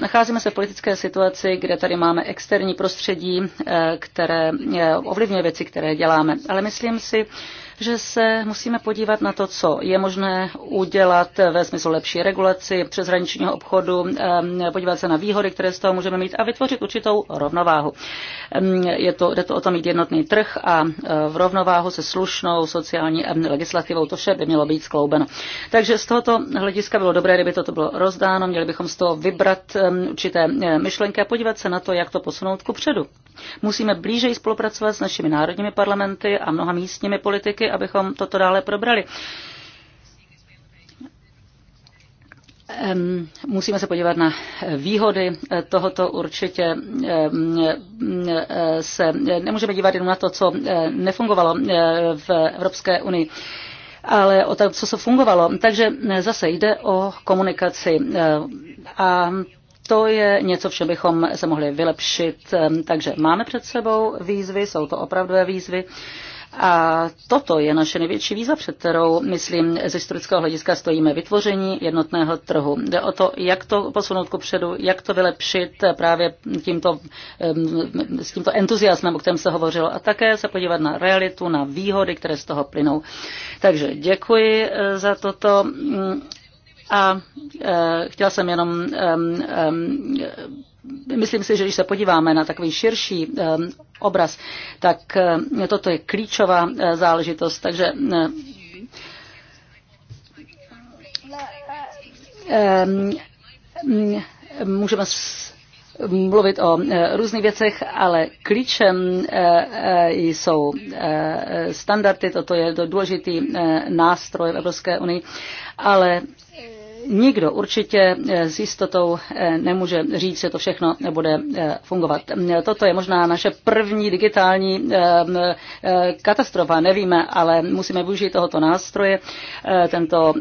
Nacházíme se v politické situaci, kde tady máme externí prostředí, které ovlivňuje věci, které děláme. Ale myslím si, že se musíme podívat na to, co je možné udělat ve smyslu lepší regulaci přeshraničního obchodu, ehm, podívat se na výhody, které z toho můžeme mít a vytvořit určitou rovnováhu. Ehm, je to, jde to o to mít jednotný trh a e, v rovnováhu se slušnou sociální ehm, legislativou. To vše by mělo být skloubeno. Takže z tohoto hlediska bylo dobré, kdyby toto bylo rozdáno. Měli bychom z toho vybrat určité e, myšlenky a podívat se na to, jak to posunout ku předu. Musíme blíže spolupracovat s našimi národními parlamenty a mnoha místními politiky abychom toto dále probrali. Musíme se podívat na výhody tohoto určitě se nemůžeme dívat jenom na to, co eh, nefungovalo eh, v Evropské unii ale o to, co se fungovalo. Takže eh, zase jde o komunikaci a to je něco, v čem bychom se mohli vylepšit. Takže máme před sebou výzvy, jsou to opravdové výzvy. A toto je naše největší výzva, před kterou, myslím, z historického hlediska stojíme vytvoření jednotného trhu. Jde o to, jak to posunout ku předu, jak to vylepšit právě tímto, s tímto entuziasmem, o kterém se hovořilo, a také se podívat na realitu, na výhody, které z toho plynou. Takže děkuji eh, za toto. A e, chtěla jsem jenom, e, e, myslím si, že když se podíváme na takový širší e, obraz, tak eh, toto je klíčová eh, záležitost. Takže eh, ehm, mm, můžeme mluvit o různých věcech, ale klíčem jsou standardy, toto je důležitý nástroj v Evropské unii, ale Nikdo určitě eh, s jistotou eh, nemůže říct, že to všechno bude eh, fungovat. Toto je možná naše první digitální katastrofa, nevíme, ale musíme využít tohoto nástroje. Tento,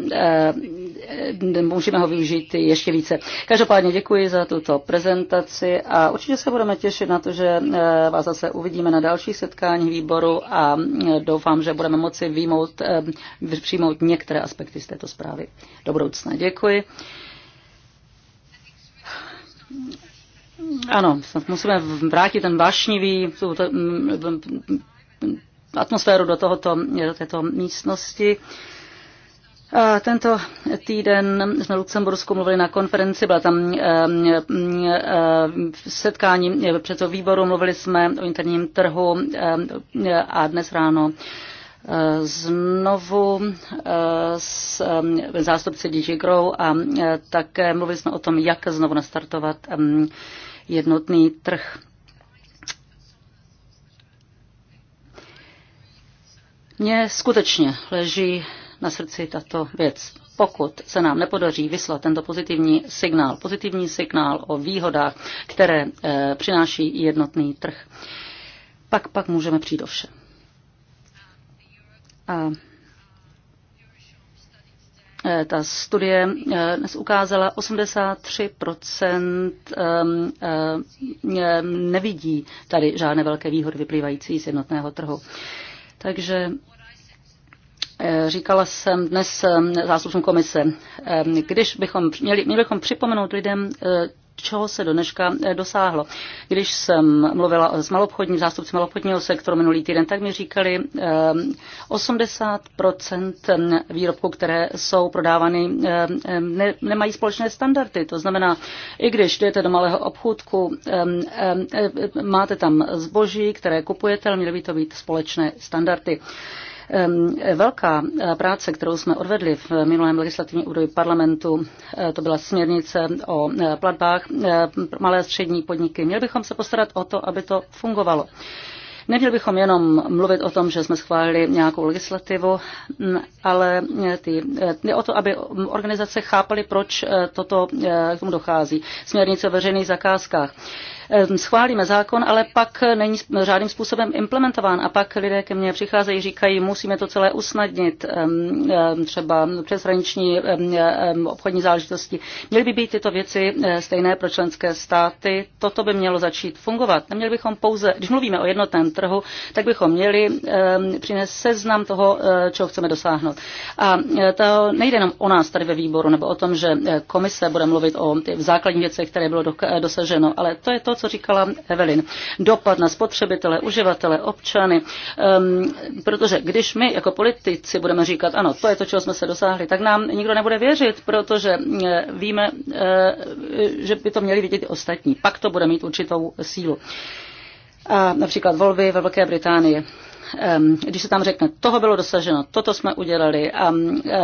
můžeme ho využít ještě více. Každopádně děkuji za tuto prezentaci a určitě se budeme těšit na to, že vás zase uvidíme na dalších setkání výboru a mm, doufám, že budeme moci výjmout, přijmout některé aspekty z této zprávy do budoucna. Děkuji. Děkuji. Ano, musíme vrátit ten vášnivý mm, atmosféru do, tohoto, do této místnosti. A tento týden jsme v Lucembursku mluvili na konferenci, byla tam setkání předsedu výboru, mluvili jsme o interním trhu a dnes ráno znovu eh, s eh, zástupci DG Grow a eh, také mluvili jsme o tom, jak znovu nastartovat mm, jednotný trh. Mně skutečně leží na srdci tato věc. Pokud se nám nepodaří vyslat tento pozitivní signál, pozitivní signál o výhodách, které e, přináší jednotný trh, pak pak můžeme přijít o všem. A e, ta studie e, dnes ukázala, 83% e, nevidí tady žádné velké výhody vyplývající z jednotného trhu. Takže Říkala jsem dnes zástupcům komise, když bychom měli, měli bychom připomenout lidem, čeho se do dneška eh, dosáhlo. Když jsem mluvila s malobchodním zástupcem malobchodního sektoru minulý týden, tak mi říkali, 80 eh, eh, výrobků, které jsou prodávány, nemají společné standardy. To znamená, i když jdete do malého obchůdku, máte tam zboží, které kupujete, ale měly by to být společné standardy. Velká eh, práce, kterou jsme odvedli v minulém legislativním období parlamentu, eh, to byla směrnice o eh, platbách malé a střední podniky. Měli bychom se postarat o to, aby to fungovalo. Neměli bychom jenom mluvit o tom, že jsme schválili nějakou legislativu, mm, ale ty, ne o to, aby mm, organizace chápaly, proč toto k tomu dochází. Směrnice o veřejných zakázkách Ehm, schválíme zákon, ale pak není žádným způsobem implementován a pak lidé ke mně přicházejí, říkají, musíme to celé usnadnit, ehm, ehm, třeba přeshraniční obchodní záležitosti. Měly by být tyto věci eh, stejné pro členské státy, toto by mělo začít fungovat. Neměli bychom pouze, když mluvíme o jednotném trhu, tak bychom měli přinést seznam toho, eh, čeho chceme dosáhnout. A eh, to nejde jenom o nás tady ve výboru, nebo o tom, že komise bude mluvit o těch základních věcech, které bylo dosaženo, ale to je to, co říkala Evelyn. Dopad na spotřebitele, uživatele, občany. Um, protože když my jako politici budeme říkat, ano, to je to, čeho jsme se dosáhli, tak nám nikdo nebude věřit, protože eh, víme, eh, že by to měli vidět i ostatní. Pak to bude mít určitou sílu. A například volby ve Velké Británii když se tam řekne, toho bylo dosaženo, toto jsme udělali a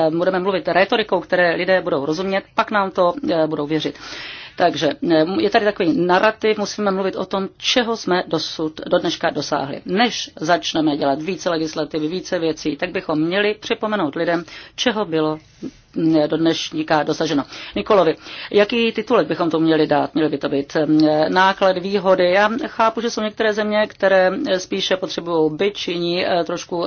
budeme mluvit retorikou, které lidé budou rozumět, pak nám to e, budou věřit. Takže e, je tady takový narrativ, musíme mluvit o tom, čeho jsme dosud do dneška dosáhli. Než začneme dělat více legislativy, více věcí, tak bychom měli připomenout lidem, čeho bylo do dnešníka dosaženo. Nikolovi, jaký titulek bychom to měli dát? Měly by to být eh, náklad, výhody. Já chápu, že jsou některé země, které eh, spíše potřebují byčiní, eh, trošku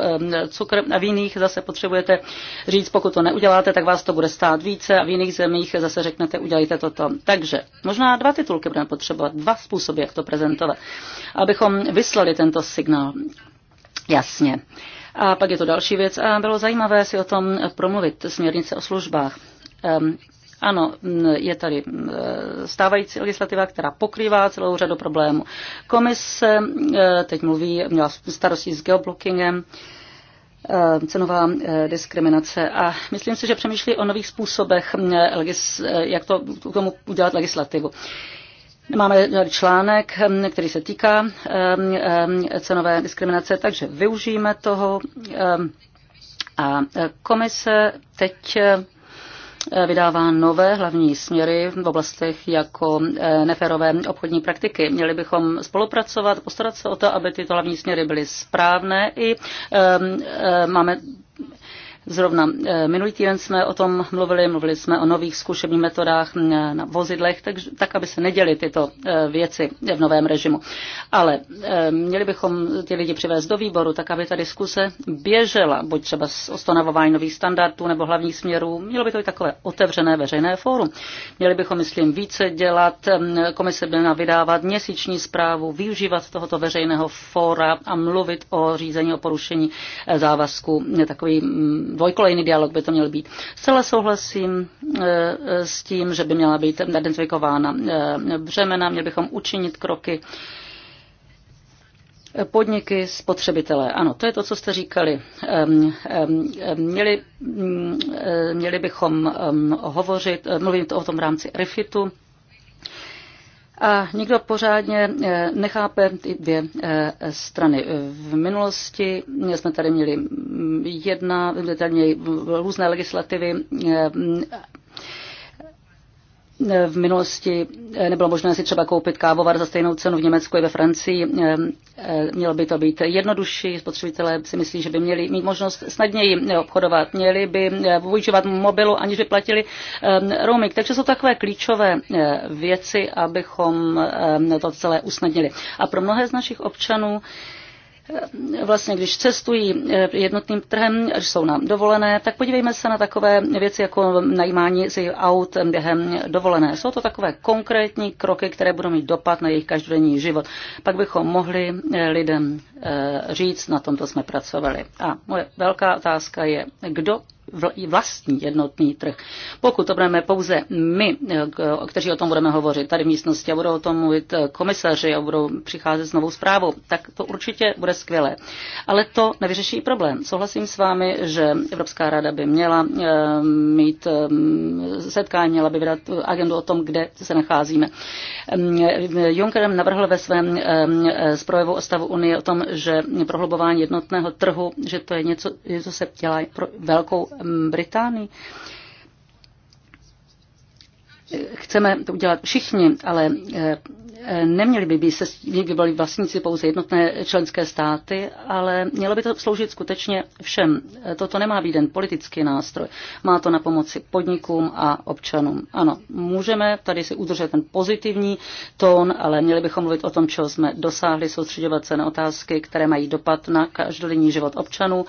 cukr a v jiných zase potřebujete říct, pokud to neuděláte, tak vás to bude stát více a v jiných zemích zase řeknete, udělejte toto. Takže možná dva titulky budeme potřebovat, dva způsoby, jak to prezentovat, abychom vyslali tento signál. Jasně. Uh, a pak je to další věc a bylo zajímavé si o tom promluvit, směrnice o službách. Ehm, ano, je tady ehm, stávající legislativa, která pokrývá celou řadu problémů. Komise e, teď mluví, měla starosti s geoblockingem, e, cenová e, diskriminace a myslím si, že přemýšlí o nových způsobech, jak to, k tomu udělat legislativu. Máme článek, hm, který se týká hm, hm, cenové diskriminace, takže využijeme toho. A komise teď vydává nové hlavní směry v oblastech jako neférové obchodní praktiky. Měli bychom spolupracovat, postarat se o to, aby tyto hlavní směry byly správné i máme Zrovna eh, minulý týden jsme o tom mluvili, mluvili jsme o nových zkušebních metodách mm, eh, na vozidlech, tak, tak aby se neděly tyto eh, věci v novém režimu. Ale měli bychom ty lidi přivést do výboru, tak aby ta diskuse běžela, buď třeba o ostanovování nových standardů nebo hlavních směrů. Mělo by to být takové otevřené veřejné fórum. Měli bychom, myslím, více dělat, mm, komise by měla vydávat měsíční zprávu, využívat tohoto veřejného fóra a mluvit o řízení o porušení závazku. Mm, takový dvojkolejný dialog by to měl být. Zcela souhlasím eh, s tím, že by měla být identifikována eh, břemena, měli bychom učinit kroky. Podniky, spotřebitelé. Ano, to je to, co jste říkali. Měli, mm, eh, měli bychom hovořit, mluvit o tom v rámci REFITu a nikdo pořádně eh, nechápe ty dvě eh, strany. V minulosti eh, jsme tady měli mm, jedna, tady různé legislativy v minulosti eh, nebylo možné si třeba koupit kávovar za stejnou cenu v Německu i ve Francii. Eh, eh, Mělo by to být jednodušší, spotřebitelé si myslí, že by měli mít možnost snadněji obchodovat, měli by využívat mobilu, aniž by platili roaming. Takže jsou takové klíčové věci, abychom to celé usnadnili. A pro mnohé z našich občanů vlastně když cestují eh, jednotným trhem, když jsou nám dovolené, tak podívejme se na takové věci jako najímání si aut během dovolené. Jsou to takové konkrétní kroky, které budou mít dopad na jejich každodenní život. Pak bychom mohli eh, lidem eh, říct, na tomto jsme pracovali. A moje velká otázka je, kdo vlastní jednotný trh. Pokud to budeme pouze my, eh, kteří o tom budeme hovořit tady v místnosti a budou o tom mluvit eh, komisaři a budou přicházet s novou zprávou, tak to určitě bude skvělé. Ale to nevyřeší problém. Souhlasím s vámi, že Evropská rada by měla eh, mít setkání, měla by vydat agendu o tom, kde se nacházíme. Juncker navrhl ve svém zprojevu o stavu Unie o tom, že prohlubování jednotného trhu, že to je něco, co se dělá pro velkou Mm, Británii. Chceme to udělat všichni, ale eh, neměli by být, se by byli vlastníci pouze jednotné členské státy, ale mělo by to sloužit skutečně všem. Toto nemá být jen politický nástroj, má to na pomoci podnikům a občanům. Ano, můžeme tady si udržet ten pozitivní tón, ale měli bychom mluvit o tom, čeho jsme dosáhli, soustředovat se na otázky, které mají dopad na každodenní život občanů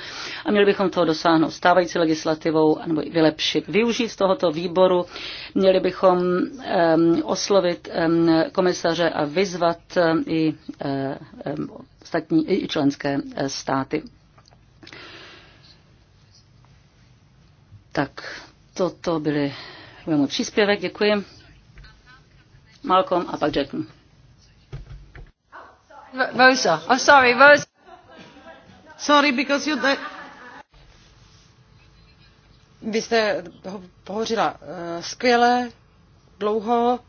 a měli bychom toho dosáhnout stávající legislativou nebo vylepšit. Využít z tohoto výboru měli bychom um, oslovit um, komisaře komisaře a vyzvat eh, i eh, ostatní i členské eh, státy. Tak toto byly můj příspěvek, děkuji. Malcolm a pak Jack. Rosa, oh sorry, Sorry, because you... Vy jste ho, pohořila uh, skvěle, dlouho,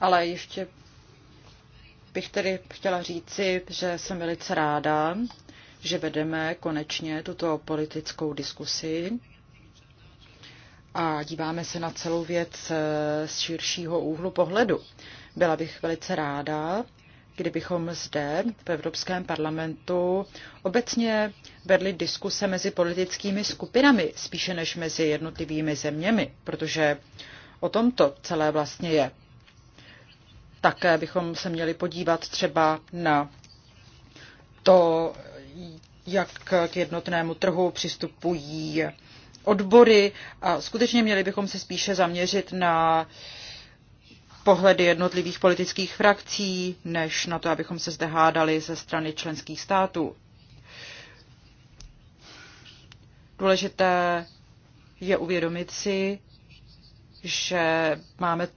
ale ještě bych tedy chtěla říci, že jsem velice ráda, že vedeme konečně tuto politickou diskusi a díváme se na celou věc eh, z širšího úhlu pohledu. Byla bych velice ráda, kdybychom zde v Evropském parlamentu obecně vedli diskuse mezi politickými skupinami, spíše než mezi jednotlivými zeměmi, protože o tomto celé vlastně je. Také bychom se měli podívat třeba na to, jak k jednotnému trhu přistupují odbory a skutečně měli bychom se spíše zaměřit na pohledy jednotlivých politických frakcí, než na to, abychom se zde hádali ze strany členských států. Důležité je uvědomit si, že máme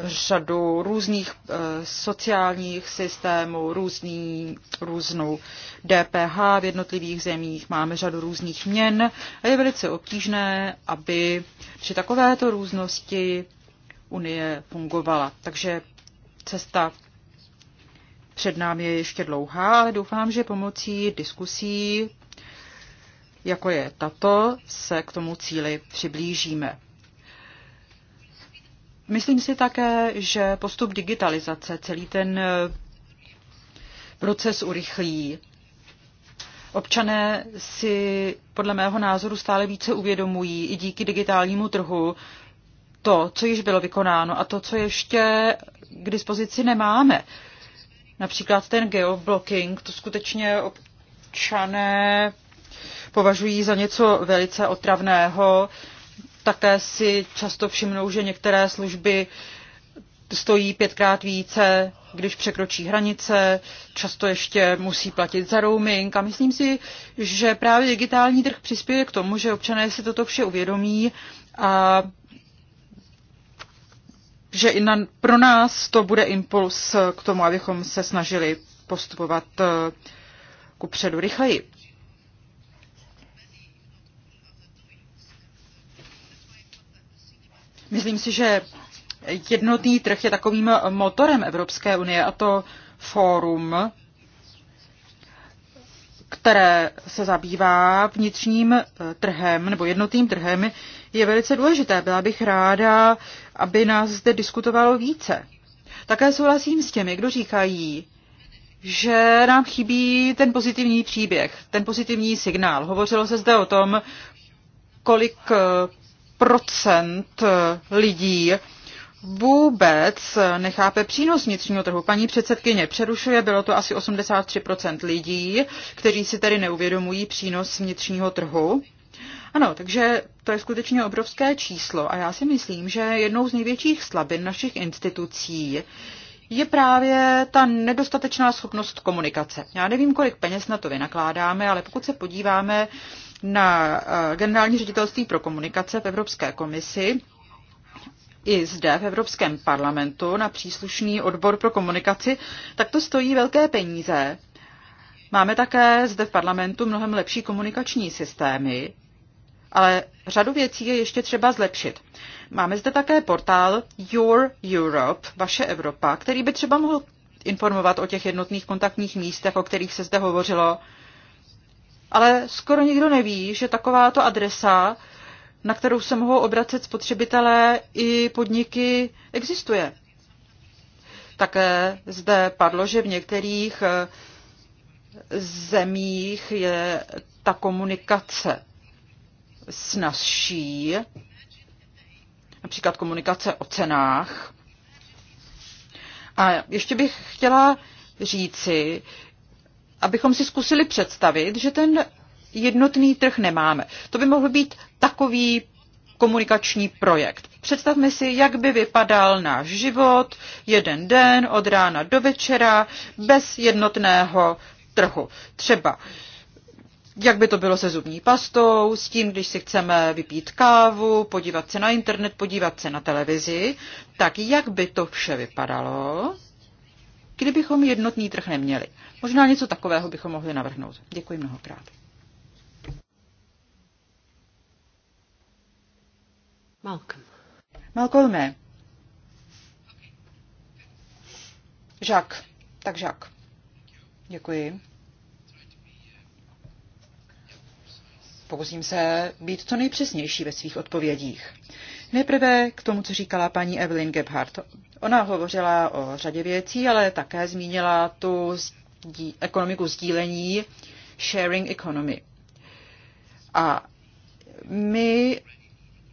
řadu různých eh, sociálních systémů, různý, různou DPH v jednotlivých zemích, máme řadu různých měn a je velice obtížné, aby při takovéto různosti Unie fungovala. Takže cesta před námi je ještě dlouhá, ale doufám, že pomocí diskusí, jako je tato, se k tomu cíli přiblížíme. Myslím si také, že postup digitalizace celý ten eh, proces urychlí. Občané si podle mého názoru stále více uvědomují i díky digitálnímu trhu to, co již bylo vykonáno a to, co ještě k dispozici nemáme. Například ten geoblocking, to skutečně občané považují za něco velice otravného. Také si často všimnou, že některé služby stojí pětkrát více, když překročí hranice, často ještě musí platit za roaming a myslím si, že právě digitální trh přispěje k tomu, že občané si toto vše uvědomí a že i na, pro nás to bude impuls k tomu, abychom se snažili postupovat eh, ku předu rychleji. Myslím si, že jednotný trh je takovým motorem Evropské unie a to fórum, které se zabývá vnitřním eh, trhem nebo jednotným trhem, je velice důležité. Byla bych ráda, aby nás zde diskutovalo více. Také souhlasím s těmi, kdo říkají, že nám chybí ten pozitivní příběh, ten pozitivní signál. Hovořilo se zde o tom, kolik eh, Eh, lidí vůbec nechápe přínos vnitřního trhu. Paní předsedkyně přerušuje, bylo to asi 83% lidí, kteří si tedy neuvědomují přínos vnitřního trhu. Ano, takže to je skutečně obrovské číslo a já si myslím, že jednou z největších slabin našich institucí je právě ta nedostatečná schopnost komunikace. Já nevím, kolik peněz na to vynakládáme, ale pokud se podíváme na eh, generální ředitelství pro komunikace v Evropské komisi i zde v Evropském parlamentu na příslušný odbor pro komunikaci, tak to stojí velké peníze. Máme také zde v parlamentu mnohem lepší komunikační systémy, ale řadu věcí je ještě třeba zlepšit. Máme zde také portál Your Europe, vaše Evropa, který by třeba mohl informovat o těch jednotných kontaktních místech, o kterých se zde hovořilo, ale skoro nikdo neví, že takováto adresa, na kterou se mohou obracet spotřebitelé i podniky, existuje. Také zde padlo, že v některých eh, zemích je ta komunikace snazší, například komunikace o cenách. A ještě bych chtěla říci, abychom si zkusili představit, že ten jednotný trh nemáme. To by mohl být takový komunikační projekt. Představme si, jak by vypadal náš život jeden den od rána do večera bez jednotného trhu. Třeba jak by to bylo se zubní pastou, s tím, když si chceme vypít kávu, podívat se na internet, podívat se na televizi, tak jak by to vše vypadalo, kdybychom jednotný trh neměli. Možná něco takového bychom mohli navrhnout. Děkuji mnohokrát. Malcolm. Malcolm. Žak. Tak Žak. Děkuji. Pokusím se být co nejpřesnější ve svých odpovědích. Nejprve k tomu, co říkala paní Evelyn Gebhardt. Ona hovořila o řadě věcí, ale také zmínila tu ekonomiku sdílení, sharing economy. A my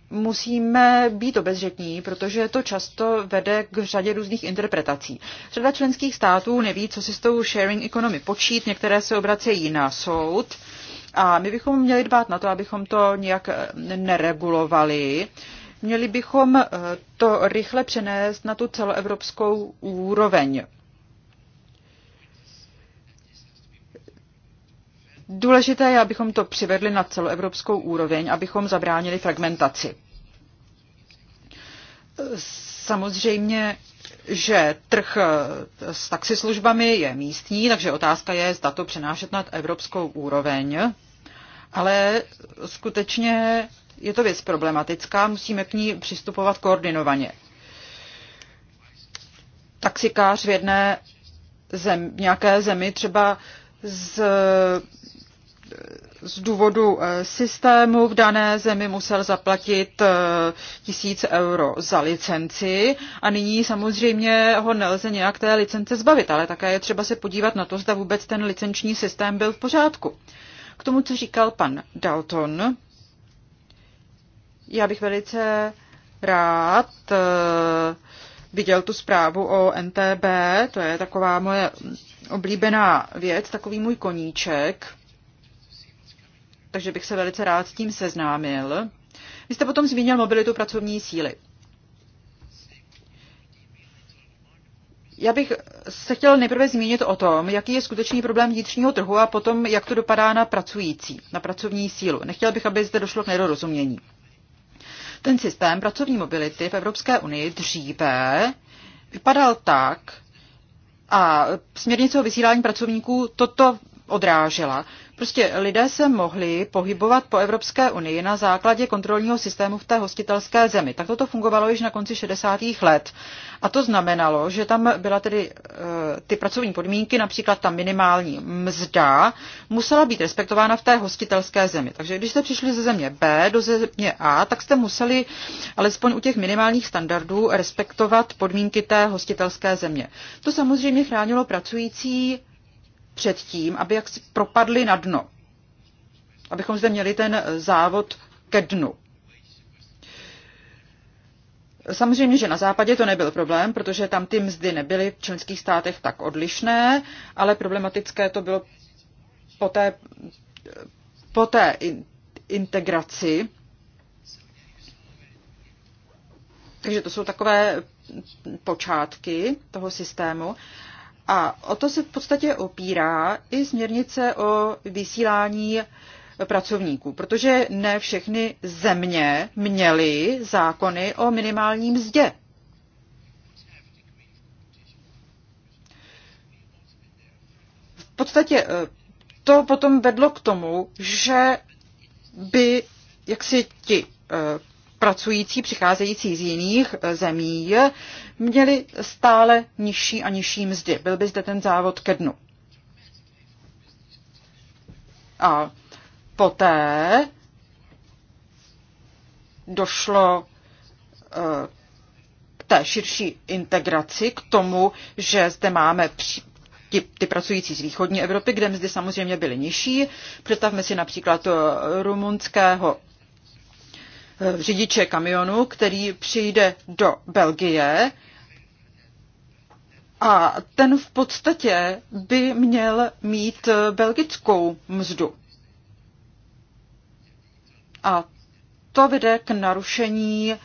musíme být obezřetní, protože to často vede k řadě různých interpretací. Řada členských států neví, co si s tou sharing economy počít, některé se obracejí na soud a my bychom měli dbát na to, abychom to nějak eh, neregulovali. Měli bychom eh, to rychle přenést na tu celoevropskou úroveň. Důležité je, abychom to přivedli na celoevropskou úroveň, abychom zabránili fragmentaci. Samozřejmě, že trh s taxislužbami je místní, takže otázka je, zda to přenášet na evropskou úroveň. Ale skutečně je to věc problematická, musíme k ní přistupovat koordinovaně. Taxikář v jedné zem, nějaké zemi třeba z z důvodu eh, systému v dané zemi musel zaplatit eh, tisíc euro za licenci a nyní samozřejmě ho nelze nějak té licence zbavit, ale také je třeba se podívat na to, zda vůbec ten licenční systém byl v pořádku. K tomu, co říkal pan Dalton, já bych velice rád eh, viděl tu zprávu o NTB, to je taková moje oblíbená věc, takový můj koníček takže bych se velice rád s tím seznámil. Vy jste potom zmínil mobilitu pracovní síly. Já bych se chtěl nejprve zmínit o tom, jaký je skutečný problém vnitřního trhu a potom, jak to dopadá na pracující, na pracovní sílu. Nechtěl bych, aby zde došlo k nedorozumění. Ten systém pracovní mobility v Evropské unii dříve vypadal tak, a směrnice o vysílání pracovníků toto odrážela, Prostě lidé se mohli pohybovat po Evropské unii na základě kontrolního systému v té hostitelské zemi. Tak toto fungovalo již na konci 60. let. A to znamenalo, že tam byla tedy eh, ty pracovní podmínky, například ta minimální mzda, musela být respektována v té hostitelské zemi. Takže když jste přišli ze země B do země A, tak jste museli alespoň u těch minimálních standardů respektovat podmínky té hostitelské země. To samozřejmě chránilo pracující před tím, aby jaksi propadli na dno. Abychom zde měli ten závod ke dnu. Samozřejmě, že na západě to nebyl problém, protože tam ty mzdy nebyly v členských státech tak odlišné, ale problematické to bylo po té, po té integraci. Takže to jsou takové počátky toho systému. A o to se v podstatě opírá i směrnice o vysílání pracovníků, protože ne všechny země měly zákony o minimálním mzdě. V podstatě eh, to potom vedlo k tomu, že by jaksi ti eh, pracující přicházející z jiných eh, zemí měli stále nižší a nižší mzdy. Byl by zde ten závod ke dnu. A poté došlo eh, k té širší integraci, k tomu, že zde máme ty, ty pracující z východní Evropy, kde mzdy samozřejmě byly nižší. Představme si například eh, rumunského eh, řidiče kamionu, který přijde do Belgie, a ten v podstatě by měl mít belgickou mzdu. A to vede k narušení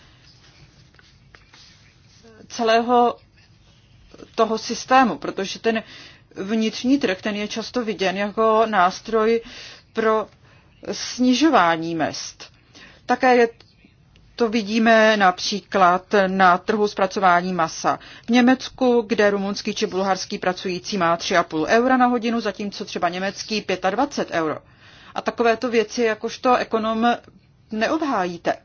celého toho systému, protože ten vnitřní trh, ten je často viděn jako nástroj pro snižování mest. Také je to vidíme například na trhu zpracování masa. V Německu, kde rumunský či bulharský pracující má 3,5 eura na hodinu, zatímco třeba německý 25 euro. A takovéto věci jakožto ekonom neobhájíte.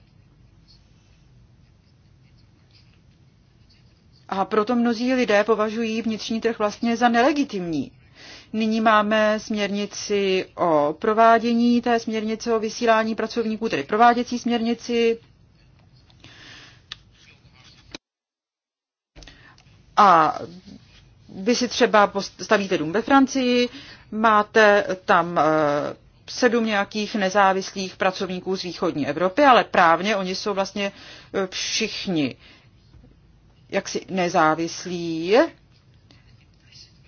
A proto mnozí lidé považují vnitřní trh vlastně za nelegitimní. Nyní máme směrnici o provádění té směrnice o vysílání pracovníků, tedy prováděcí směrnici. A vy si třeba stavíte dům ve Francii, máte tam eh, sedm nějakých nezávislých pracovníků z východní Evropy, ale právně oni jsou vlastně eh, všichni jaksi nezávislí.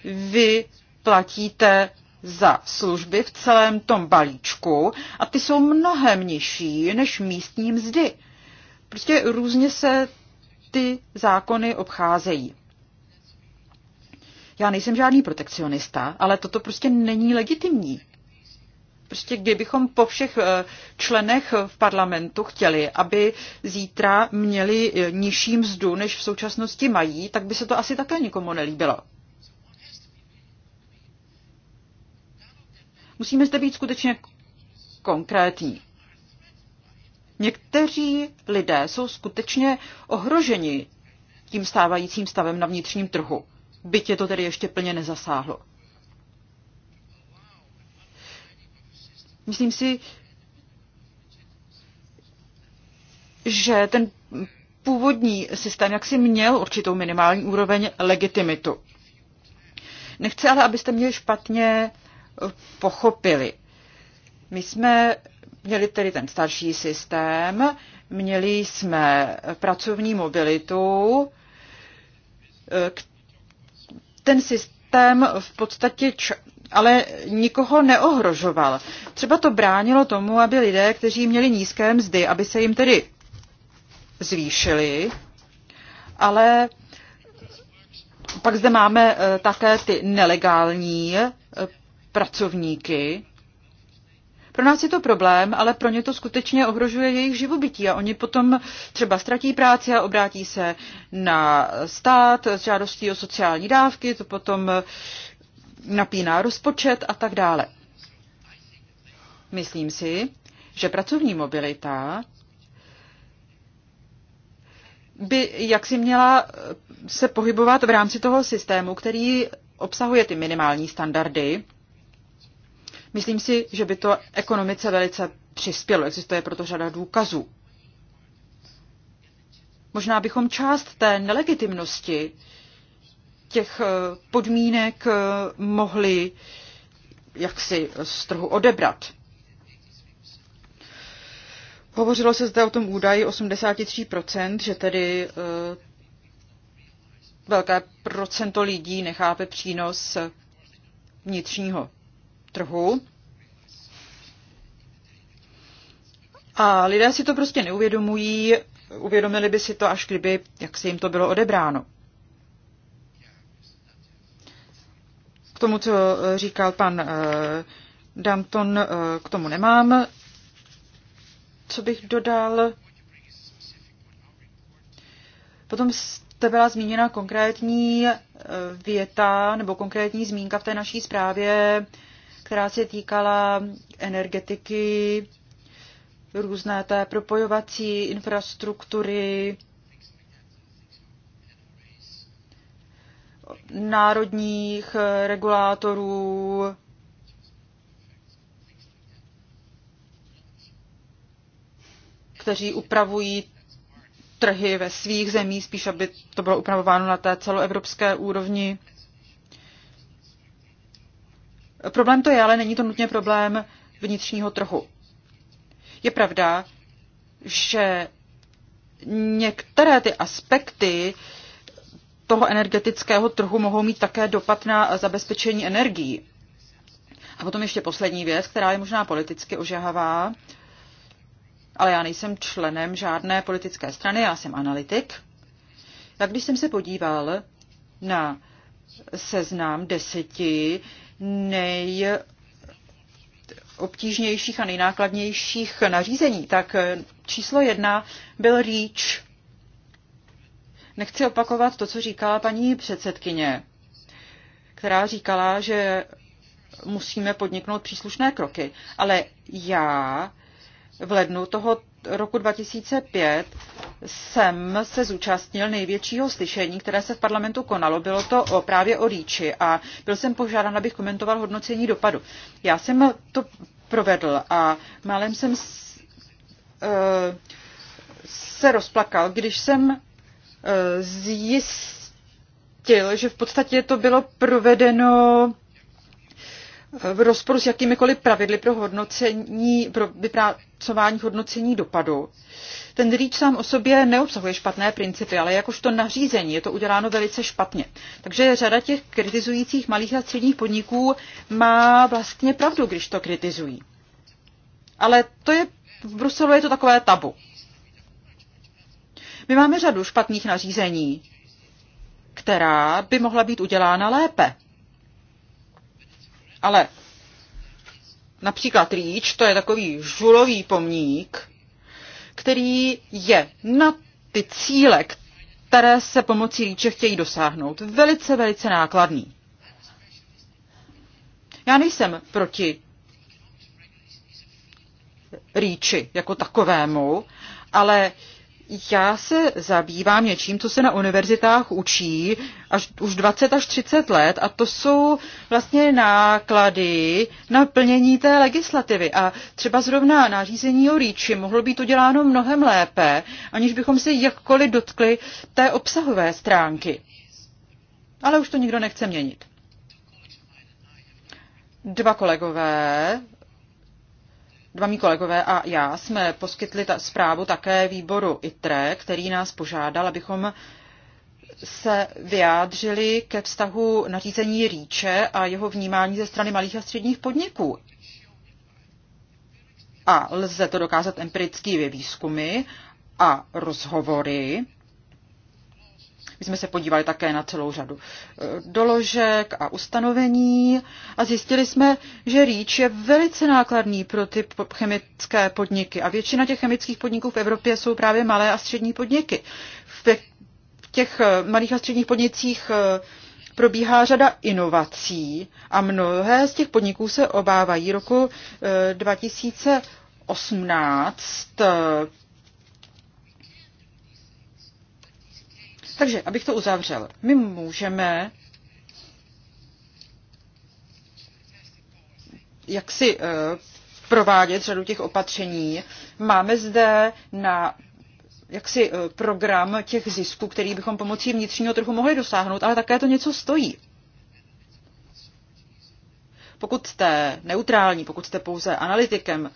Vy platíte za služby v celém tom balíčku a ty jsou mnohem nižší než místní mzdy. Prostě různě se ty zákony obcházejí. Já nejsem žádný protekcionista, ale toto prostě není legitimní. Prostě kdybychom po všech eh, členech v parlamentu chtěli, aby zítra měli eh, nižší mzdu, než v současnosti mají, tak by se to asi také nikomu nelíbilo. Musíme zde být skutečně konkrétní. Někteří lidé jsou skutečně ohroženi tím stávajícím stavem na vnitřním trhu byť je to tedy ještě plně nezasáhlo. Myslím si, že ten původní systém jaksi měl určitou minimální úroveň legitimitu. Nechci ale, abyste mě špatně pochopili. My jsme měli tedy ten starší systém, měli jsme pracovní mobilitu, ten systém v podstatě č- ale nikoho neohrožoval. Třeba to bránilo tomu, aby lidé, kteří měli nízké mzdy, aby se jim tedy zvýšili. ale pak zde máme eh, také ty nelegální eh, pracovníky, pro nás je to problém, ale pro ně to skutečně ohrožuje jejich živobytí a oni potom třeba ztratí práci a obrátí se na stát s žádostí o sociální dávky, to potom napíná rozpočet a tak dále. Myslím si, že pracovní mobilita by jaksi měla se pohybovat v rámci toho systému, který obsahuje ty minimální standardy Myslím si, že by to ekonomice velice přispělo. Existuje proto řada důkazů. Možná bychom část té nelegitimnosti těch eh, podmínek eh, mohli jaksi z trhu odebrat. Hovořilo se zde o tom údaji 83%, že tedy eh, velké procento lidí nechápe přínos vnitřního trhu. A lidé si to prostě neuvědomují, uvědomili by si to, až kdyby, jak se jim to bylo odebráno. K tomu, co eh, říkal pan eh, Danton, eh, k tomu nemám, co bych dodal. Potom jste byla zmíněna konkrétní věta nebo konkrétní zmínka v té naší zprávě která se týkala energetiky, různé té propojovací infrastruktury, národních regulátorů, kteří upravují trhy ve svých zemích, spíš aby to bylo upravováno na té celoevropské úrovni. Problém to je, ale není to nutně problém vnitřního trhu. Je pravda, že některé ty aspekty toho energetického trhu mohou mít také dopad na zabezpečení energií. A potom ještě poslední věc, která je možná politicky ožahavá, ale já nejsem členem žádné politické strany, já jsem analytik. Tak když jsem se podíval na seznam deseti nej obtížnějších a nejnákladnějších nařízení, tak číslo jedna byl REACH. Nechci opakovat to, co říkala paní předsedkyně, která říkala, že musíme podniknout příslušné kroky. Ale já v lednu toho roku 2005 jsem se zúčastnil největšího slyšení, které se v parlamentu konalo. Bylo to o, právě o Ríči a byl jsem požádán, abych komentoval hodnocení dopadu. Já jsem to provedl a málem jsem eh, se rozplakal, když jsem eh, zjistil, že v podstatě to bylo provedeno v rozporu s jakýmikoliv pravidly pro hodnocení, pro vypracování hodnocení dopadu. Ten REACH sám o sobě neobsahuje špatné principy, ale to nařízení je to uděláno velice špatně. Takže řada těch kritizujících malých a středních podniků má vlastně pravdu, když to kritizují. Ale to je, v Bruselu je to takové tabu. My máme řadu špatných nařízení, která by mohla být udělána lépe. Ale například rýč, to je takový žulový pomník, který je na ty cíle, které se pomocí rýče chtějí dosáhnout, velice, velice nákladný. Já nejsem proti rýči jako takovému, ale já se zabývám něčím, co se na univerzitách učí až, už 20 až 30 let a to jsou vlastně náklady na plnění té legislativy. A třeba zrovna nářízení o rýči mohlo být uděláno mnohem lépe, aniž bychom si jakkoliv dotkli té obsahové stránky. Ale už to nikdo nechce měnit. Dva kolegové dva mý kolegové a já jsme poskytli ta zprávu také výboru ITRE, který nás požádal, abychom se vyjádřili ke vztahu nařízení Rýče a jeho vnímání ze strany malých a středních podniků. A lze to dokázat empirickými výzkumy a rozhovory my jsme se podívali také na celou řadu eh, doložek a ustanovení a zjistili jsme, že REACH je velice nákladný pro ty chemické podniky a většina těch chemických podniků v Evropě jsou právě malé a střední podniky. V těch eh, malých a středních podnicích eh, probíhá řada inovací a mnohé z těch podniků se obávají roku 2018 Takže, abych to uzavřel, my můžeme jak si eh, provádět řadu těch opatření. Máme zde na jaksi eh, program těch zisků, který bychom pomocí vnitřního trhu mohli dosáhnout, ale také to něco stojí. Pokud jste neutrální, pokud jste pouze analytikem,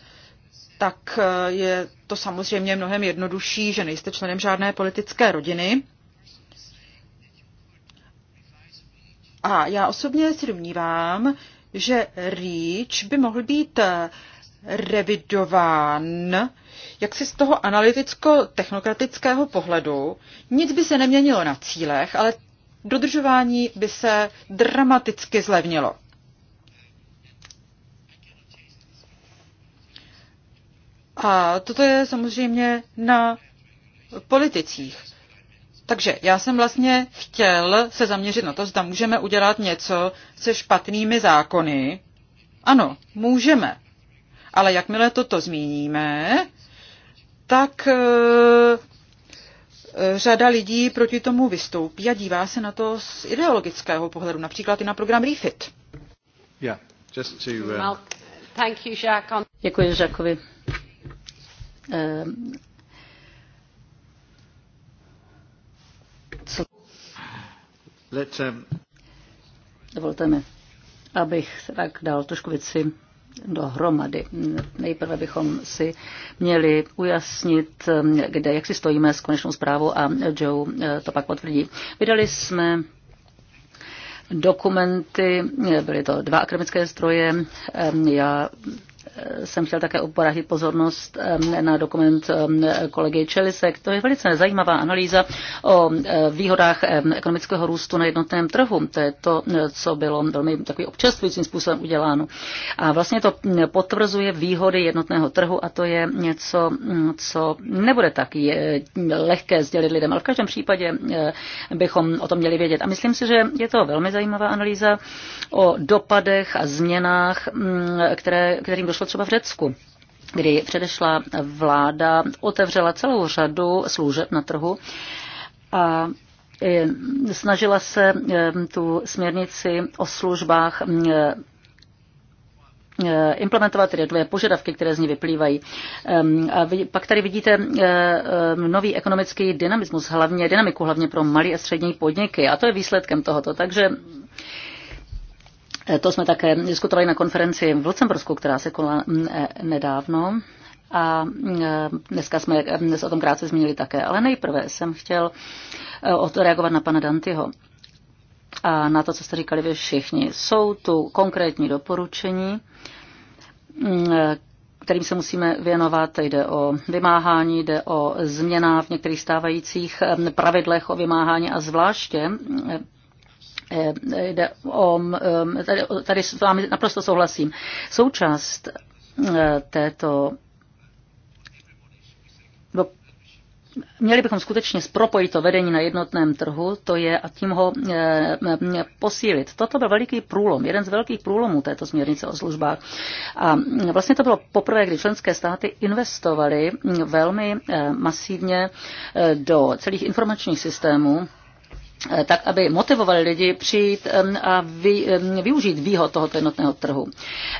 tak eh, je to samozřejmě mnohem jednodušší, že nejste členem žádné politické rodiny. A já osobně si domnívám, že REACH by mohl být eh, revidován jak si z toho analyticko-technokratického pohledu. Nic by se neměnilo na cílech, ale dodržování by se dramaticky zlevnilo. A toto je samozřejmě na politicích. Takže já jsem vlastně chtěl se zaměřit na to, zda můžeme udělat něco se špatnými zákony. Ano, můžeme. Ale jakmile toto zmíníme, tak eh, eh, řada lidí proti tomu vystoupí a dívá se na to z ideologického pohledu, například i na program REFIT. Yeah, just to, uh... Děkuji Žákovi Um, Dovolte mi, abych tak dal trošku věci dohromady. Nejprve bychom si měli ujasnit, um, kde, jak si stojíme s konečnou zprávou a Joe uh, to pak potvrdí. Vydali jsme dokumenty, byly to dva akademické stroje, um, já jsem chtěl také uporahit pozornost na dokument kolegy Čelisek. To je velice zajímavá analýza o e, výhodách ekonomického růstu na jednotném trhu. To je to, e, co bylo velmi takový občerstvujícím způsobem uděláno. A vlastně to potvrzuje výhody jednotného trhu a to je něco, co nebude tak lehké sdělit lidem, ale v každém případě e, bychom o tom měli vědět. A myslím si, že je to velmi zajímavá analýza o dopadech a změnách, které, kterým došlo to jako třeba v Řecku kdy předešla vláda otevřela celou řadu služeb na trhu a e, snažila se e, tu směrnici o službách e, implementovat tedy dvě požadavky, které z ní vyplývají. A vy, pak tady vidíte nový ekonomický dynamismus, hlavně dynamiku, hlavně pro malé a střední podniky. A to je výsledkem tohoto. Takže Eh, to jsme také diskutovali na konferenci v Lucembursku, která se konala mm, eh, nedávno. A mm, eh, dneska jsme dnes o tom krátce zmínili také. Ale nejprve jsem chtěl reagovat na pana Dantyho a na to, co jste říkali vy všichni. Jsou tu konkrétní doporučení, mm, kterým se musíme věnovat. Jde o vymáhání, jde o změna v některých stávajících pravidlech o vymáhání a zvláště Eh, jde o, eh, tady, tady s vámi naprosto souhlasím. Součást eh, této no, Měli bychom skutečně spropojit to vedení na jednotném trhu, to je a tím ho e, posílit. Toto byl veliký průlom, jeden z velkých průlomů této směrnice o službách. A vlastně to bylo poprvé, kdy členské státy investovaly velmi e, masivně e, do celých informačních systémů Eh, tak aby motivovali lidi přijít a vy, využít výhod tohoto jednotného trhu.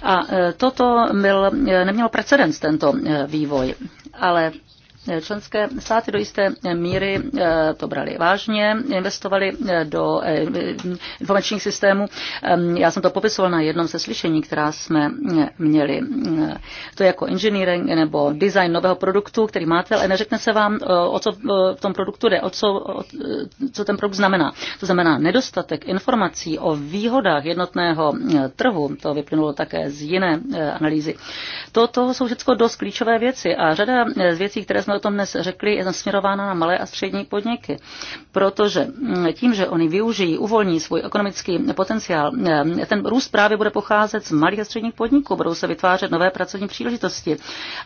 A eh, toto byl, eh, neměl precedens tento vývoj, ale Členské státy do jisté míry eh, to brali vážně, investovali eh, do eh, informačních systémů. Já jsem to popisoval na jednom ze slyšení, která jsme měli. To je jako engineering nebo design nového produktu, který máte, ale neřekne se vám, o co v tom produktu jde, o co, o, co ten produkt znamená. To znamená nedostatek informací o výhodách jednotného trhu, to vyplynulo také z jiné analýzy. to jsou všechno dost klíčové věci a řada z věcí, které jsme o tom dnes řekli, je nasměrována na malé a střední podniky, protože mm, tím, že oni využijí, uvolní svůj ekonomický potenciál, mm, ten růst právě bude pocházet z malých a středních podniků, budou se vytvářet nové pracovní příležitosti.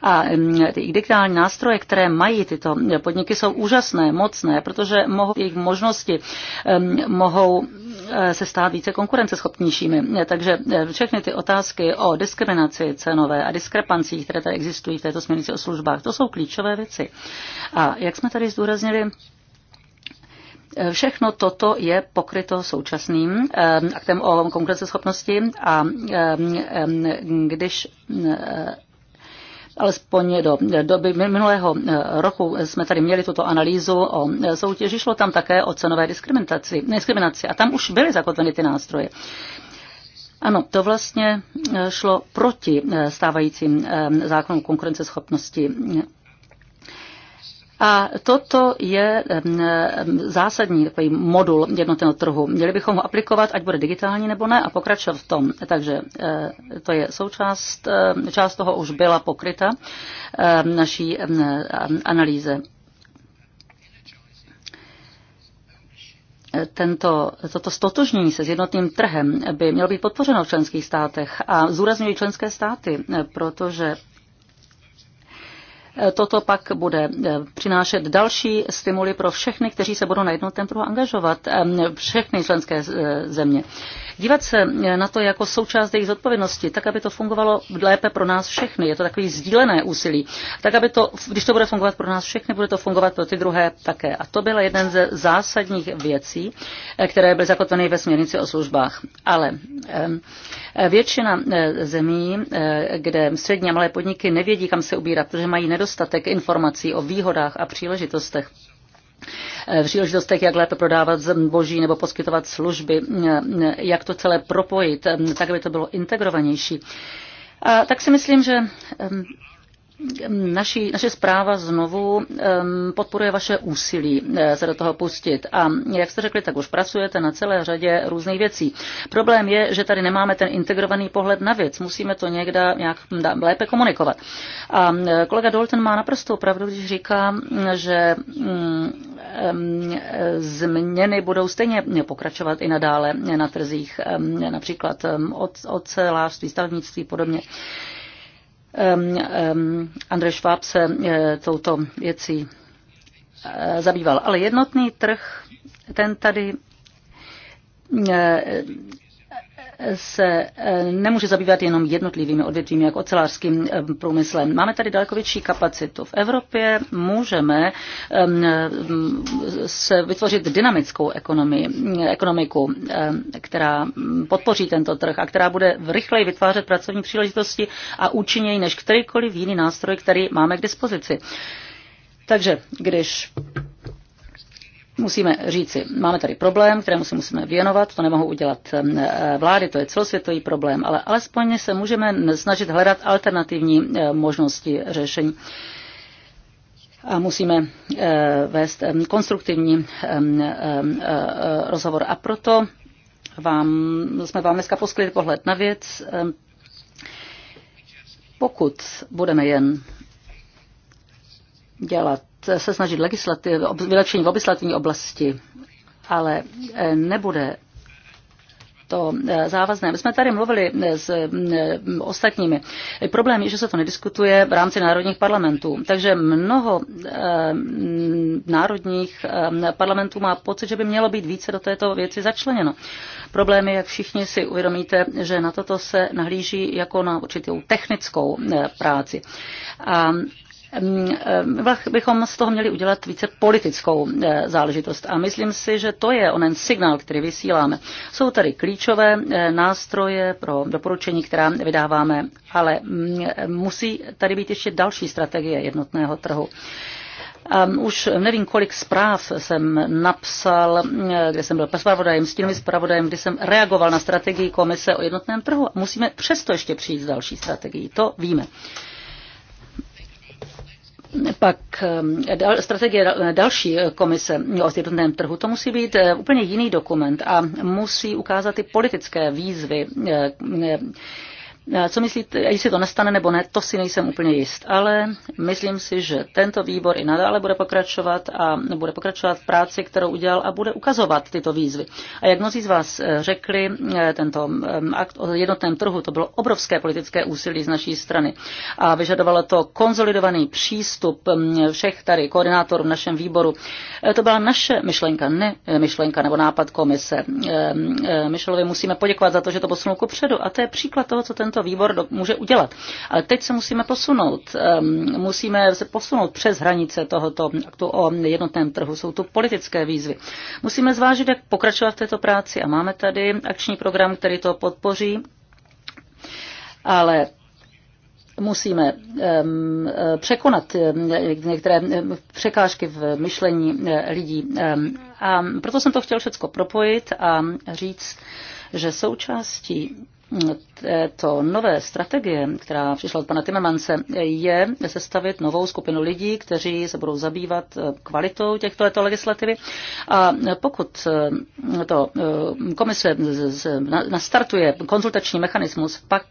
A mm, ty digitální nástroje, které mají tyto podniky, jsou úžasné, mocné, protože mohou jejich možnosti mohou Eh, se stát více konkurenceschopnějšími. Takže eh, všechny ty otázky o diskriminaci cenové a diskrepancích, které tady existují v této směrnici o službách, to jsou klíčové věci. A jak jsme tady zdůraznili, eh, Všechno toto je pokryto současným aktem o konkurenceschopnosti a když alespoň do doby minulého eh, roku jsme tady měli tuto analýzu o eh, soutěži, šlo tam také o cenové diskriminaci, diskriminaci a tam už byly zakotveny ty nástroje. Ano, to vlastně eh, šlo proti stávajícím zákonům konkurenceschopnosti. A toto je zásadní takový modul jednotného trhu. Měli bychom ho aplikovat, ať bude digitální nebo ne, a pokračovat v tom. Takže eh, to je součást, eh, část toho už byla pokryta eh, naší analýze. tento, toto stotožnění se s jednotným trhem by mělo být podpořeno v členských státech a zúraznují členské státy, protože Toto pak bude eh, přinášet další stimuly pro všechny, kteří se budou na jednotném trhu angažovat, eh, všechny členské eh, země. Dívat se na to jako součást jejich zodpovědnosti, tak aby to fungovalo lépe pro nás všechny. Je to takový sdílené úsilí. Tak, aby to, když to bude fungovat pro nás všechny, bude to fungovat pro ty druhé také. A to byla jeden ze zásadních věcí, které byly zakotveny ve směrnici o službách. Ale ehm, většina zemí, kde střední a malé podniky nevědí, kam se ubírat, protože mají nedostatek nedostatek informací o výhodách a příležitostech eh, příležitostech, jak lépe prodávat zboží nebo poskytovat služby, eh, jak to celé propojit, eh, tak aby to bylo integrovanější. A tak si myslím, že ehm, Naši, naše zpráva znovu um, podporuje vaše úsilí eh, se do toho pustit. A jak jste řekli, tak už pracujete na celé řadě různých věcí. Problém je, že tady nemáme ten integrovaný pohled na věc. Musíme to někde nějak lépe komunikovat. A eh, kolega Dolten má naprosto pravdu, když říká, že um, změny budou stejně pokračovat i nadále na trzích, um, například um, ocelářství, stavebnictví podobně. Um, Ehm, ehm, Andrej Schwab se eh, touto věcí eh, zabýval. Ale jednotný trh, ten tady eh, se eh, nemůže zabývat jenom jednotlivými odvětvími, jako ocelářským eh, průmyslem. Máme tady daleko větší kapacitu. V Evropě můžeme eh, se vytvořit dynamickou ekonomii, ekonomiku, která podpoří tento trh a která bude rychleji vytvářet pracovní příležitosti a účinněji než kterýkoliv jiný nástroj, který máme k dispozici. Takže když musíme říci, máme tady problém, kterému se musíme věnovat, to nemohou udělat eh, vlády, to je celosvětový problém, ale alespoň se můžeme snažit hledat alternativní eh, možnosti řešení a musíme eh, vést konstruktivní rozhovor. A proto vám, jsme vám dneska poskytli pohled na věc. Pokud budeme jen dělat se snažit legislativ, vylepšení v legislativní oblasti, ale e, nebude to e, závazné. My jsme tady mluvili e, s ostatními. Problém je, že se to nediskutuje v rámci národních parlamentů. Takže mnoho národních parlamentů má pocit, že by mělo být více do této věci začleněno. Problém je, jak všichni si uvědomíte, že na toto se nahlíží jako na určitou technickou práci. A Hm, eh, bychom z toho měli udělat více politickou eh, záležitost. A myslím si, že to je onen signál, který vysíláme. Jsou tady klíčové eh, nástroje pro doporučení, která vydáváme, ale hm, musí tady být ještě další strategie jednotného trhu. Um, už nevím, kolik zpráv jsem napsal, kde jsem byl zpravodajem, stínovým zpravodajem, kdy jsem reagoval na strategii komise o jednotném trhu. Musíme přesto ještě přijít s další strategií, to víme. Uh, pak ehm, dal, strategie eh, další eh, komise o jednotném trhu, to musí být eh, úplně jiný dokument a musí ukázat ty politické výzvy, Eh, co myslíte, jestli to nastane nebo ne, to si nejsem úplně jist, ale myslím si, že tento výbor i nadále bude pokračovat a bude pokračovat v práci, kterou udělal a bude ukazovat tyto výzvy. A jak mnozí z vás eh, řekli, eh, tento ehm, akt o jednotném trhu, to bylo obrovské politické úsilí z naší strany a vyžadovalo to konzolidovaný přístup ehm, všech tady koordinátorů v našem výboru. To byla naše myšlenka, ne myšlenka nebo nápad komise. Michelovi ehm, musíme poděkovat za to, že to posunul kupředu a to je příklad toho, co tento to výbor do, může udělat. Ale teď se musíme posunout. Musíme se posunout přes hranice tohoto aktu o jednotném trhu. Jsou tu politické výzvy. Musíme zvážit, jak pokračovat v této práci a máme tady akční program, který to podpoří. Ale musíme um, překonat eh, některé eh, překážky v myšlení lidí. A proto jsem to chtěl všechno propojit a říct, že součástí této nové strategie, která přišla od pana Timmermanse, je sestavit novou skupinu lidí, kteří se budou zabývat eh, kvalitou těchto legislativy. A eh, pokud eh, to komise nastartuje konzultační mechanismus, pak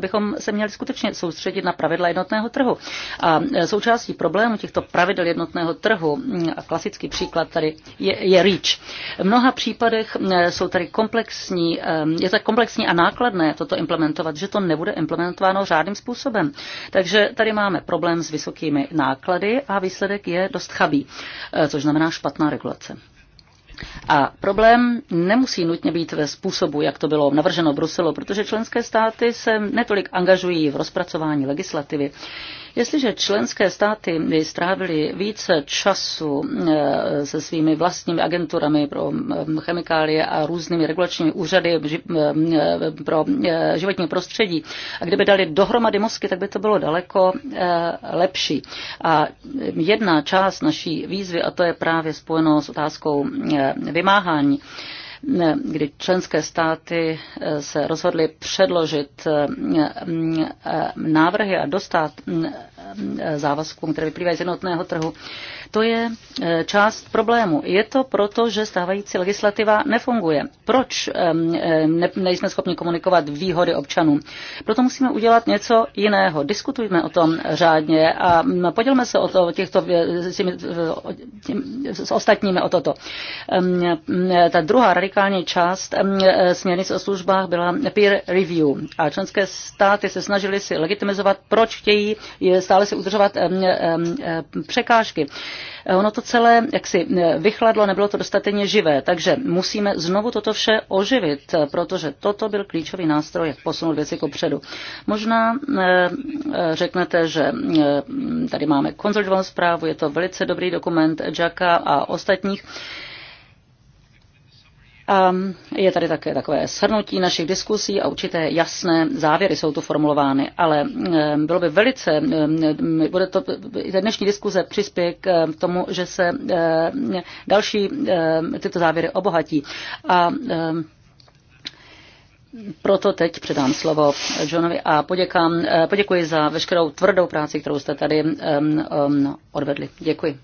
bychom se měli skutečně soustředit na pravidla jednotného trhu. A součástí problému těchto pravidel jednotného trhu, hm, a klasický příklad tady je, je REACH. V mnoha případech jsou tady komplexní, je to komplexní a nákladné toto implementovat, že to nebude implementováno řádným způsobem. Takže tady máme problém s vysokými náklady a výsledek je dost chabý, eh, což znamená špatná regulace. A problém nemusí nutně být ve způsobu, jak to bylo navrženo Bruselu, protože členské státy se netolik angažují v rozpracování legislativy, Jestliže členské státy by strávili více času eh, se svými vlastními agenturami pro eh, chemikálie a různými regulačními úřady eh, pro životní prostředí, a kdyby dali dohromady mozky, tak by to bylo daleko lepší. A jedna část naší výzvy, a to je právě spojeno s otázkou vymáhání, kdy členské státy eh, se rozhodly předložit eh, mm, eh, návrhy a dostat mm, závazkům, které vyplývají z jednotného trhu. To je část problému. Je to proto, že stávající legislativa nefunguje. Proč ehm, ne, nejsme schopni komunikovat výhody občanům? Proto musíme udělat něco jiného. Diskutujme o tom řádně a mm, podělme se o to, těchto, s, tím, s ostatními o toto. Ehm, ta druhá radikální radikální část e, směrnic o službách byla peer review. A členské státy se snažily si legitimizovat, proč chtějí stále si udržovat e, e, překážky. Ono to celé jaksi vychladlo, nebylo to dostatečně živé, takže musíme znovu toto vše oživit, protože toto byl klíčový nástroj, jak posunout věci kopředu. Možná řeknete, že tady máme konzolidovanou zprávu, je to velice dobrý dokument Jacka a ostatních. A ehm, je tady také takové shrnutí našich diskusí a určité jasné závěry jsou tu formulovány, ale ehm, bylo by velice, ehm, bude to, dnešní diskuze přispěje k tomu, že se další tyto závěry obohatí. A proto teď předám slovo Johnovi a poděkám, eh, poděkuji za veškerou tvrdou práci, kterou jste tady odvedli. Děkuji.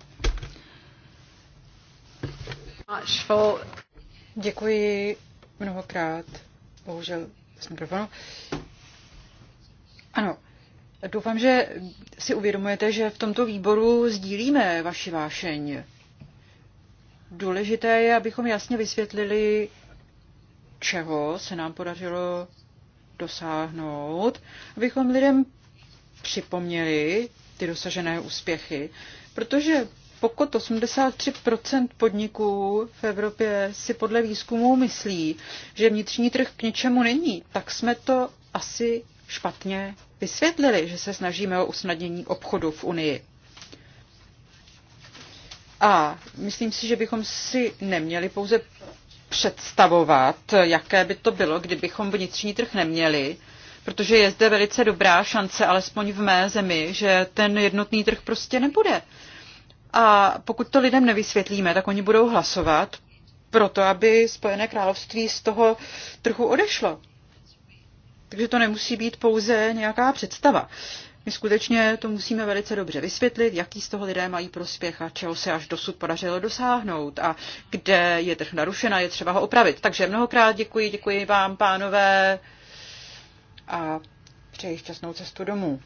Děkuji mnohokrát. Bohužel jsem mikrofonu. Ano, doufám, že si uvědomujete, že v tomto výboru sdílíme vaši vášeň. Důležité je, abychom jasně vysvětlili, čeho se nám podařilo dosáhnout, abychom lidem připomněli ty dosažené úspěchy, protože pokud 83% podniků v Evropě si podle výzkumu myslí, že vnitřní trh k něčemu není, tak jsme to asi špatně vysvětlili, že se snažíme o usnadnění obchodu v Unii. A myslím si, že bychom si neměli pouze představovat, jaké by to bylo, kdybychom vnitřní trh neměli, protože je zde velice dobrá šance, alespoň v mé zemi, že ten jednotný trh prostě nebude. A pokud to lidem nevysvětlíme, tak oni budou hlasovat proto, aby Spojené království z toho trhu odešlo. Takže to nemusí být pouze nějaká představa. My skutečně to musíme velice dobře vysvětlit, jaký z toho lidé mají prospěch a čeho se až dosud podařilo dosáhnout a kde je trh narušena, je třeba ho opravit. Takže mnohokrát děkuji, děkuji vám, pánové, a přeji šťastnou cestu domů.